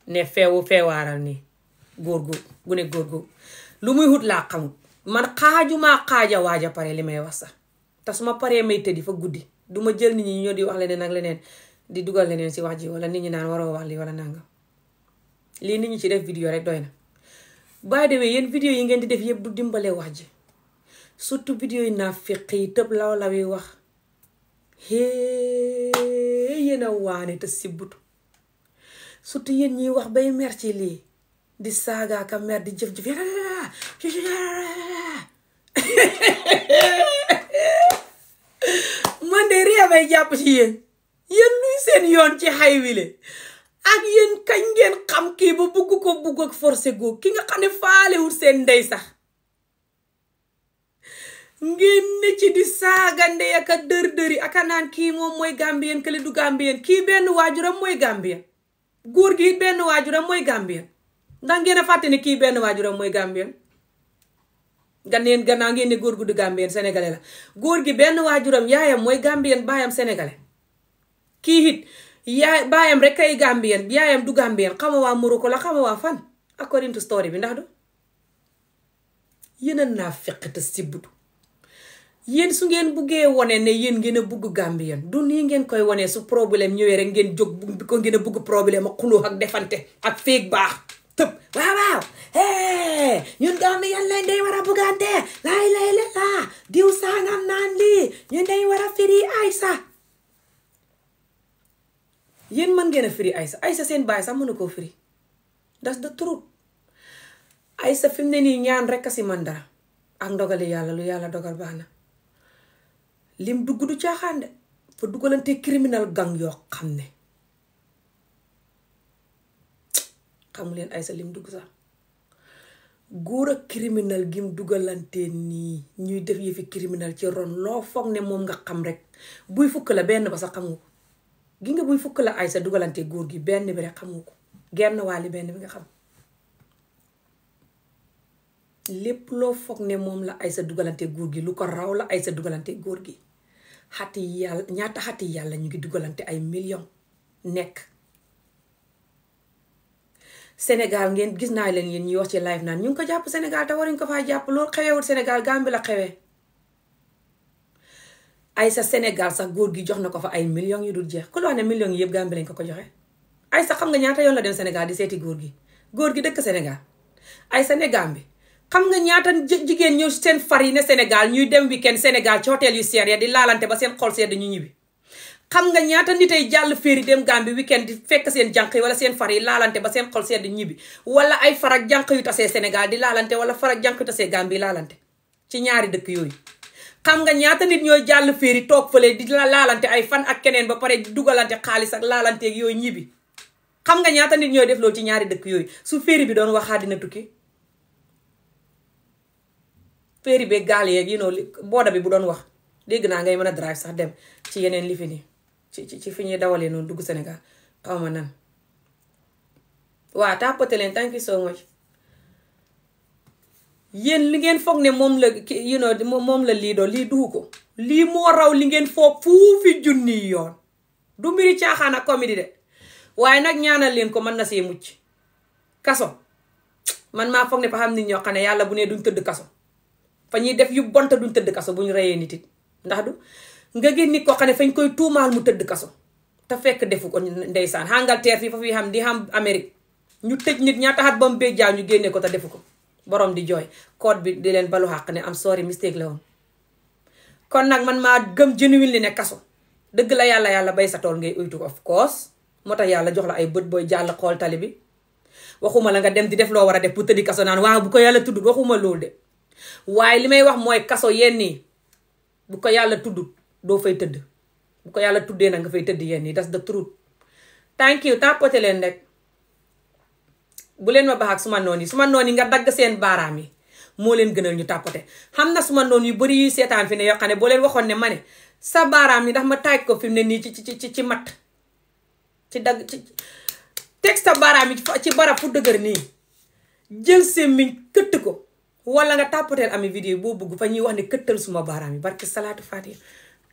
ne feewu feewaaral ni góor gu gune góor gu lu muy wut laa xamul man xaajumaa xaaja waaja pare li may wax sax te su ma paree may tëddi fa guddi du ma jël nit ñi ñoo di wax leneen ak leneen di dugal leneen si wax ji wala nit ñi naan waroo wax lii wala nangam lii nit ñi ci def vidéo rek doy na by the way yéen vidéo yi ngeen di def yëpp du dimbale wax ji surtout vidéo yi naa fiqi tëb law law yi wax hee yéen a waane te sibbutu yéen ñiy wax bay mer ci lii di saagaaka mer di jëf-jëf man de réew ay jàpp ci yéen yéen luy seen yoon ci xay wile ak yéen kañ ngeen xam kii ba bugg ko bugg ak forcé googu ki nga xam ne faalewul seen ndey sax ngeen ne ci di saaga ndey ak a dër dëri ak a naan kii moom mooy gambien kële du gambien kii benn waajuram mooy gambien góor gi benn waajuram mooy gambien ndax ngeen a fàtte kii benn waajuram mooy gambien ganeen gannaaw ngeen ne góor gu du gambien sénégalais la góor gi benn waajuram yaayam mooy gambien baayam sénégalais kii it yaay baayam rek ay gambien yaayam du gambien xama waa Morocco la xama waa fan according to story bi ndax du yéen naa fekk te sibbutu yéen su ngeen buggee wone ne yéen ngeen a bugg gambien du nii ngeen koy wone su problème ñëwee rek ngeen jóg bu ko ngeen bugg problème ak xuloo ak defante ak féeg baax tëb waaw waaw eh ñun Gambien lañ day war a bugante laay lay la laa diw sangam naan lii ñun dañ war a firi Aysa yéen mën ngeen a firi Aysa Aysa seen baay sax mënu koo firi das de trop Aysa fi mu ne nii ñaan rek a si man dara ak ndogali yàlla lu yàlla dogal baax na lim dugg du caaxaan de fa dugalante criminal gang yoo xam ne. xamu leen ay sa lim dugg sax góor ak criminal gim dugalante nii ñuy def yëfi criminal ci ron loo foog ne moom nga xam rek buy fukk la benn ba sax xamu gi nga buy fukk ay sa dugalante góor gi benn bi xamu ko genn wàlli benn bi nga xam lépp loo ne moom la ay sa dugalante góor gi lu ko raw la ay sa dugalante góor gi xati yàlla ñaata xati yàlla ñu ngi dugalante ay million nekk Sénégal ngeen gis naa leen yéen ñuy wax ci live naan ñu ngi ko jàpp Sénégal te waruñu ko faa jàpp loolu xewewul Sénégal Gambie la xewee ay sa Sénégal sax góor gi jox na ko fa ay millions yu dul jeex ku la wax ne million yi yëpp Gambie lañ ko ko joxe ay sa xam nga ñaata yoon la dem Sénégal di seeti góor gi góor gi dëkk Sénégal ay senegaal bi xam nga ñaata jigéen ñëw seen far yi ne Sénégal ñuy dem weekend Sénégal ci hôtel yu seer ya di laalante ba seen xol sedd ñu ñibbi xam nga ñaata nitay jàll féeri dem Gàmbi weekend di fekk seen jànq wala seen far yi laalante ba seen xol sedd ñibbi wala ay farak jànq yu tasee Sénégal di laalante wala farak jànq yu tasee Gàmbi laalante ci ñaari dëkk yooyu xam nga ñaata nit ñooy jàll féeri toog fële di la laalante ay fan keneen ba pare dugalante xaalis ak laalanteeg yooyu ñibbi xam nga ñaata nit ñooy def loolu ci ñaari dëkk yooyu su féeri bi doon waxaa dina tukki féeri beeg gaal yee yi noo booda bi bu doon wax dégg naa ngay mën a drive sax dem ci yeneen lifi nii ci ci fi ñuy dawalee noonu dugg Sénégal xaw ma nan waa tàppate leen thank you so much li ngeen foog ne moom la moom la lii doo lii dugu ko lii moo raw li ngeen foog fuufi junni yoon du mbiri caaxaan ak comédie de waaye nag ñaanal leen ko mën na see mucc kaso man maa foog ne fa xam nit ñoo xam ne yàlla bu nee duñ tëdd kaso fa ñuy def yu bonta duñ tëdd kaso bu ñu reyee nit it ndax du nga génne ko xam ne fañ koy tuumaal mu tëdd kaso te fekk defu ko ndeysaan Angleterre fi fa fi xam di xam Amérique ñu tëj nit ñaata at ba mu béjjaaw ñu génne ko te defu ko borom di jooy code bi di leen balu xàq ne am sorry mistake la kon nag man maa gëm genuine li ne kaso dëgg la yàlla yàlla bay sa tool ngay uytu of course yàlla jox la ay bët booy xool tali bi waxuma la nga dem di def loo war a def bu tëddi kaso naan waaw bu ko yàlla tuddut waxuma loolu de waaye li may wax mooy kaso yenn yi bu ko yàlla tuddut doo fay tëdd bu ko yàlla tuddee na nga fay tëdd yéen yi that's the truth thank you tàppote leen rek bu leen ma baax ak suma noon yi suma noon yi nga dagg seen baaraam yi moo leen gënal ñu tàppote xam na suma noon yu bari yuy seetaan fi ne yoo xam ne boo leen waxoon ne ma ne sa baaraam yi ndax ma taaj ko fi mu ne nii ci ci ci ci mat ci dagg ci teg sa baaraam yi ci barab fu dëgër nii jël semmiñ këtt ko wala nga tàppateel ami vidéo boo bugg fa ñuy wax ne këttal suma baaraam yi barke salaatu faatiha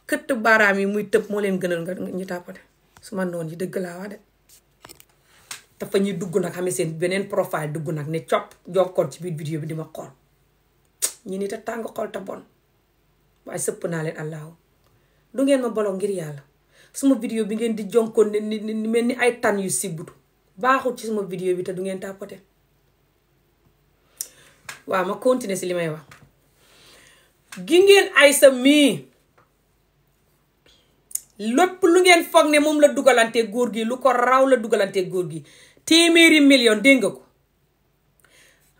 këtt baaraam yi muy tëb moo leen gënal nga ñu tàppale su ma noon yi dëgg laa wax de dafa ñuy dugg nag xamee seen beneen profile dugg nag ne cop jokkoon ci biir vidéo bi di ma xool ñi ni te tàng xool te bon waaye sëpp naa leen allahu du ngeen ma bolo ngir yàlla suma vidéo bi ngeen di jonkoon ne ni mel ni ay tan yu sibbutu baaxul ci suma vidéo bi te du ngeen tàppate waa ma continuer si li may wax gi ngeen ay sa mii lépp lu ngeen foog ne moom la dugalante góor gi lu ko raw la dugalante góor gi téeméeri million dégg nga ko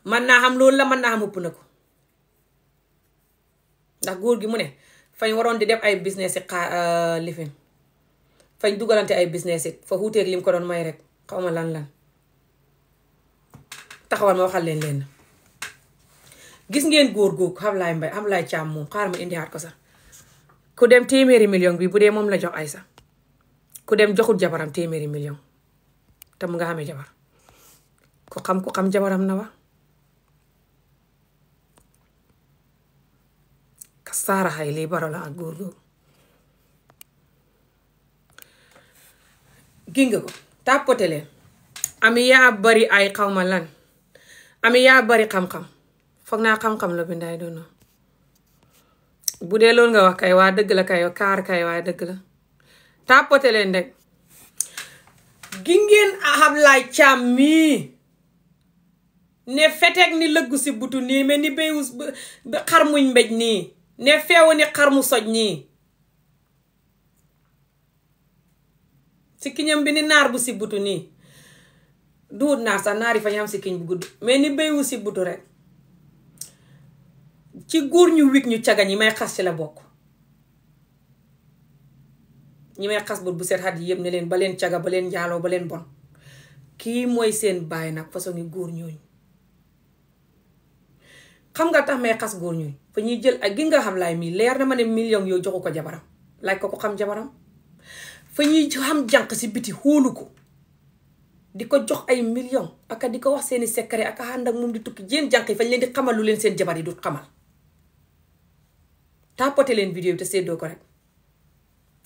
mën naa xam loolu la mën naa xam ëpp na ko ndax góor gi mu ne fañ waroon di def ay business yi euh, lifin fañ dugalante ay business yi fa xuuteeg lim ko doon may rek xaw ma lan lan taxawal ma waxal leen leen gis ngeen góor googu xam laay mbay xam laay càmm moom xaar ma indiwaat ko sax ku dem téeméeri million bi bu dee moom la jox ay Aïssa ku dem joxul jabaram téeméeri million te mu nga xamee jabar ku xam ku xam jabaram na wa ka saaraxay lii baro la ak góor googu ginga ko tàppote leen ami bari ay xaw ma lan ami bari xam-xam foog naa xam-xam la bindaay doon bu dee loolu nga wax kay waa dëgg la kay kaar kay waa dëgg la tàppate leen rek gi ngeen Ablaye Thiam mii ne feteeg ni lëggu si butu nii mel ni béyu xar muñ mbéj nii ne feewu ni xar mu soj nii si kiñam bi ni naar bu si butu nii duut naar sax naari yi fa ñu am si kiñ bu gudd mais ni béyu si butu rek ci góor ñu wig ñu caga ñi may xas ci la bokk ñi may xas bët bu seet xat yi yëpp ne leen ba leen caga ba leen njaaloo ba leen bon kii mooy seen baay nag façon yi góor ñooñu xam nga tax may xas góor ñuy fa ñuy jël ak gi nga xam laay mii leer na ma ne million yoo joxu ko jabaram laaj ko ko xam jabaram fa ñuy xam janq si biti xuulu ko di ko jox ay million aka di ko wax seeni secret aka ànd ak moom di tukki jéen jànq yi fañ leen di xamal lu leen seen jabar yi du xamal tapoté leen vidéo bi te séddoo ko rek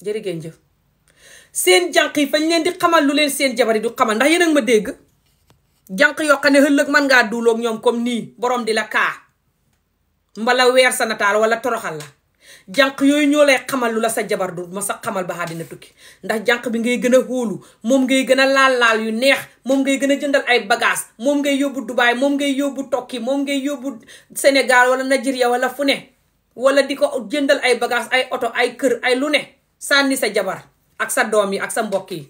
jërë jëf seen jànq yi fañ leen di xamal lu leen seen jabar yi du xamal ndax yéen a ma dégg jànq yoo xam ne ëllëg mën ngaa duuloog ñoom comme nii borom di la kaa mbala weer sa nataal wala toroxal la jànq yooyu ñoo lay xamal lu la sa jabar du ma sa xamal ba àddina tukki ndax jànq bi ngay gën a xóolu moom ngay gën a laal-laal yu neex moom ngay gën a jëndal ay bagage moom ngay yóbbu Dubaay moom ngay yóbbu Tokki moom ngay yóbbu Sénégal wala Nigeria wala fu ne wala di ko jëndal ay bagage ay oto ay kër ay lu ne sànni sa jabar ak sa doom yi ak sa mbokk yi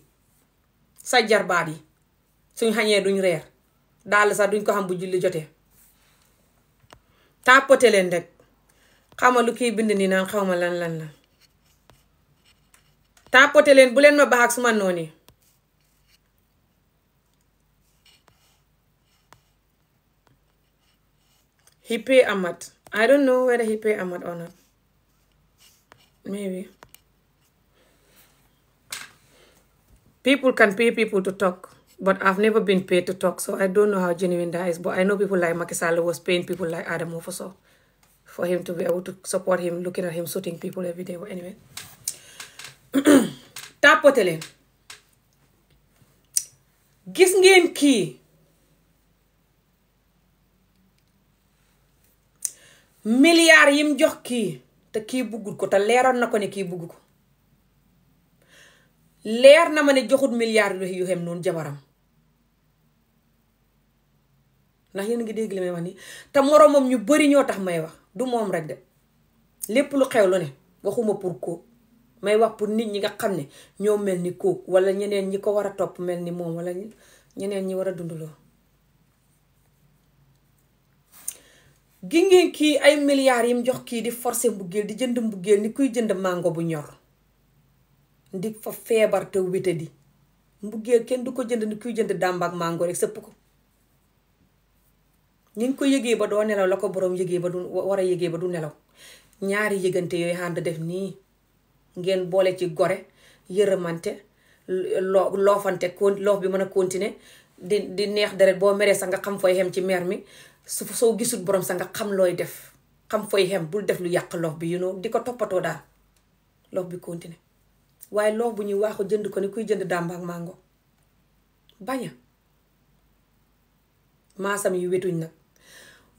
sa jarbaat yi suñ xañee duñ reer daal sax duñ ko xam bu julli jotee tàppate leen rek xawma lu kii bind nii naan xawma lan lan la tàppate leen bu leen ma baax ak suma noon hippee amat I don't know whether he paid Ahmad or not. Maybe. People can pay people to talk, but I've never been paid to talk, so I don't know how genuine that is. But I know people like Makisalo was paying people like Adam Ofoso for him to be able to support him, looking at him shooting people every day. But anyway. Tapotele. Gis ngeen kii milliards yim jox kii te kii buggul ko te leeral na ko ne kii bugg ko leer na ma ne joxut milliards yu xem noonu jabaram ndax yéen ngi dégg li may wax nii te moroomam ñu bari ñoo tax may wax du moom rek de lépp lu xew lu ne waxuma pour kooku may wax pour nit ñi nga xam ne ñoo mel ni kooku wala ñeneen ñi ko war a topp mel ni moom wala ñeneen ñi war a dundaloo gi ngeen kii ay milliards yim jox kii di forcer mbugeel di jënd mbugeel ni kuy jënd màngo bu ñor ndi fa feebar te wéte di mbugeel kenn du ko jënd ni kuy jënd dàmb ak màngo rek sëpp ko ñu ngi ko yëgee ba doo nelaw la ko boroom yëgee ba du war a yëgee ba du nelaw ñaari yëgante yooyu ànd def nii ngeen boole ci gore yërëmante loo loofante kon loof bi mën a continuer di di neex deret boo meree sax nga xam fooy xem ci mer mi su soo gisul borom sa nga xam looy def xam fooy xem bul def lu yàq loof bi you know di ko toppatoo daal loof bi continuer waaye loof bu ñuy waaxu jënd ko ni kuy jënd dàmb ak mango baña maasam yu wetuñ nag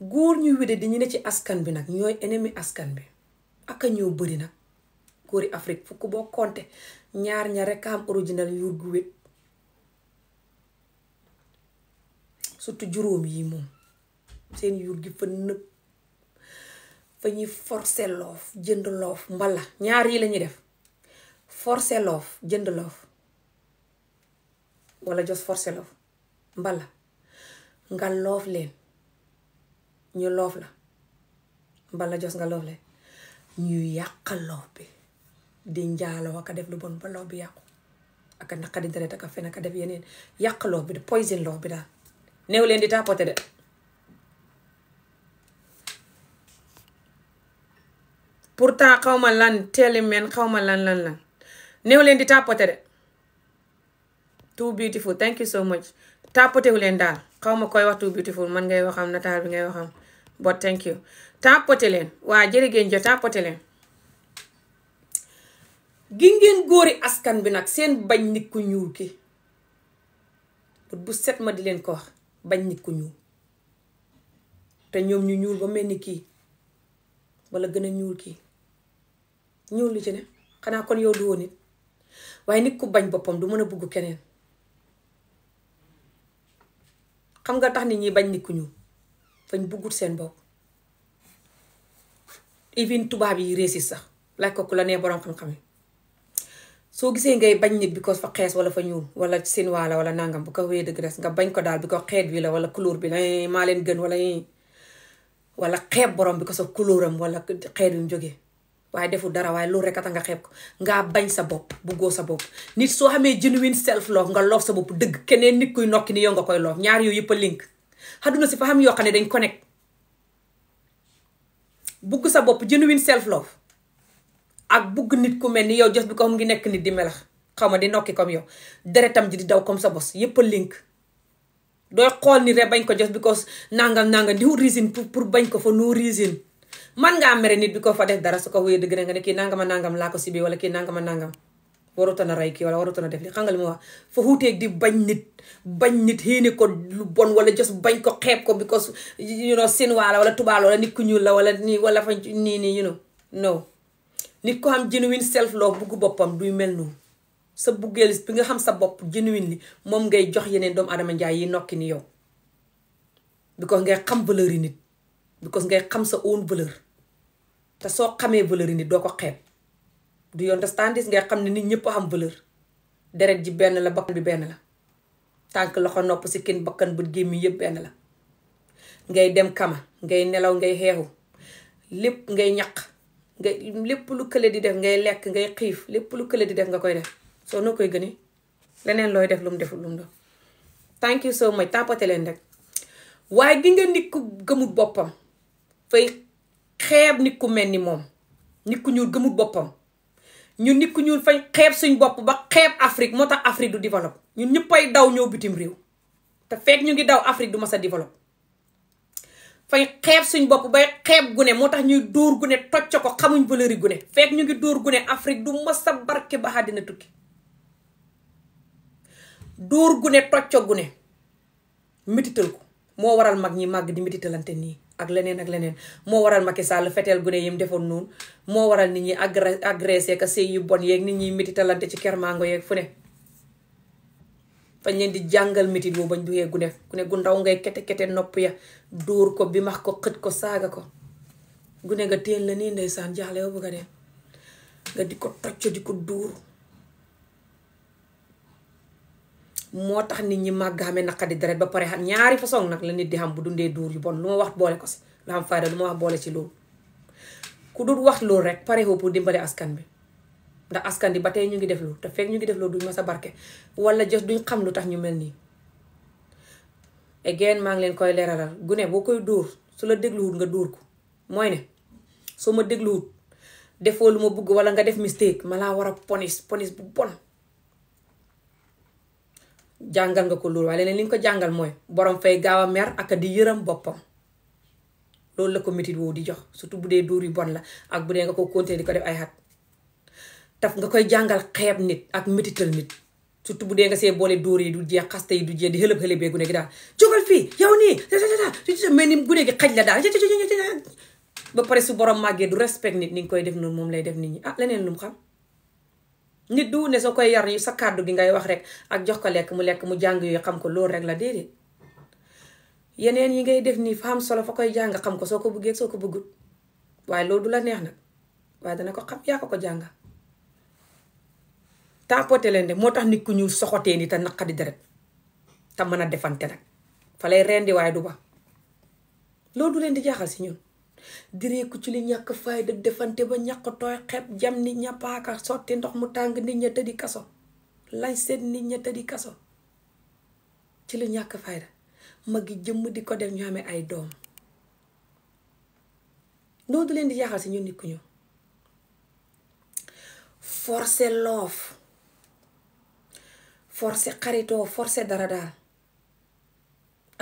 góor ñu wede di ñu ne ci askan bi nag ñooy ennemi askan bi aka ñoo bëri nag góori Afrique fukk boo compté ñaar ñaar rekk am original yuur gu wet surtout juróom yi moom seen yuur gi fa nëb fa ñuy forcé loof jënd loof mbala ñaar yii lañuy def forcé loof jënd loof wala jos forcé loof mbala nga loof leen ñu loof la mbala jos nga loof leen ñu yàqal loof bi di njaaloo ak def lu bon ba loof bi yàqu ak ndax naqadi deret ak a fen ak def yeneen yàq loof bi de bi daal néew leen di tàppote de pourtant xaw ma lan teeli men xaw ma lan lan lan néew leen di tàppate de too beautiful thank you so much tàppatewu leen daal xaw ma koy wax too beautiful man ngay waxam nataal bi ngay waxam but thank you tàppate leen waa jërëgéen jo tàppate leen gi ngeen góori askan bi nag seen bañ nit ku ñuul ki bu set ma di leen ko wax bañ nit ku ñuul te ñoom ñu ñuul ba mel ni kii wala gën a ñuul kii ñëw lu ci ne xanaa kon yow du woon nit waaye nit ku bañ boppam du mën a bugg keneen xam nga tax nit ñi bañ nit ku ñuul fañ buggut seen bopp even tubaab yi réesis sax laaj ko ku la nee boroom xam-xam yi soo gisee ngay bañ nit bi ko fa xees wala fa ñuul wala sinwaa la wala nangam bu ko wéyee dëgg des nga bañ ko daal bi ko xeet bi la wala couleur bi la eh, maa leen gën wala eh. wala xeeb borom bi ko sa couleuram wala xeet bi mu waaye defu dara waaye loolu rek a nga xeeb ko ngaa bañ sa bopp buggoo sa bopp nit soo xamee genuine self love nga loof sa bopp dëgg keneen nit kuy nokki ni yow nga koy loof ñaar yooyu yëpp a link xaduna si fa xam yoo xam ne dañ connect bugg sa bopp genuine self love ak bugg nit ku mel ni yow jos bi ko xam ngi nekk nit di melax xaw ma di nokki comme yow deretam ji di daw comme sa bos yëpp a link dooy xool ni rek bañ ko jos because nangal nangal di reason pour pour bañ ko fa no reason man ngaa mere nit bi ko fa def dara su ko wéyee dëgg na nga ne kii nangama nangam laa ko si bi wala kii nangama nangam warutoon a rey kii wala warutoon a def li xam nga li ma wax fa xuuteeg bañ nit bañ nit ko lu bon wala jos bañ ko xeeb ko because you know wala tubaab la wala la wala nii wala fa nii nii you know nit ko xam genuine self love boppam duy mel noonu sa buggeel bi nga xam sa bopp genuine li moom ngay jox yeneen doomu adama njaay yi nokki ni yow because ngay xam valeur yi nit because ngay xam sa own valeur te soo xamee valeur yi nit doo ko xeeb du you understand this ngay xam ne nit ñëpp xam valeur deret ji benn la bakkan bi benn la tànk loxo nopp si kin bakkan bu gémmiñ yëpp benn la ngay dem kama ngay nelaw ngay xeexu lépp ngay ñaq ngay lépp lu kële di def ngay lekk ngay xiif lépp lu kële di def nga koy def soo noo koy gënee leneen looy def lu mu lu mu doon thank you so much tàppate leen rek waaye gi nga nit ku gëmul boppam fay xeeb nit ku mel ni moom nit ku ñuul gëmul boppam ñun nit ku ñuul fay xeeb suñ bopp ba xeeb Afrique moo tax Afrique du développe ñun ñëppay daw ñëw bitim réew te fekk ñu ngi daw Afrique du ma sa fay xeeb suñ bopp bay xeeb gune moo tax ñuy dóor gune tocc ko xamuñ valeur gune fekk ñu ngi dóor gune Afrique du ma sa barke ba àddina tukki dóor gune tocc gune métital ko moo waral mag ñi màgg di métitalante nii ak leneen ak leneen moo waral Macky Sall feteel gune yim defoon noonu moo waral nit ñi agré agressé ka sëy yu bon yeeg nit ñi métitalante ci kermango yeeg fu ne fañ leen di jàngal métit boobu bañ duxee gune gune gu ndaw ngay kete kete nopp ya dóor ko bi max ko xëj ko saaga ko gune nga téen la nii ndeysaan jaaxle yow bëgg a dee nga di ko tocc di ko dóor moo tax nit ñi màggaame naqadi deret ba pare ñaari façon nag la nit di xam bu dundee duur yu bon lu ma wax boole ko si lu am fayda lu ma wax boole ci loolu ku dul wax loolu rek pare ko pour dimbale askan bi ndax askan bi ba tey ñu ngi def loolu te fekk ñu ngi def loolu duñ ma sa barke wala jox duñ xam lu tax ñu mel nii again maa ngi leen koy leeralal gune boo koy dóor su la dégluwut nga dóor ko mooy ne soo ma dégluwut defoo lu ma bugg wala nga def mistake ma laa war a ponis ponis bu bon jàngal nga ko loolu waaye leneen li nga ko jàngal mooy borom fay gaaw a mer ak di yërëm boppam loolu la ko métit woowu di jox surtout bu dee dóor yu bon la ak bu dee nga ko continuer di ko def ay xat taf nga koy jàngal xeeb nit ak métital nit surtout bu dee nga see boole dóor yi du jeex xaste yi du jeex di xëlëb xëlëbee gune gi daal jógal fii yow nii mais ni gune gi xaj la daal ba pare su borom màggee du respect nit ni nga koy def noonu moom lay def nit ñi ah leneen lu xam nit du ne soo koy yar sa kàddu gi ngay wax rek ak jox ko lekk mu lekk mu jàng yooyu xam ko loolu rek la déedéet yeneen yi ngay def nii fa am solo fa koy jàng xam ko soo ko bëggee soo ko bëggul waaye loolu du la neex nag waaye dana ko xam yaa ko ko jàng tàppate leen de moo tax nit ku ñu soxotee ni te naqadi deret te mën a defante nag fa lay rendi waaye du ba loolu du leen di jaaxal si ñun direeku ci li ñàkk fayda defante ba ñàkk tooy xeeb jam nit ña paaka sotti ndox mu tàng nit ña tëddi kaso lañ nit ña tëddi kaso ci li ñàkk fayda mag yi jëmm di ko def ñu ay doom noo du leen di jaaxal si ñu nit ku ñu forse loof forcé xaritoo forcé dara daal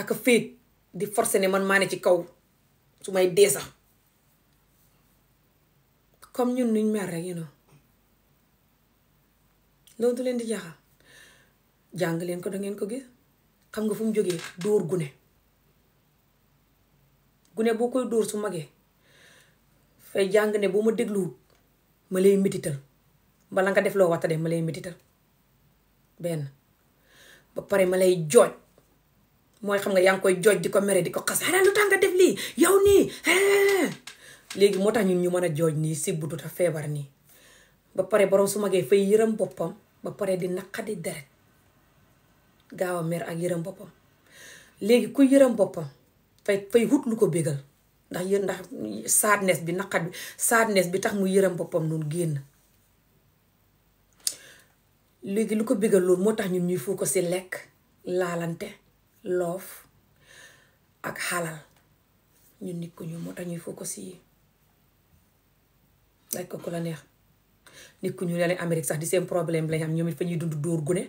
ak féet di forse ne man maa ci kaw su may dee sax comme ñun nuñ mer rek you know leen di jaaxal jàng leen ko dangeen ko gis xam nga fu mu jógee dóor gune gune boo koy dóor su magee fay jàng ne boo ma dégluwut ma lay mitital bala nga def loo waxta de ma lay mitital benn ba pare ma lay jooj mooy xam nga yaa ngi koy jooj di ko mere di ko xas xanaa lu tax nga def lii yow nii léegi moo tax ñun ñu mën a jooj nii si butu ta feebar nii ba pare borom su magee fay yërëm boppam ba pare di naqadi deret gaaw a mer ak yërëm boppam léegi ku yërëm boppam fay fay wut lu ko bégal ndax yéen ndax sadness bi naqat bi sadness bi tax muy yërëm boppam noonu génn léegi lu ko bégal loolu moo tax ñun ñuy foo ko si lekk laalante loof ak xalal ñun nit ku ñuul moo tax ñuy focus yi laaj ko ku la neex nit ku ñuul yàlla Amérique sax di seen problème lañ xam ñoom it fa ñuy dund dóor gune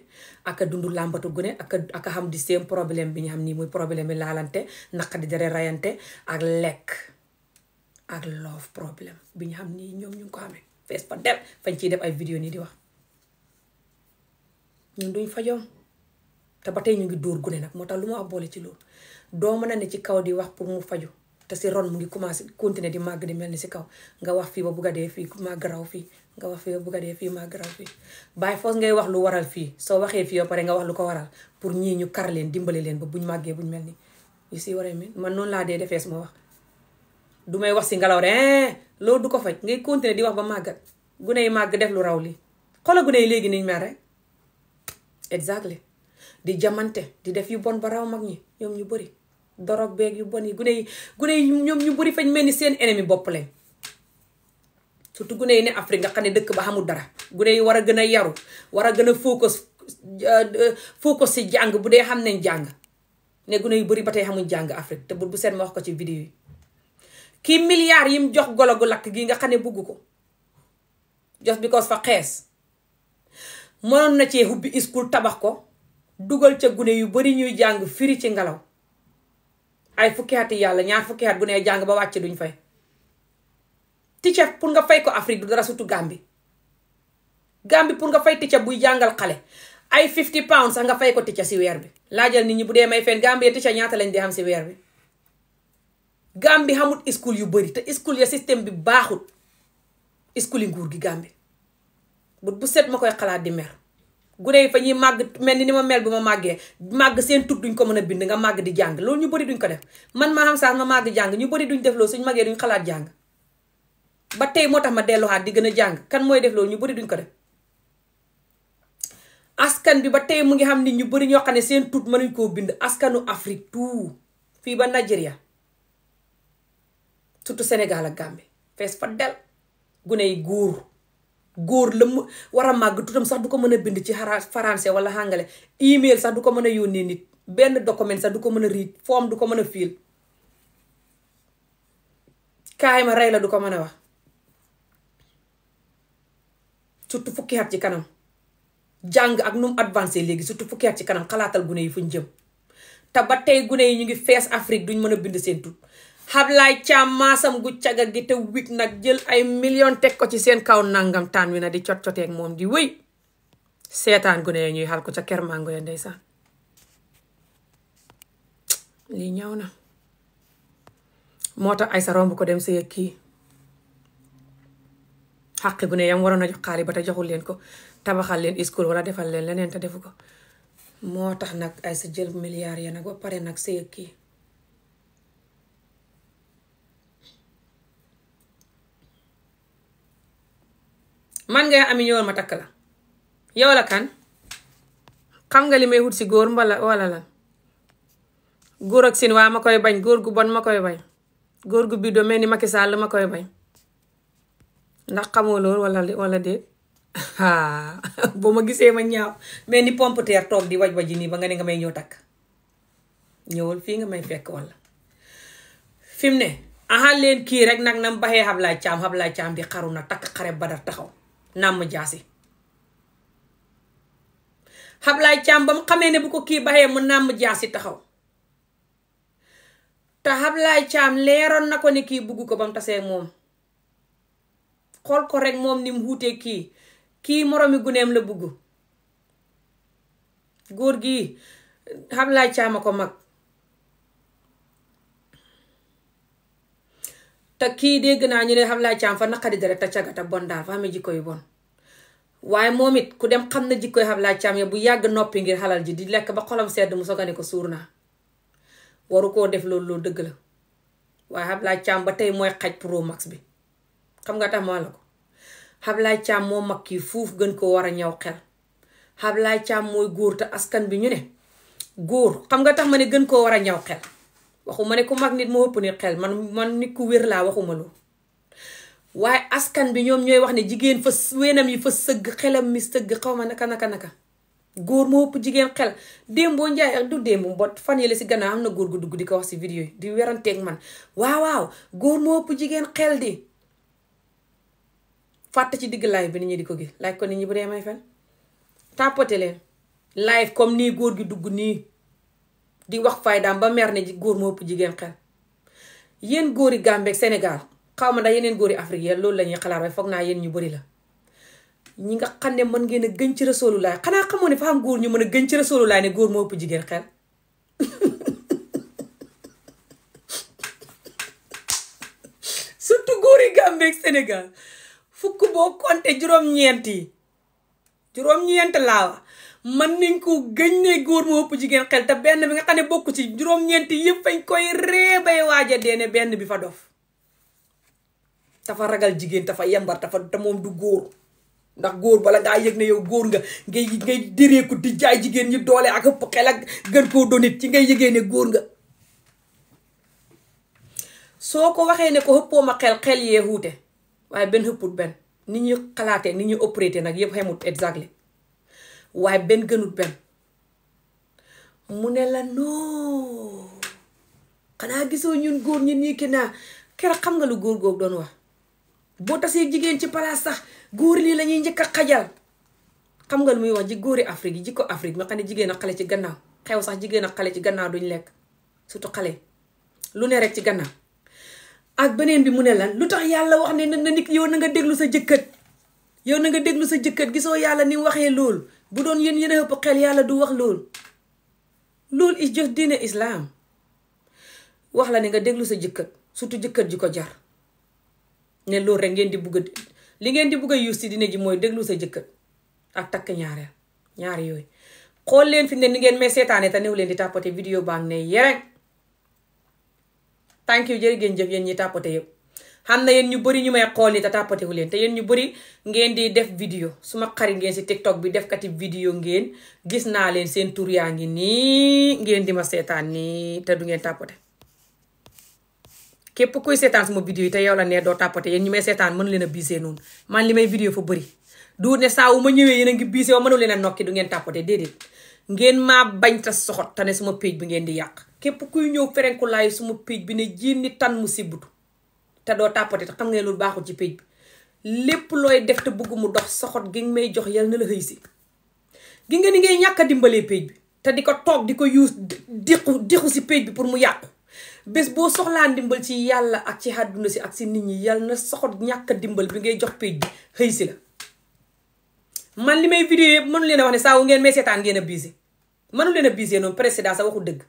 ak a dund làmbatu gune ak xam di seen problème bi ñu xam nii muy problème bi laalante naqa di dare rayante ak lekk ak love problème bi ñu xam nii ñoom ñu ngi ko amee fees fa dem fañ ciy def ay vidéo nii di wax ñun duñ fajoom te ba tey ñu ngi dóor gune nag moo tax lu ma wax boole ci loolu doo mën a ne ci kaw di wax pour mu faju te si ron mu ngi commencé continuer di màgg di mel ni si kaw nga wax fii ba bugg a dee fii maa raw fii nga wax fii ba bugg dee fii maa garaw fii bàyyi foos ngay wax lu waral fii soo waxee fii ba pare nga wax lu ko waral pour ñii ñu kar leen dimbale leen ba buñ màggee buñ mel ni yu si waree mi man noonu laa dee defee wax du may wax si ngelaw rek loolu du ko faj ngay continuer di wax ba màggat gune yi màgg def lu raw li xoolal gune yi léegi niñ mel rek di jamante di def yu bon ba raw mag ñi ñoom ñu bëri dorog beeg yu bon yi gune yi gune yi ñoom ñu bëri fañ mel ni seen ennemi bopp lañ surtout gune yi ne Afrique nga xam ne dëkk ba xamul dara gune yi war a gën a yaru war a gën a focus euh, focus si jàng bu dee xam nañ jàng ne gune yu bëri ba tey xamul jàng Afrique te bu seet ma wax ko ci vidéo yi kii milliards yim jox golo gu lakk gii nga xam ne bugg ko just because fa xees mënoon na cee hubbi school tabax ko dugal ca gune yu bari ñuy jàng firi ci ngelaw ay fukki at yàlla ñaar fukki at gune jàng ba wàcc duñ fay teacher pour nga fay ko Afrique du dara surtout Gambie gàmbi pour nga fay teacher buy jàngal xale ay 50 pounds sax nga fay ko teacher si weer bi laajal nit ñi bu dee may fenn Gambie teacher ñaata lañ di am si weer bi Gambie xamut school yu bari te school ya système bi baaxut school yi nguur gi Gambie bu bu set ma koy xalaat di mer gune yi fa ñuy màgg mel ni ni ma mel bi ma màggee màgg seen tur duñ ko mën a bind nga màgg di jàng loolu ñu bari duñ ko def man ma am sax ma màgg jàng ñu bari duñ def loolu suñ màggee duñ xalaat jàng ba tey moo tax ma delluwaat di gën a jàng kan mooy def ñu bëri duñ ko def bi ba tey mu ngi xam nit ñu bari ñoo xam ne seen tur mënuñ koo bind askanu Afrique tout fii ba Nigeria surtout Sénégal ak Gambie fees fa del gune yi góor góor la war a màgg turam sax du ko mën a bind ci xara français wala anglais email sax du ko mën a yónnee nit benn document sax du ko mën a read form du ko mën a fiil kaay ma rey la du ko mën a wax surtout fukki at ci kanam jàng ak nu mu avancé léegi surtout fukki at ci kanam xalaatal gune yi fuñ jëm te ba tey gune yi ñu ngi fees Afrique duñ mën a bind seen tut Ablaye Thiam gu caga gi te wig nag jël ay million teg ko ci seen kaw nangam taan wi na di cot coteeg moom di wéy seetaan gu ne ñuy xal ko ca kermango ya ndeysaan lii ñaaw na moo tax ay sa romb ko dem sëy kii xaqi gu ne yam waroon a jox xaalis ba te joxul leen ko tabaxal leen iskul wala defal leen leneen te defu ko moo tax nag ay sa jël milliards ya nag ba pare nag sëy kii man ngay ami ñëwal ma takk la yow la kan xam nga li may wut si góor mbala wala lan góor ak sin waa ma koy bañ góor gu bon ma koy bañ góor gu biddo mel ni Macky Sall ma koy bañ ndax xamoo loolu wala wala déet boo ma gisee ma ñaaw mel ni pompe terre toog di waj waji nii ba nga ne nga may ñëw takk ñëwal fii nga may fekk wala fi mu ne axal leen kii rek nag nam baxee xablaay caam xablaay caam di xaru na takk xare ba badar taxaw nàmm jaasi Ablaye Thiam ba mu xamee ne bu ko kii baxee mu nàmm jaasi taxaw te Ablaye Thiam leeroon na ko ne kii bugg ko ba mu moom xool ko rek moom nim mu kii kii moroomi guneem la bugg góor gi Ablaye Thiam a ko mag te kii dégg naa ñu ne xam laa caam fa naqari deret te cagata bon daal fa amee jikko yu bon waaye moom it ku dem xam na jikko xam laa caam bu yàgg noppi ngir xalal ji di lekk ba xolam sedd mu soog ko suur naa waru koo def loolu loolu dëgg la waaye xam caam ba tey mooy xaj pro max bi xam nga tax ma la ko xam laa caam moo mag kii fuuf gën ko war a ñaw xel xam laa caam mooy góor te askan bi ñu ne góor xam nga tax ma ne gën koo war a ñaw xel waxuma ne ku mag nit moo ëpp nit xel man man nit ku wér laa waxuma lu waaye askan bi ñoom ñooy wax ne jigéen fa weenam yi fa sëgg xelam mi sëgg xaw ma naka naka naka góor moo ëpp jigéen xel démboo du démb bot fan si gannaaw am na góor gu dugg di ko wax si vidéo yi di weranteeg man waaw góor moo jigéen xel di fàtte ci digg live bi nit ñi di ko gis laaj ko nit ñi bu dee may fen tàppate leen live comme nii góor gi dugg nii di wax faydaam ba mer ne góor moo ëpp jigéen xel yéen góori Gambie Sénégal xaw ma ndax yeneen góori Afrique yéen loolu lañuy ñuy xalaat waaye foog naa yéen ñu bëri la ñi nga xam ne mën ngeen a gën ci Rasulullah xanaa xamoo ni fa am góor ñu mën a gën ci Rasulullah ne góor moo ëpp jigéen xel surtout góori Gambie ak Sénégal fukk boo compter juróom-ñeent yi juróom-ñeent laa man nañ ko gëñ ne góor moo ëpp jigéen xel te benn bi nga xam ne bokk ci juróom-ñeenti yëpp fañ koy ree bay waaja dee ne benn bi fa dof dafa ragal jigéen dafa yambar dafa te moom du góor ndax góor bala ngaa yëg ne yow góor nga ngay ngay déreeku di jaay jigéen ñi doole ak ëpp xel ak gën koo donit ci ngay yëgee ne góor nga soo ko waxee ne ko xëppoo ma xel xel yee xuute waaye benn xëpput benn ni ñuy xalaatee ni ñuy opérer nag yëpp xamut exactly waaye benn gënut benn mu ne lan non xanaa gisoo ñun góor ñi nii naa keroog xam nga lu góor googu doon wax boo tasee jigéen ci palaas sax góor nii la ñuy njëkk xajal xam nga lu muy wax ji góori Afrique yi jikko Afrique nga xam ne jigéen ak xale ci gannaaw xew sax jigéen ak xale ci gannaaw duñ lekk surtout xale lu ne rek ci gannaaw ak beneen bi mu ne lan lu tax yàlla wax ne na nit yow na nga déglu sa jëkkët yow na nga déglu sa jëkkët gisoo yàlla ni waxee loolu bu doon yéen yéen a xel yàlla du wax loolu loolu i jox diine islaam wax la ne nga déglu sa jëkkër surtout jëkkër ji ko jar ne loolu rek ngeen di bugg a li ngeen di bugg a yuus ci diine ji mooy déglu sa jëkkër ak takk ñaareel ñaari yooyu xool leen fi ne li ngeen may seetaane te new leen di tàppate vidéo baa ngi ne yereng thank you jërë ngeen jëf yéen ñi tàppate yëpp xam na yéen ñu bëri ñu may xool yi te tàppatewu leen te yéen ñu bëri ngeen di def vidéo su ma xarit ngeen si tiktok bi def kati vidéo ngeen gis naa leen seen tur yaa ngi nii ngeen di ma seetaan nii te du ngeen tàppate képp kuy seetaan sama vidéo yi te yow la ne doo tàppate yéen ñu may seetaan mënu leen a biisee noonu man li may vidéo fa bëri du ne saa wu ma ñëwee yéen a ngi biisee wa mënu leen a nokki du ngeen tàppate déedéet ngeen maa bañ ta soxot te bi ngeen di yàq képp kuy ñëw ferenku laay suma page bi ne jénni tan mu sibbutu te doo tàppati te xam nga loolu baaxul ci pej bi lépp looy def te bëgg mu dox soxot gi nga may jox yal na la xëy si gi nga ni ngay ñàkk a dimbalee pej bi te di ko toog di ko yuus dixu dixu si pej bi pour mu yàqu bés boo soxlaa ndimbal ci yàlla ak ci àdduna si ak si nit ñi yal na soxot ñàkk dimbal bi ngay jox pej bi xëy si la man li may vidéo yëpp mënu leen a wax ne saa ngeen may seetaan ngeen a biise mënu leen a biise noonu président sa waxu dëgg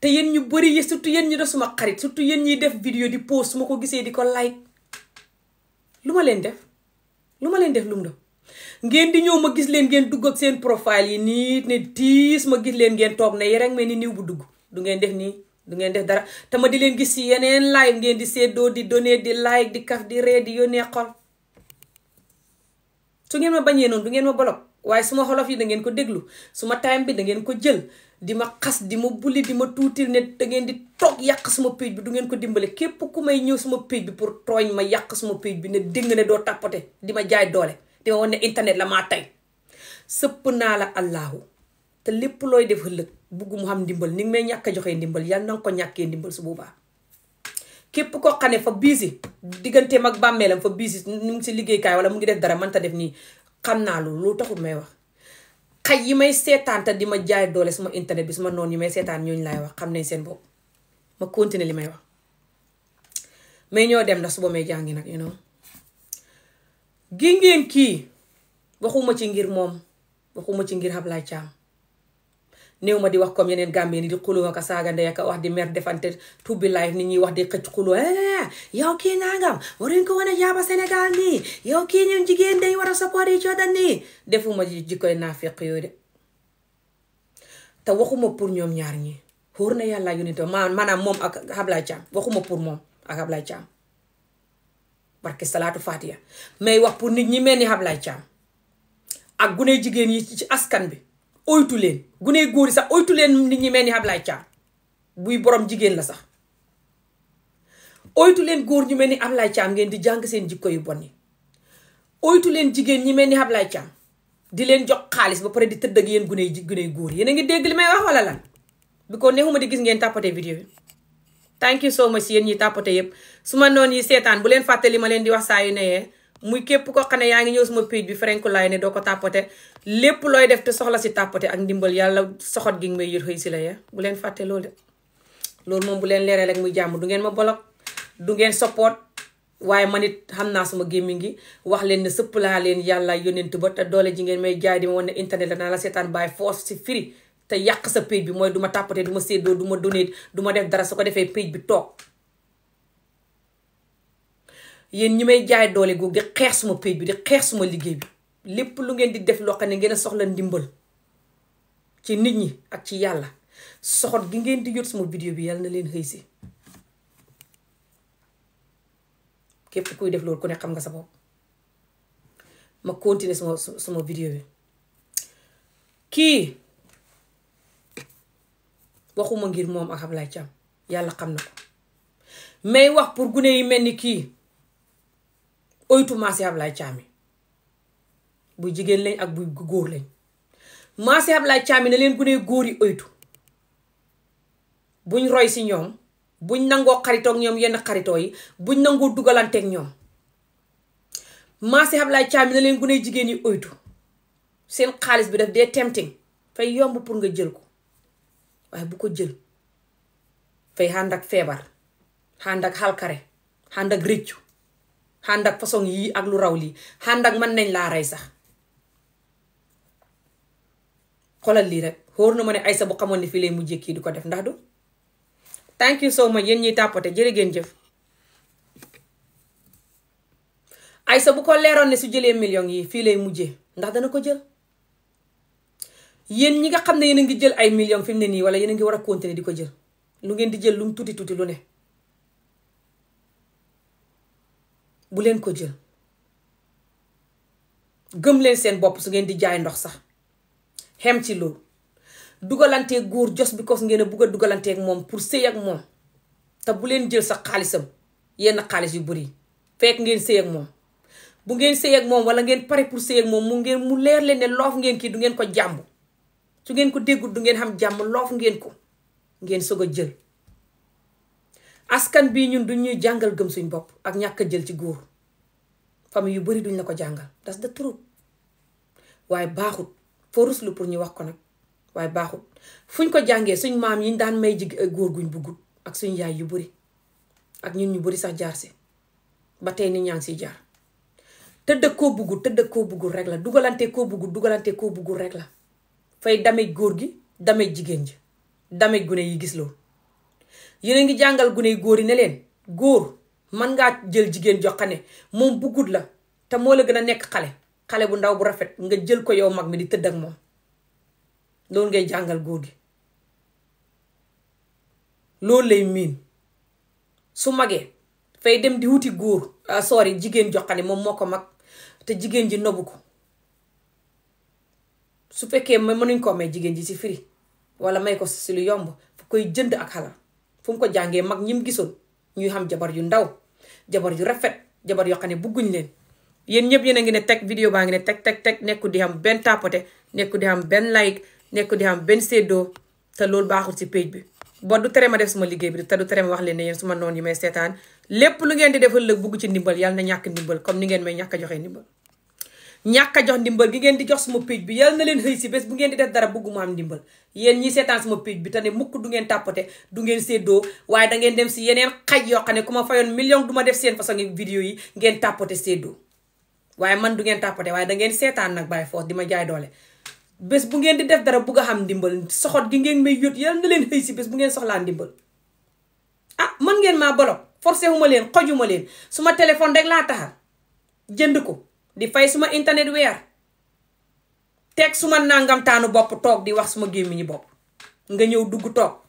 te yéen ñu bari yi surtout yéen ñu def suma xarit surtout yéen ñuy def vidéo di post suma ko gisee di ko like lu ma leen def lu ma leen def lu mu ngeen di ñëw ma gis leen ngeen dugg ak seen profile yi nii ne diis ma gis leen ngeen toog ne yi rek mel ni niw bu dugg du ngeen def nii du ngeen def dara te ma di leen gis si yeneen live ngeen di seddoo di donner di like di kaf di ree di yónnee xol su ngeen ma bañee noonu du ngeen ma bolok waaye suma xolof yi da ngeen ko déglu suma time bi da ngeen ko jël di ma xas di ma bulli di ma tuutil ne da ngeen di toog yàq suma page bi du ngeen ko dimbale képp ku may ñëw suma page bi pour tooñ ma yàq suma page bi ne dégg doo tàppate di ma jaay doole di ma wan ne internet la maa tey sëpp naa la allahu te lépp looy def ëllëg buggu mu xam ndimbal ni may ñàkk a ndimbal yal na nga ko ñàkkee ndimbal su boobaa képp koo xam ne fa biisi digganteem ak bàmmeelam fa biisi mu ngi si liggéeykaay wala mu ngi def dara mënta def nii xam naa loolu loolu taxul may wax xaj yi may seetaan te di ma jaay doole suma internet bi suma noon yi may seetaan ñooñu laay wax xam nañ seen bopp ma continuer li may wax mais ñoo dem ndax suba may jàngi nag you know gi ngeen kii waxuma ci ngir moom waxuma ci ngir Ablaye Thiam néew ma di wax comme yeneen gàmbee ni di xuloo nga saaga ndey ak wax di mer defante tubbi live nit ñuy wax di xëcc xuloo eh, yow kii nangam waruñ ko wane jaaba Sénégal nii yow kii ñun jigéen dañ war a support yi coodan nii defuma jikkoy naafeq de te waxuma pour ñoom ñaar ñi xóor na yàlla unité ma maanaam moom ak Ablaye Thiam waxuma pour moom ak Ablaye Thiam barke salaatu fatiha may wax pour nit ñi mel ni Ablaye Thiam ak gune jigéen yi ci askan bi oytu leen gune góor sax oytu leen nit ñi mel ni Ablaye Thiam buy borom jigéen la sax oytu leen góor ñu mel ni Ablaye Thiam ngeen di jàng seen jikko yu bon yi oytu leen jigéen ñi mel ni Ablaye Thiam di leen jox xaalis ba pare di tëdd ak yéen gune gune góor yéen a ngi dégg li may wax wala lan bi ko neexuma di gis ngeen tàppate vidéo yi thank you so much yéen ñi tàppate yëpp su ma noon yi seetaan bu leen fàttali ma leen di wax saa yu neyee muy képp koo xam ne yaa ngi ñëw sama page bi French Live ne doo ko tàppate lépp looy def te soxla si tàppate ak ndimbal yàlla soxoot gi nga may yër xëy si la ya bu leen fàtte loolu de loolu moom bu leen leeree rek muy jàmm du ngeen ma bolok du ngeen support waaye ma it xam naa sama gémmiñ ngi wax leen ne sëpp laa leen yàlla yónent ba te doole ji ngeen may jaay di ma wan ne internet la naa la seetaan bàyyi force si firi te yàq sa page bi mooy duma ma ma séddoo du ma donate du ma def dara su ko defee page bi toog yéen ñi may jaay doole googu di xeex suma pay bi di xeex suma liggéey bi lépp lu ngeen di def loo xam ne ngeen soxla ndimbal ci nit ñi ak ci yàlla soxot gi ngeen di jot suma vidéo bi yàlla na leen xëy si képp kuy def loolu ku ne xam nga sa bopp ma continuer suma suma vidéo kii waxuma ngir moom ak Ablaye Thiam yàlla xam na ko mais wax pour gune yi mel ni kii oytu maase Ablaye Thiam bu jigéen lañ ak bu góor lañ maase Ablaye Thiam na leen gune góor yi oytu buñ roy si ñoom buñ nangoo xaritoog ñoom yenn xaritoo yi buñ nangoo dugalanteeg ñoom maase Ablaye Thiam na leen gune jigéen yi oytu seen xaalis bi daf dee tempting fay yomb pour nga jël ko waaye bu ko jël fay ànd ak feebar ànd ak xalkare ànd ak rëccu xànd ak façon yii ak lu raw lii xànd ak mën nañ laa rey sax xoolal lii rek xóor na ma ne ay Aïssa bu xamoon ne fii lay mujjee kii di ko def ndax du thank you so much yéen ñiy tàppate jërë ngeen jëf Aïssa bu ko leeroon ne su jëlee million yi fii lay mujjee ndax dana ko jël yéen ñi nga xam ne yen a ngi jël ay million fi ne nii wala yéen a ngi war a continuer di ko jël lu ngeen di jël lu mu tuuti tuuti lu ne bu leen ko jël gëm leen seen bopp su ngeen di jaay ndox sax xem ci loolu dugalanteeg góor jos bi ko ngeen a bugg a dugalanteeg moom pour sëy ak moom te bu leen jël sax xaalisam yenn xaalis yu bëri fekk ngeen sëy ak moom bu ngeen sëy ak moom wala ngeen pare pour sëy ak moom mu ngeen mu leer leen ne loof ngeen kii du ngeen ko jàmb su ngeen ko déggul du ngeen xam jàmm loof ngeen ko ngeen soog a jël askan bii ñun duñ ñuy jàngal gëm suñ bopp ak ñàkk jël ci góor famille yu bari duñ la ko jàngal das da trop waaye baaxut foo ruslu pour ñu wax ko nag waaye baaxut fuñ ko jàngee suñ maam yi daan may jig eh, góor guñ buggut ak suñ yaay yu bari ak ñun ñu bari sax jaar si ba tey ni ñaa ngi siy jaar tëdd koo buggul tëdd koo buggul rek la dugalantee koo buggul dugalantee koo buggul rek la fay damej góor gi damej jigéen ji damej gune yi gis loolu yéen a ngi jàngal gune góor yi ne leen góor man ngaa jël jigéen jox ne moom bu buggut la te moo la gën a nekk xale xale bu ndaw bu rafet nga jël ko yow mag mi di tëdd ak moom loolu ngay jàngal góor gi loolu lay miin su magee fay dem di wuti góor ah, sori jigéen jox joxane moom moo ko mag te jigéen ji nobu ko su fekkee mënuñ koo may jigéen ji si firi walla may ko si lu yomb fu koy jënd ak xalal fu mu ko jàngee mag ñi mu gisoon ñuy xam jabar yu ndaw jabar yu rafet jabar yoo xam ne bugguñ leen yéen ñëpp yéen a ngi ne teg vidéo baa ngi ne teg teg nekku di am benn tapoté nekku di am benn like nekku di am benn séddoo te loolu baaxul si page bi bon du tere ma def suma liggéey bi te du tere ma wax leen ne suma noon yi may seetaan lépp lu ngeen di defal la bugg ci ndimbal yàlla na ñàkk ndimbal comme ni ngeen may ñàkk joxe joxee ndimbal ñàkk a jox ndimbal gi ngeen di jox suma page bi yal na leen xëy si bés bu ngeen di def dara bëgguma am ndimbal yéen ñi seetaan suma page bi te ne mukk du ngeen tàppate du ngeen séddoo waaye da ngeen dem si yeneen xaj yoo xam ne ku ma fayoon million du ma def seen façon vidéo yi ngeen tàppate séddoo waaye man du ngeen tàppate waaye da ngeen seetaan nag bàyyi force di ma jaay doole bés bu ngeen di def dara bugg a xam ndimbal soxot gi ngeen may yót yal na leen xëy si bés bu ngeen soxlaa ndimbal ah man ngeen maa bolok forcé wu ma leen xojuma leen suma téléphone rek laa taxal jënd ko di fay suma internet weer teg suma nangam bopp toog di wax suma gémmiñu bopp nga ñëw dugg toog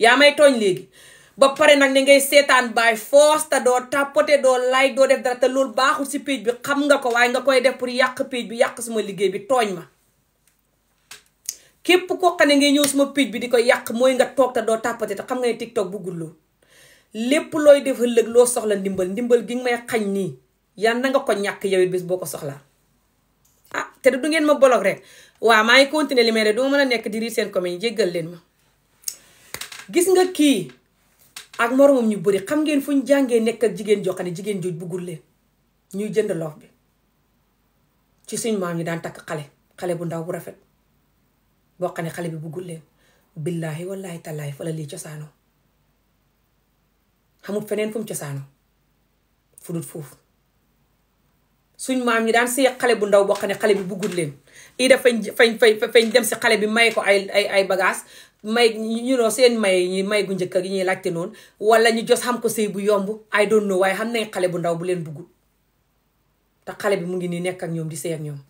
yaa may tooñ léegi ba pare nag ni ngay seetaan baay force te doo tapoter doo like doo def dara te lool baaxul si page bi xam nga ko waaye nga koy def pour yàq page bi yàq suma liggéey bi tooñ ma képp koo xam ne ngay ñëw suma page bi di ko yàq mooy nga toog te doo tapoter te xam nga ne TikTok bu guddloo lépp looy def ëllëg loo soxla ndimbal ndimbal gi nga nii yan na nga ko ñàkk yow it bis boo ko soxlaa ah te du ngeen ma bolog rek waa maa ngi continuer li may de du ma mën a nekk di riir seen commune jéggal leen ma gis nga kii ak moromam ñu bëri xam ngeen fu ñu jàngee nekk ak jigéen joo ne jigéen jooj buggul leen ñuy jënd loof bi ci suñ maam ñi daan takk xale xale bu ndaw bu rafet boo xam ne xale bi buggul leen billaahi wallaahi tallaahi fa la lii cosaanoo xamut feneen fu cosaanoo fu dul foofu suñ maam ñi daan si xale bu ndaw boo xam ne xale bi buggul leen ida fañ fañ fañ fañ dem si xale bi may ko ay ay ay bagage may ñu noo seen may ñi may gu njëkk ak yi ñuy laajte noon walla ñu jos xam ko sëy bu yomb ay doon noo xam nañ xale bu ndaw bu leen buggul te xale bi mu ngi nii nekk ak ñoom di sëy ak ñoom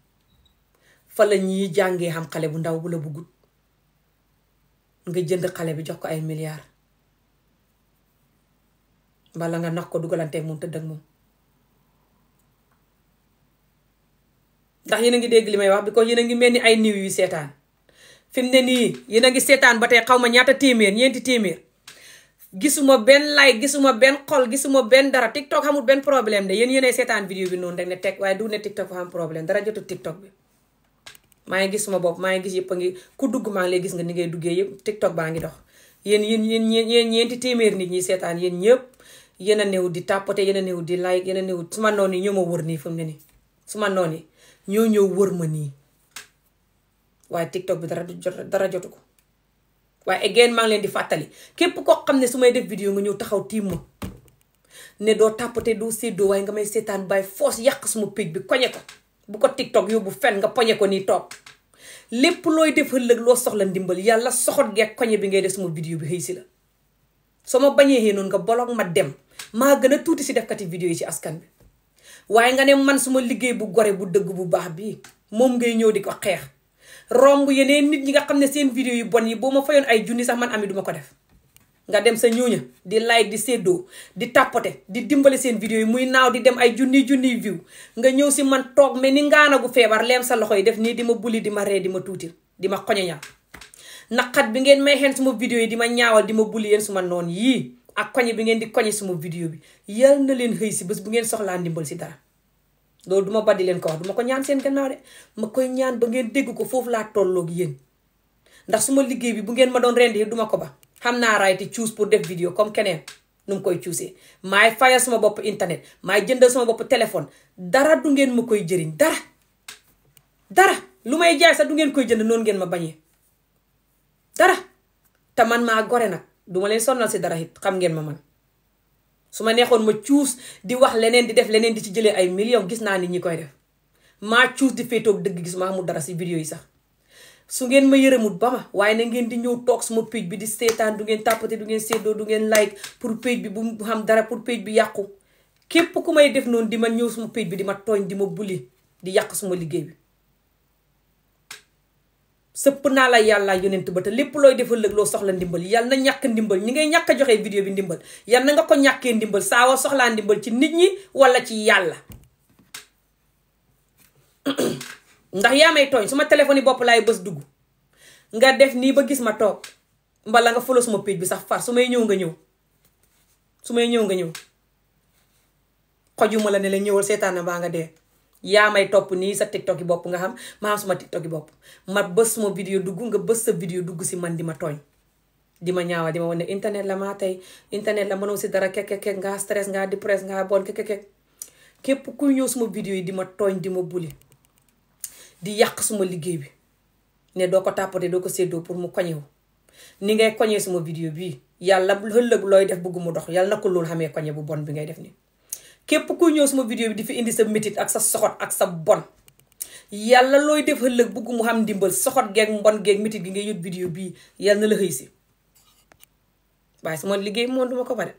fa la ñuy jàngee xam bu ndaw bu la buggul nga jënd xale bi jox ko ay milliards bala nga nax ko dugalanteeg moom tëdd ak moom ndax yéen a ngi dégg li may wax because yéen a ngi mel ni ay niw yu seetaan fi mu ne nii yéen a ngi seetaan ba tey xaw ma ñaata téeméer ñeenti téeméer gisuma benn like gisuma benn xol gisuma benn dara TikTok amul benn problème de yéen yéenay seetaan vidéo bi noonu rek ne teg du ne TikTok fa am problème dara jotul TikTok bi maa ngi gis suma bopp maa ngi gis yëpp ngi ku dugg maa ngi lay gis nga ni ngay yëpp TikTok baa ngi dox yéen yéen yéen yéen ñeenti téeméer nit ñi seetaan yéen ñëpp yéen a néew di tàppate yéen a néew di like yéen newut néew su ma noon yi ma wër nii fi mu ne nii su ma yi ñoo ñëw wër ma nii waaye tiktok bi dara jot dara jotu ko waaye again maa ngi leen di fàttali képp koo xam ne su may def vidéo nga ñëw taxaw tiim ma ne doo tàppate doo séddoo waaye nga may seetaan bàyyi foos yàq suma page bi koñe ko bu ko tiktok yóbbu fen nga poñe ko nii toog lépp looy def ëllëg loo soxla ndimbal yàlla soxot geeg koñe bi ngay def suma vidéo bi xëy si la soo ma bañee noonu nga bolog ma dem maa gën a tuuti si defkati vidéo yi ci askan bi waaye nga ne man suma liggéey bu gore bu dëgg bu baax bii moom ngay ñëw di ko xeex romb yeneen nit ñi nga xam ne seen vidéo yi bon yi boo ma fayoon ay junni sax man ami duma ko def nga dem sa ñuuña di like di séddoo di tàppate di dimbale seen vidéo yi muy naaw di dem ay junni junni view nga ñëw si man toog mais ni ngaana gu feebar leem sa loxo yi def nii di ma bulli di ma ree di ma tuuti di ma xoñoñal naqat bi ngeen may xeen suma vidéo yi di ma ñaawal di ma bulli yéen suma noon yii ak koñe bi ngeen di koñe suma vidéo bi yal na leen xëy si bés bu ngeen soxlaa ndimbal si dara loolu duma ba di leen ko wax duma ko ñaan seen gannaaw de ma koy ñaan ba ngeen dégg ko foofu laa tollook yéen ndax suma liggéey bi bu ngeen ma doon rendi duma ko ba xam naa raay te choose pour def vidéo comme keneen nu mu koy cuusee maay fayal sama bopp internet maay jëndal sama bopp téléphone dara du ngeen ma koy jëriñ dara dara lu may jaay sax du ngeen koy jënd noonu ngeen ma bañee dara te man maa gore nag duma leen sonnal si dara it xam ngeen ma man su ma neexoon ma cuus di wax leneen di def leneen di ci jëlee ay million gis naa nit ñi koy def maa cuus di féetoog dëgg gis ma dara si vidéo yi sax su ngeen ma yërëmut ba ma waaye na ngeen di ñëw toog suma page bi di seetaan du ngeen tàppate du ngeen seddoo du ngeen like pour page bi bu mu xam dara pour page bi yàqu képp ku may def noonu di ma ñëw suma page bi di ma tooñ di ma bulli di yàq suma liggéey bi sëpp naa la yàlla yonent ba te lépp looy defal lëg loo soxla ndimbal yal na ñàkk ndimbal ñi ngay ñàkk a joxe bi ndimbal yal na nga ko ñàkkee ndimbal saa wa soxlaa ndimbal ci nit ñi wala ci yàlla ndax yaa may tooñ suma téléphone yi bopp laay bës dugg nga def nii ba gis ma toog mbala nga follow suma page bi sax far su may ñëw nga ñëw su may ñëw nga ñëw xojuma la ne la ñëwal seetaan baa nga dee yaa may topp nii sa tiktok yi bopp nga xam ma xam suma tiktok yi bopp ma bës suma vidéo dugg nga bës sa vidéo dugg si man di ma tooñ di ma ñaawa di ma ne internet la maa tey internet la mënoo si dara kek kek nga stress nga depress nga bon kek kek képp kuy ñëw suma vidéo yi di ma tooñ di ma buli di yàq suma liggéey bi ne doo ko tàppate doo ko séddoo pour mu koñewu ni ngay koñee suma vidéo bii yàlla ëllëg looy def bëgg mu dox yàlla na ko xamee koñe bu bon bi ngay def ni képp kuy ñëw sama vidéo bi di fi indi sa métit ak sa soxot ak sa bon yàlla looy def ëllëg bugg mu xam ndimbal soxot geeg mbon geeg métit bi ngay yóbbu vidéo bii yàlla la xëy si waaye sama liggéey moom duma ko bare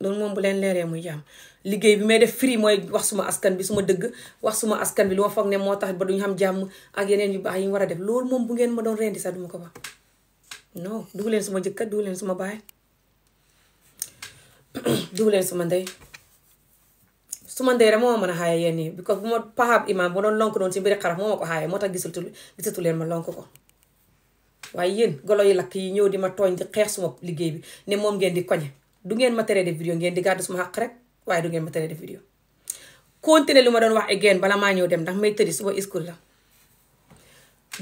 loolu moom bu leen muy jaam liggéey bi may def firi mooy wax suma askan bi suma dëgg wax suma askan bi lu ma foog ne moo tax ba duñu xam jàmm ak yeneen yu baax yi ñu war a def loolu moom bu ngeen ma doon rendi sax duma ko wax non dugg leen suma jëkkër dugg leen suma baay dugg leen suma ndey su ma ndeyre moo ma mën a xaaye yenn yi because bu ma paxaab imaam bu doon lonk noonu si mbiri xaraf moo ma ko xaaye moo tax gisatu leen ma lonk ko waaye yéen golo yi lakk yi ñëw di ma tooñ di xeex suma liggéey bi ne moom ngeen di koñe du ngeen ma teree def vidéo ngeen di gàddu suma xaq rek waaye du ngeen ma teree def vidéo continuer lu ma doon wax again bala maa ñëw dem ndax may tëddi suba iskul la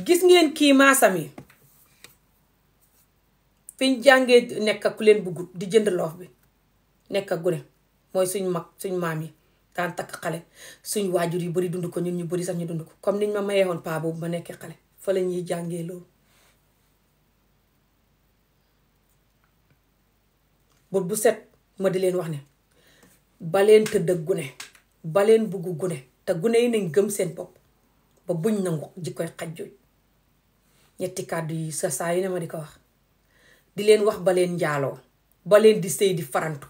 gis ngeen kii maasam yi fiñ jàngee leen buggut di jënd loof bi nekk mooy suñ mag suñ maam yi daan takk xale suñ waajur yu bari dund ko ñun ñu bari sax ñu dund ko comme niñ ma mayeewoon paa boobu ma nekkee xale fa la ñuy jàngee loolu bët bu set ma di leen wax ne baleen tëdd ak gune baleen bugg gune te gune yi nañ gëm seen bopp ba buñ nangu jikkoy xaj jooj ñetti kàddu yi sa saa yi ne ma di ko wax di leen wax ba leen njaaloo baleen di sëy farantu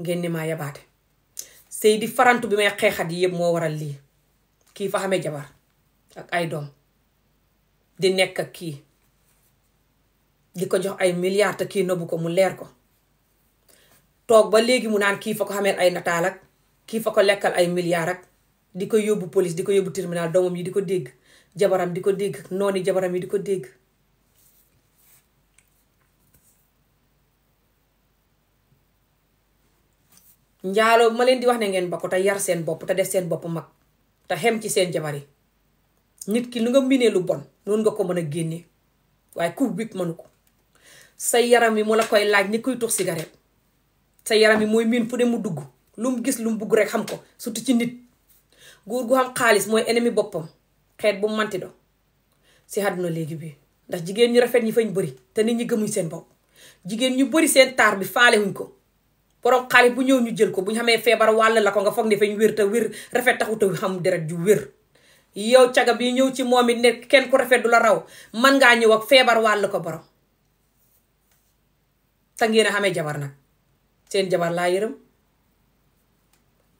ngeen ni maa yabaate sëy di farantu bi may xeexat yi yëpp moo waral lii kii fa xamee jabar ak ay doom di nekk ak kii di ko jox ay milliards te kii nëbbu ko mu leer ko toog ba léegi mu naan kii fa ko xamee ay nataal ak kii fa ko lekkal ay milliards ak di ko yóbbu police di ko yóbbu tribunal doomam yi di ko dégg jabaram di ko dégg noonu jabaram yi di ko dégg njaaloo ma leen di wax ne ngeen ba ko te yar seen bopp te def seen bopp mag te xem ci seen jabar yi nit ki lu nga mbinee lu bon noonu nga ko mën a génne waaye ku bip mënu ko sa yaram wi mu la koy laaj ni kuy tux cigarette sa yaram yi mooy miin fu ne mu dugg lu mu gis lu mu bugg rek xam ko surtout ci nit góor gu xam xaalis mooy ennemi boppam xeet bu manti do si àdduna léegi bi ndax jigéen ñi rafet ñi fañ bëri te nit ñi gëmuñ seen bopp jigéen ñu bëri seen taar bi faalewuñ ko borom xaalis bu ñëw ñu jël ko bu ñu xamee feebar wàll la ko nga foog ne fañ wér te wér rafet taxut a xam deret ju wér. yow caga bi ñëw ci moom it ne kenn ku rafet du la raw man ngaa ñëw ak feebar wàll ko borom te ngeen a xamee jabar nag seen jabar laa yërëm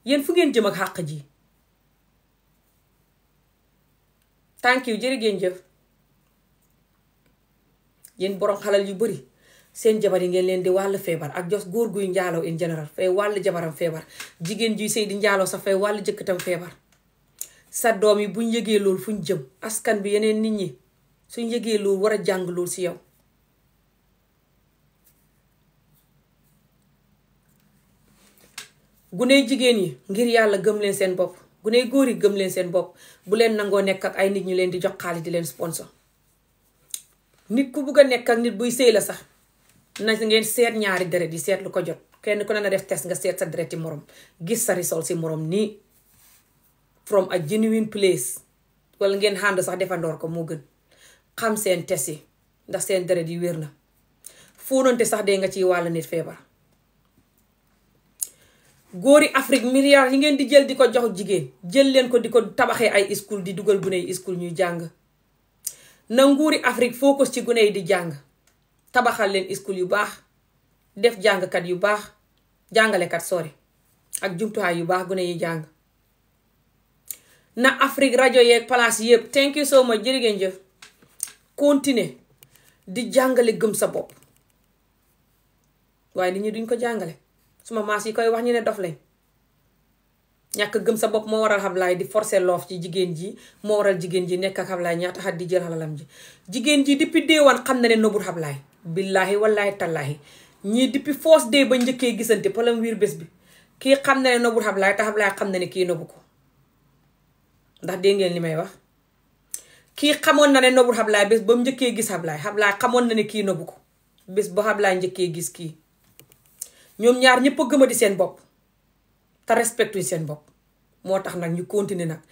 yéen fu ngeen jëm ak xàq ji thank you jërë jëf yéen borom xalal yu bari seen jabar yi ngeen leen di wàll feebar ak jos góor guy njaaloo in général fay wàll jabaram feebar jigéen ji sëy di njaaloo sax fay wàll jëkkatam feebar sa doom yi bu yëgee lool fuñ jëm askan bi yeneen nit ñi suñ yëgee loolu war a jàng loolu si yow gune jigéen yi ngir yàlla gëm leen seen bopp gune góor yi gëm leen seen bopp bu leen nangoo nekk ak ay nit ñi leen di jox xaalis di leen sponsor nit ku bugg a nekk ak nit buy sëy la sax na ngeen seet ñaari deret yi seet lu ko jot kenn ku ne def tes nga seet sa deret yi morom gis sa result si morom nii from a genuine place walla ngeen ànd sax defandoor ko moo gën xam seen test yi ndax seen deret yi wér na fóonante sax dee nga ci wàll nit feebar góori Afrique milliards yi ngeen di jël di ko jox jigéen jël leen ko di ko tabaxee ay school di dugal gune yi school ñuy jàng na nguuri Afrique focus ci gune yi di jàng tabaxal leen iskul yu baax def jàngkat yu baax jàngalekat sori ak jumtuwaay yu baax gune yi jàng na Afrique rajo yeeg palaas yëpp thank you so much jërë ngeen jëf di jàngale gëm sa bopp waaye ni ñi duñ ko jàngale suma maas yi koy wax ñu ne dof lañ ñàkk gëm sa bopp moo waral Ablaye di forcer loof ci jigéen ji moo waral jigéen ji nekk ak Ablaye ñaata xat di jël xalalam ji jigéen ji depuis deewaan xam na ne nobul Ablaye billaahi wallaahi tallaahi ñii depuis force dee ba njëkkee gisante problème wiir bés bi kii xam na ne nobul Ablaye te Ablaye xam na ne kii nobu ko ndax dégg ngeen li may wax kii xamoon na ne nobul Ablaye bés ba njëkkee gis Ablaye Ablaye xamoon na ne kii nobu ko bés ba Ablaye njëkkee gis kii ñoom ñaar ñëpp gëma di seen bopp te respectuñ seen bopp moo tax nag ñu continuer nag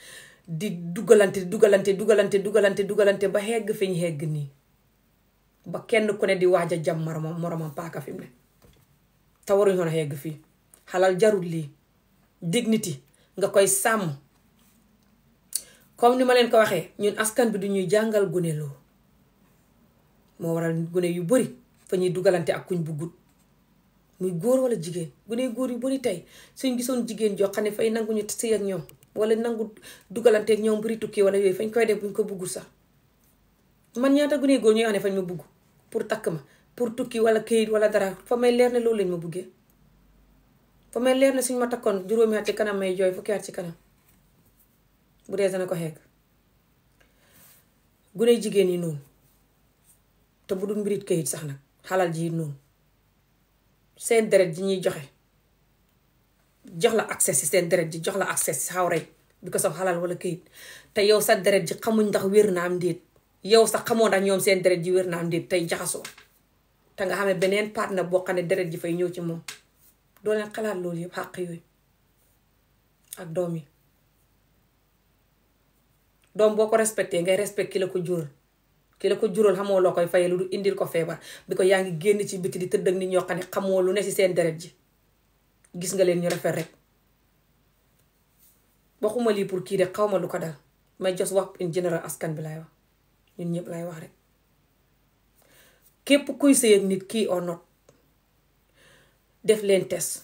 di dugalante dugalante dugalante dugalante dugalante ba xegg fi ñu xegg nii ba kenn ku ne di waaj a jam moromam moromam paaka fi mu ne te waruñu woon a xegg fii xalal jarul lii dignity nga koy sàmm comme ni ma leen ko waxee ñun askan bi du ñuy jàngal gune loo moo waral gune yu bari fa ñuy dugalante ak kuñ bu gut muy góor wala jigéen gune góor yu bari tey suñ gisoon jigéen joo xam ne fay nanguñu si ak ñoom wala nangu dugalanteek ñoom bari tukki wala yooyu fañ koy def ñu ko buggul sax man ñaata gune góor ñoo xam ne fañ ma bugg pour takk ma pour tukki wala këyit wala dara fa may leer ne loolu lañ ma buggee fa may leer ne suñ ma takkoon juróomi ci kanam may jooy fukki at ci kanam bu dee dana ko xeeg gune jigéen yi noonu te bu dul mbirit këyit sax nag xalal ji noonu seen deret ji ñuy joxe jox la accès si seen deret ji jox la accès si xaw rey bi ko sax xalaal wala këyit te yow sa deret ji xamuñ ndax wér na am déet yow sax xamoo ndax ñoom seen deret ji wér na am déet tey jaxasoo te nga xam beneen part na boo xam ne deret ji fay ñëw ci moom doo leen xalaat loolu yëpp xàq yooyu ak doom yi doom boo ko respecté ngay respecté ki la ko jóor ki la ko jural xamoo loo koy fayee lu du indil ko feebar bi ko yaa ngi génn ci biti di tëdd ak nit ñoo xam ne xamoo lu ne si seen deret ji gis nga leen ñu rafet rek waxuma lii pour kii de xaw ma lu ko dal may just wax in général askan bi lay wax ñun ñëpp lay wax rek képp kuy sëy ak nit kii or not def leen tes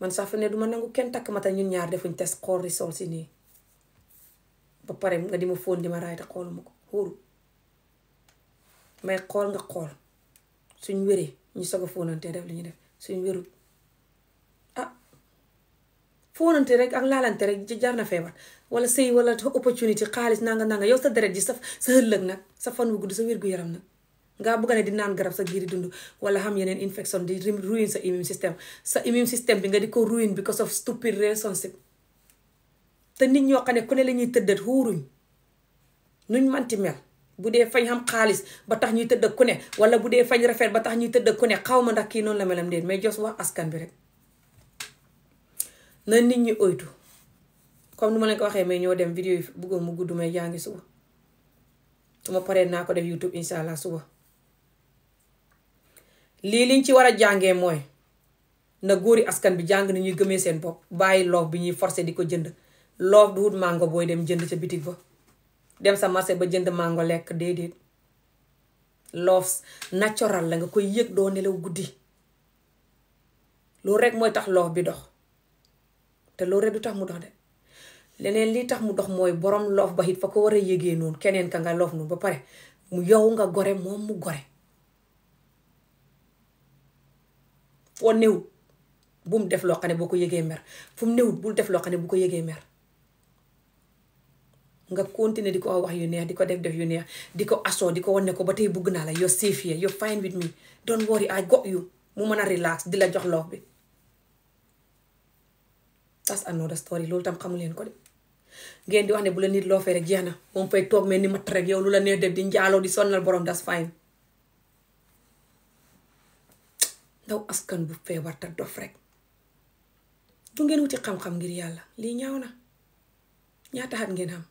man sax fi ne duma nangu kenn takk ma mata ñun ñaar defuñ tes xool risol si nii ba pare nga di ma fóon di ma raay te xooluma ko may xool nga xool suñ wéree ñu soog a fóonante def li ñuy def suñ wérut ah fóonante rek ak laalante rek jar na feebar wala sëy wala opportunité xaalis nanga nanga yow sa deret ji sa sa ëllëg nag sa fon wu gudd sa wér-gu-yaram nag ngaa bëgg ne di naan garab sa giir di dund wala xam yeneen infection di ruin sa immune system sa immune system bi nga di ko ruin because of stupid relationship te nit ñoo xam ne ku ne la ñuy tëddat xuuruñ nuñ manti mel bu dee fañ xam xaalis ba tax ñuy tëdd ku ne wala bu dee fañ rafet ba tax ñuy tëdd ku ne xaw ma ndax kii noonu la melam déet mais jos wax askan bi rek na nit ñi oytu comme nu ma leen ko waxee mais ñoo dem vidéo yi bëggoon mu gudd may yaa ngi suba su paree naa ko def youtube insha allah suba lii liñ ci war a jàngee mooy na góori askan bi jàng nañuy gëmee seen bopp bàyyi loof bi ñuy forcé di ko jënd loof du wut màngo booy dem jënd ca bitig ba dem sa marché ba jënd mango lekk déedéet loof natural la nga koy yëg doo nelaw guddi loolu rek mooy tax loof bi dox te loolu rek du tax mu dox de leneen lii tax mu dox mooy borom loof ba it fa ko war a yëgee noonu keneen ka nga loof noonu ba pare mu yow nga gore moom mu gore foo newut bu mu def loo xam ne boo ko yëgee mer fu mu newut bul def loo xam ne boo ko yëgee mer nga continuer di ko wax yu neex di ko def def yu neex di ko asoo di ko wane ko ba tey bëgg naa la you're safe here you're fine with me don't worry I got you mu mën a relax di la jox loof bi that's another story loolu tam xamu leen ko de ngeen di wax ne bu la nit loo fee rek jeex na moom fay toog mel ni matt rek yow lu la neex def di njaaloo di sonnal borom that's fine ndaw askan bu feebar te dof rek du ngeen wuti xam-xam ngir yàlla lii ñaaw na ñaata at ngeen xam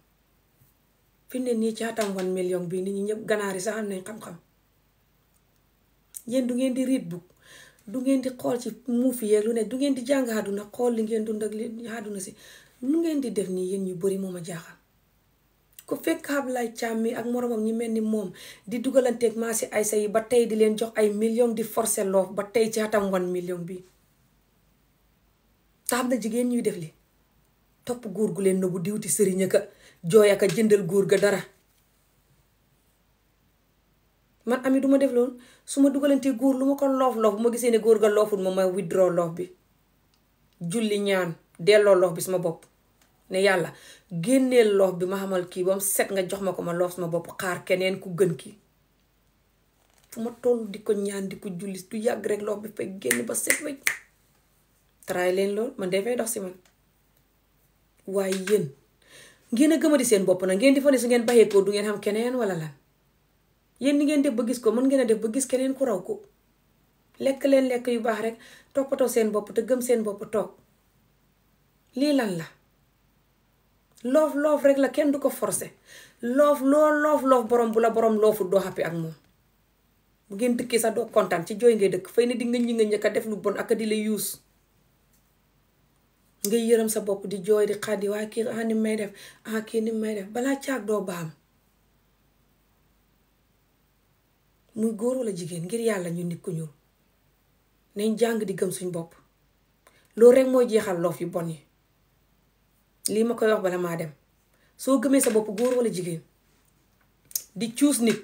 fi mu ne nii caatam wan million bi nit ñi ñëpp ganaar yi sax am nañ xam-xam yéen du ngeen di read book du ngeen di xool ci muufi yeeg lu ne du ngeen di jàng àdduna xool li ngeen dund ak li àdduna si lu ngeen di def nii yéen ñu bari moom a jaaxal ku fekk Ablaye Thiam mi ak moroomam ñi mel ni moom di dugalanteeg maa si ay sa yi ba tey di leen jox ay million di forcer loof ba tey ci atam wan million bi taam na jigéen ñuy def li topp góor gu leen nëbbu diwti jooy ak a jëndal góor ga dara man ami du ma def loolu su ma dugalantee góor lu ma ko loof loof bu ma gisee ne góor ga loofut ma ma withdraw loof bi julli ñaan delloo loof bi suma bopp ne yàlla génneel loof bi ma xamal kii ba set nga jox ma ko ma loof sama bopp xaar keneen ku gën ki fu ma toll di ko ñaan di ko julli du yàgg rek loof bi fay génn ba set wecc taraay leen lool man defee dox si man waaye yéen ngeen a gëmadi seen bopp nag ngeen di fa ne su ngeen bàyyee ko du ngeen xam keneen wala lan yéen ni ngeen def ba gis ko mën ngeen def ba gis keneen ku raw ko lekk leen lekk yu baax rek toppatoo seen bopp te gëm seen bopp toog lii lan la loof loof rek la kenn du ko forcé loof loo loof loof borom bu la borom loofu doo xàppi ak moom bu ngeen dëkkee sax doo kontaan ci jooy ngay dëkk fay ne di nga ñi nga njëkk def lu bon ak di la yuus nga yërëm sa bopp di jooy di xaddi waaye kii ah ni may def ah kii ni may def balaa caag doo baam muy góor walla jigéen ngir yàlla ñu nit ku ñuul nañ jàng di gëm suñ bopp loolu rekk mooy jeexal loof yu bon yi lii ma koy wax bala maa dem soo gëmee sa bopp góor walla jigéen di cuus nit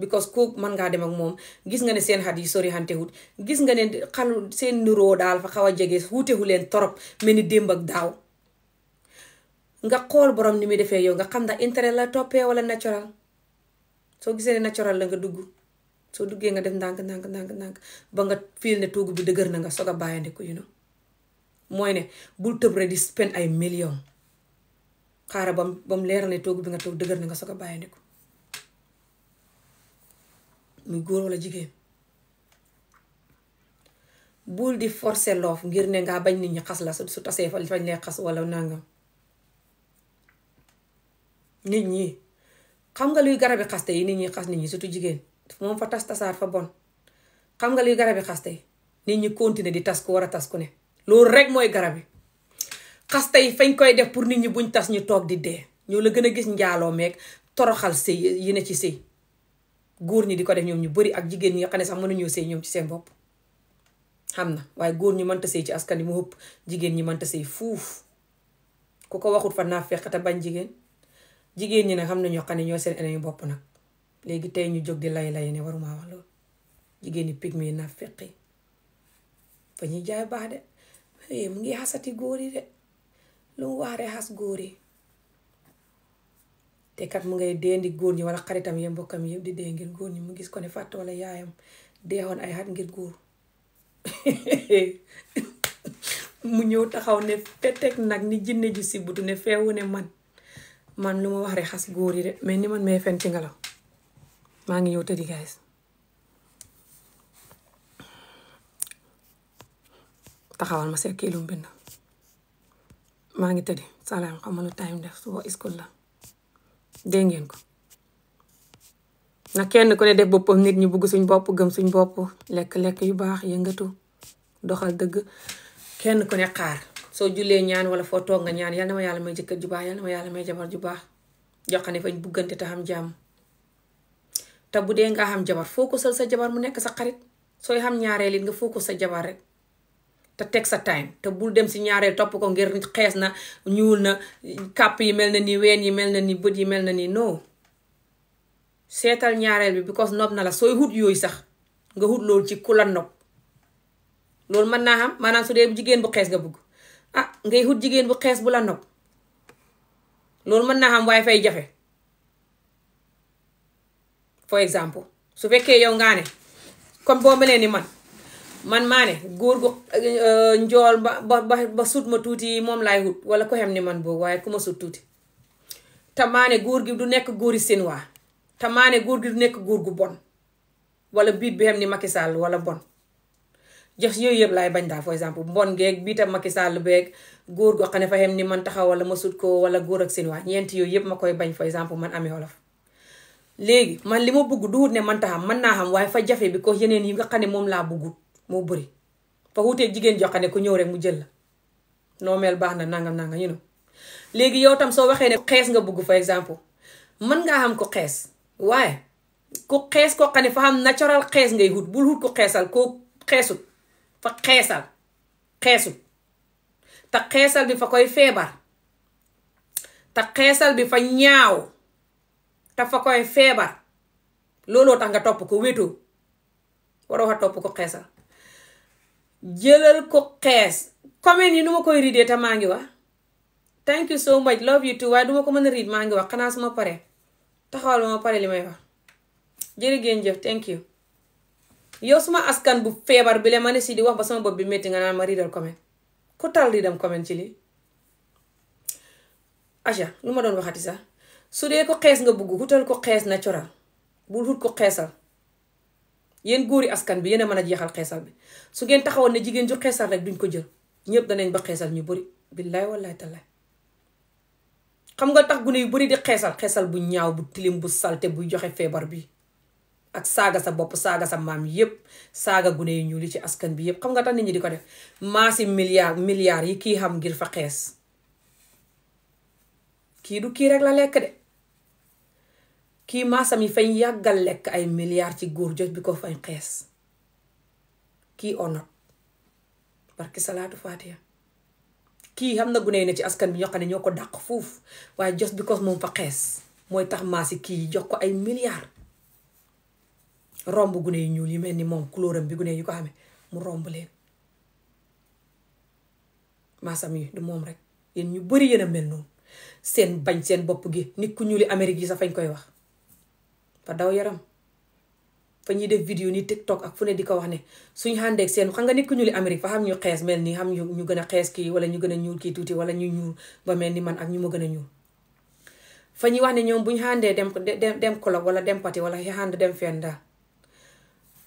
because kooku mën ngaa dem ak moom gis nga ne seen xat yi sori xante wut gis nga ne xalu seen nuroo daal fa xaw a jege wuutewu leen torop mel ni démb ak daaw nga xool borom ni muy defee yow nga xam ndax intérêt la toppee wala natural soo gisee ne natural la nga dugg soo duggee nga def ndànk ndànk ndank ndànk ba nga fiil ne toogu bi dëgër na nga soog a bàyyandi ko you mooy ne bul tëb rek di spend ay million xaaral bam bam leeral ne toogu bi nga toog dëgër na nga soog a bàyyandi muy góor walla jigéen bul di force loof ngir ne ngaa bañ nit ñi xas la su tasee fa fañ lay xas walla nàngam nit ñi xam nga luy garabi xaste yi nit ñi xas nit ñi surtout jigéen moom fa tas tasaar fa bon xam nga luy garabi xaste yi nit ñi continuer di tas ku war a tas ku ne loolu rek mooy garab yi xaste yi fañ koy def pour nit ñi buñ tas ñu toog di dee ñoo la gën a gis njaaloo meeg toroxal sëy yi ne ci sëy góor ñi di ko def ñoom ñu bëri ak jigéen ñi nga xam ne sax a mënuñoo see ñoom ci seen bopp xam na waaye góor ñi mënta see ci askan wi mu ëpp jigéen ñi mënta sëy fuuf ku ko waxut fa naa fekk te bañ jigéen jigéen ñi nag xam na ñoo xam ne ñoo seen ennemi bopp nag léegi tey ñu jóg di lay lay ne waruma wax loolu jigéen ñi pigme yi naa fekk fa ñuy jaay baax de mu ngi xasati góor yi de lu mu waaree xas góor yi te kat mu ngay dee ndi góor ñi wala xaritam yi mbokkam yëpp di dee ngir góor ñi mu gis ko ne fàtte wala yaayam deexoon ay xat ngir góor mu ñëw taxaw ne teg nag ni jinne ju si butu ne feewu ne man man lu ma wax rek góor yi de mais ni man may fen ci ngelaw maa ngi ñëw tëddi guys taxawal ma seet kii lu mu bind maa ngi tëddi salaam xam ma lu time def suba iskul la dégg ngeen ko na kenn ku ne def boppam nit ñi bugg suñ bopp gëm suñ bopp lekk-lekk yu baax yëngatu doxal dëgg kenn ku ne xaar soo jullee ñaan wala foo toog ñaan yal na ma yàlla may jëkkër ju baax yal na ma yàlla may jabar ju baax joxane fañ buggante te xam jàmm te bu dee nga xam jabar foo ko sal sa jabar mu nekk sa xarit sooy xam ñaareel nga foo ko sa jabar rek te teg sa time te bul dem si ñaareel topp ko ngir xees na ñuul na kàpp yi mel na nii ween yi mel na nii bët yi mel na nii non seetal ñaareel bi because nopp na la sooy hut yooyu sax nga hut loolu ci ku la nopp loolu mën naa xam maanaam su dee jigéen bu xees nga bëgg ah jigéen bu xees bu la nopp loolu mën naa xam waaye fay jafe for exemple su fekkee yow nga ne comme boo melee ni man man maa ne góor gu euh, njool ba ba ba sut ma tuuti moom laay wut wala ko xam ne man boobu waaye ku ma sut tuuti te góor gi du nekk góori seen waa te góor gi nekk góor gu bon wala biit bi xam ne Macky Sall wala bon jox yooyu yëpp laay bañ daal for exemple mbon geeg biita Macky Sall beeg góor goo xam ne fa xam ni man taxaw wala ma sut ko wala góor ak seen ñeenti yooyu yëpp ma koy bañ for exemple man Amie Olof léegi man li ma bugg duut ne man taxam man naa xam waaye fa jafe bi ko yeneen yi nga xam ne moom laa buggut moo bëri fa wutee jigéen joxe ne ku ñëw rek mu jël la noo mel baax na nangam nanga ñu léegi yow tam soo waxee ne xees nga bugg par exemple mën ngaa xam ko xees waaye ku xees koo xam ne fa xees ngay wut bul wut ko xeesal koo xeesut fa xeesal xeesut te xeesal bi fa koy feebar te xeesal bi fa ñaaw te fa koy feebar looloo tax nga topp ko wéetoo waroo fa topp ko xeesal jëlal ko xees comment yi nu ma koy riidee te maa ngi wax thank you so much love you too waaye duma ko mën a riid maa ngi wax xanaa ma pare taxawal ma pare li may wax jërëgéen jëf thank you yow suma askan bu feebar bi la man ne si di wax ba sama bopp bi metti nga naan ma riidal comment ku tal riidam comment ci lii aja lu ma doon waxati sax su dee ko xees nga bugg hutal ko xees natural bul hut ko xeesal yéen góori askan bi yéen a mën a jeexal xeesal bi su ngeen taxawoon ne jigéen ju xeesal rek duñ ko jël ñëpp danañ ba xeesal ñu bëri billaay wallaay tallaay xam nga tax gune yu bëri di xeesal xeesal bu ñaaw bu tilim bu salte buy joxe feebar bi ak saaga sa bopp saaga sa maam yépp saaga gune yu ñuul yi ci askan bi yépp xam nga tax nit ñi di ko def maasi milliard milliards yi kii xam ngir fa xees kii du kii rek la lekk de kii maasam yi fañ yàggal lekk ay milliards ci góor jot bi ko fañ xees kii onot barki salaatu faatiha kii xam na gune ne ci askan bi ñoo xam ne ñoo ko dàq foofu waaye just because moom fa xees mooy tax maasi kii jox ko ay milliards romb gune yu ñuul yi mel ni moom kulóoram bi gune yu ko xamee mu romb leen maasam yi du moom rek yéen ñu bari yéen a mel noonu seen bañ seen bopp gi nit ku ñuuli Amérique yi sax fañ koy wax dafa daw yaram fa ñuy def vidéo nii tiktok ak fu ne di ko wax ne suñu xàndeeg seen xam nga nit ku ñuul Amérique fa xam ñu xees mel nii xam ñu ñu gën a xees ki wala ñu gën a ñuul kii tuuti wala ñu ñuul ba mel ni man ak ñu ma gën a ñuul fa ñuy wax ne ñoom bu ñu xàndee dem dem club wala dem pati wala xànd dem fenn daal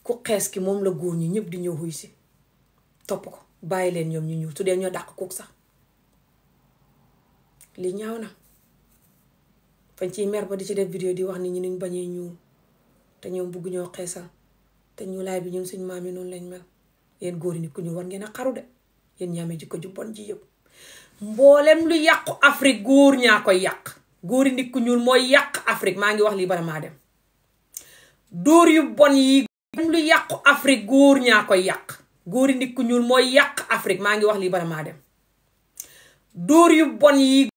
ku xees ki moom la góor ñi ñëpp di ñëw xuy si topp ko bàyyi leen ñoom ñu ñuul su dee ñoo dàq kook sax li ñaaw na fañ ciy mer ba di ci def vidéo di wax ni ñi nuñ bañee ñuul te ñoom bugg ñoo xeesal te ñuulaay bi ñun suñ maam yi noonu lañ mel yéen góor yi nit ku ñu war ngeen a xaru de yéen ñaamee jikko ju bon ji yëpp mboolem lu yàqu Afrique góor ñaa koy yàq góor yi ku ñuul mooy yàq Afrique maa ngi wax lii bala maa dem dóor yu bon yi lu yàqu góor ñaa koy yàq góor yi ku ñuul mooy yàq Afrique maa ngi wax lii bala maa dem dóor yu bon yi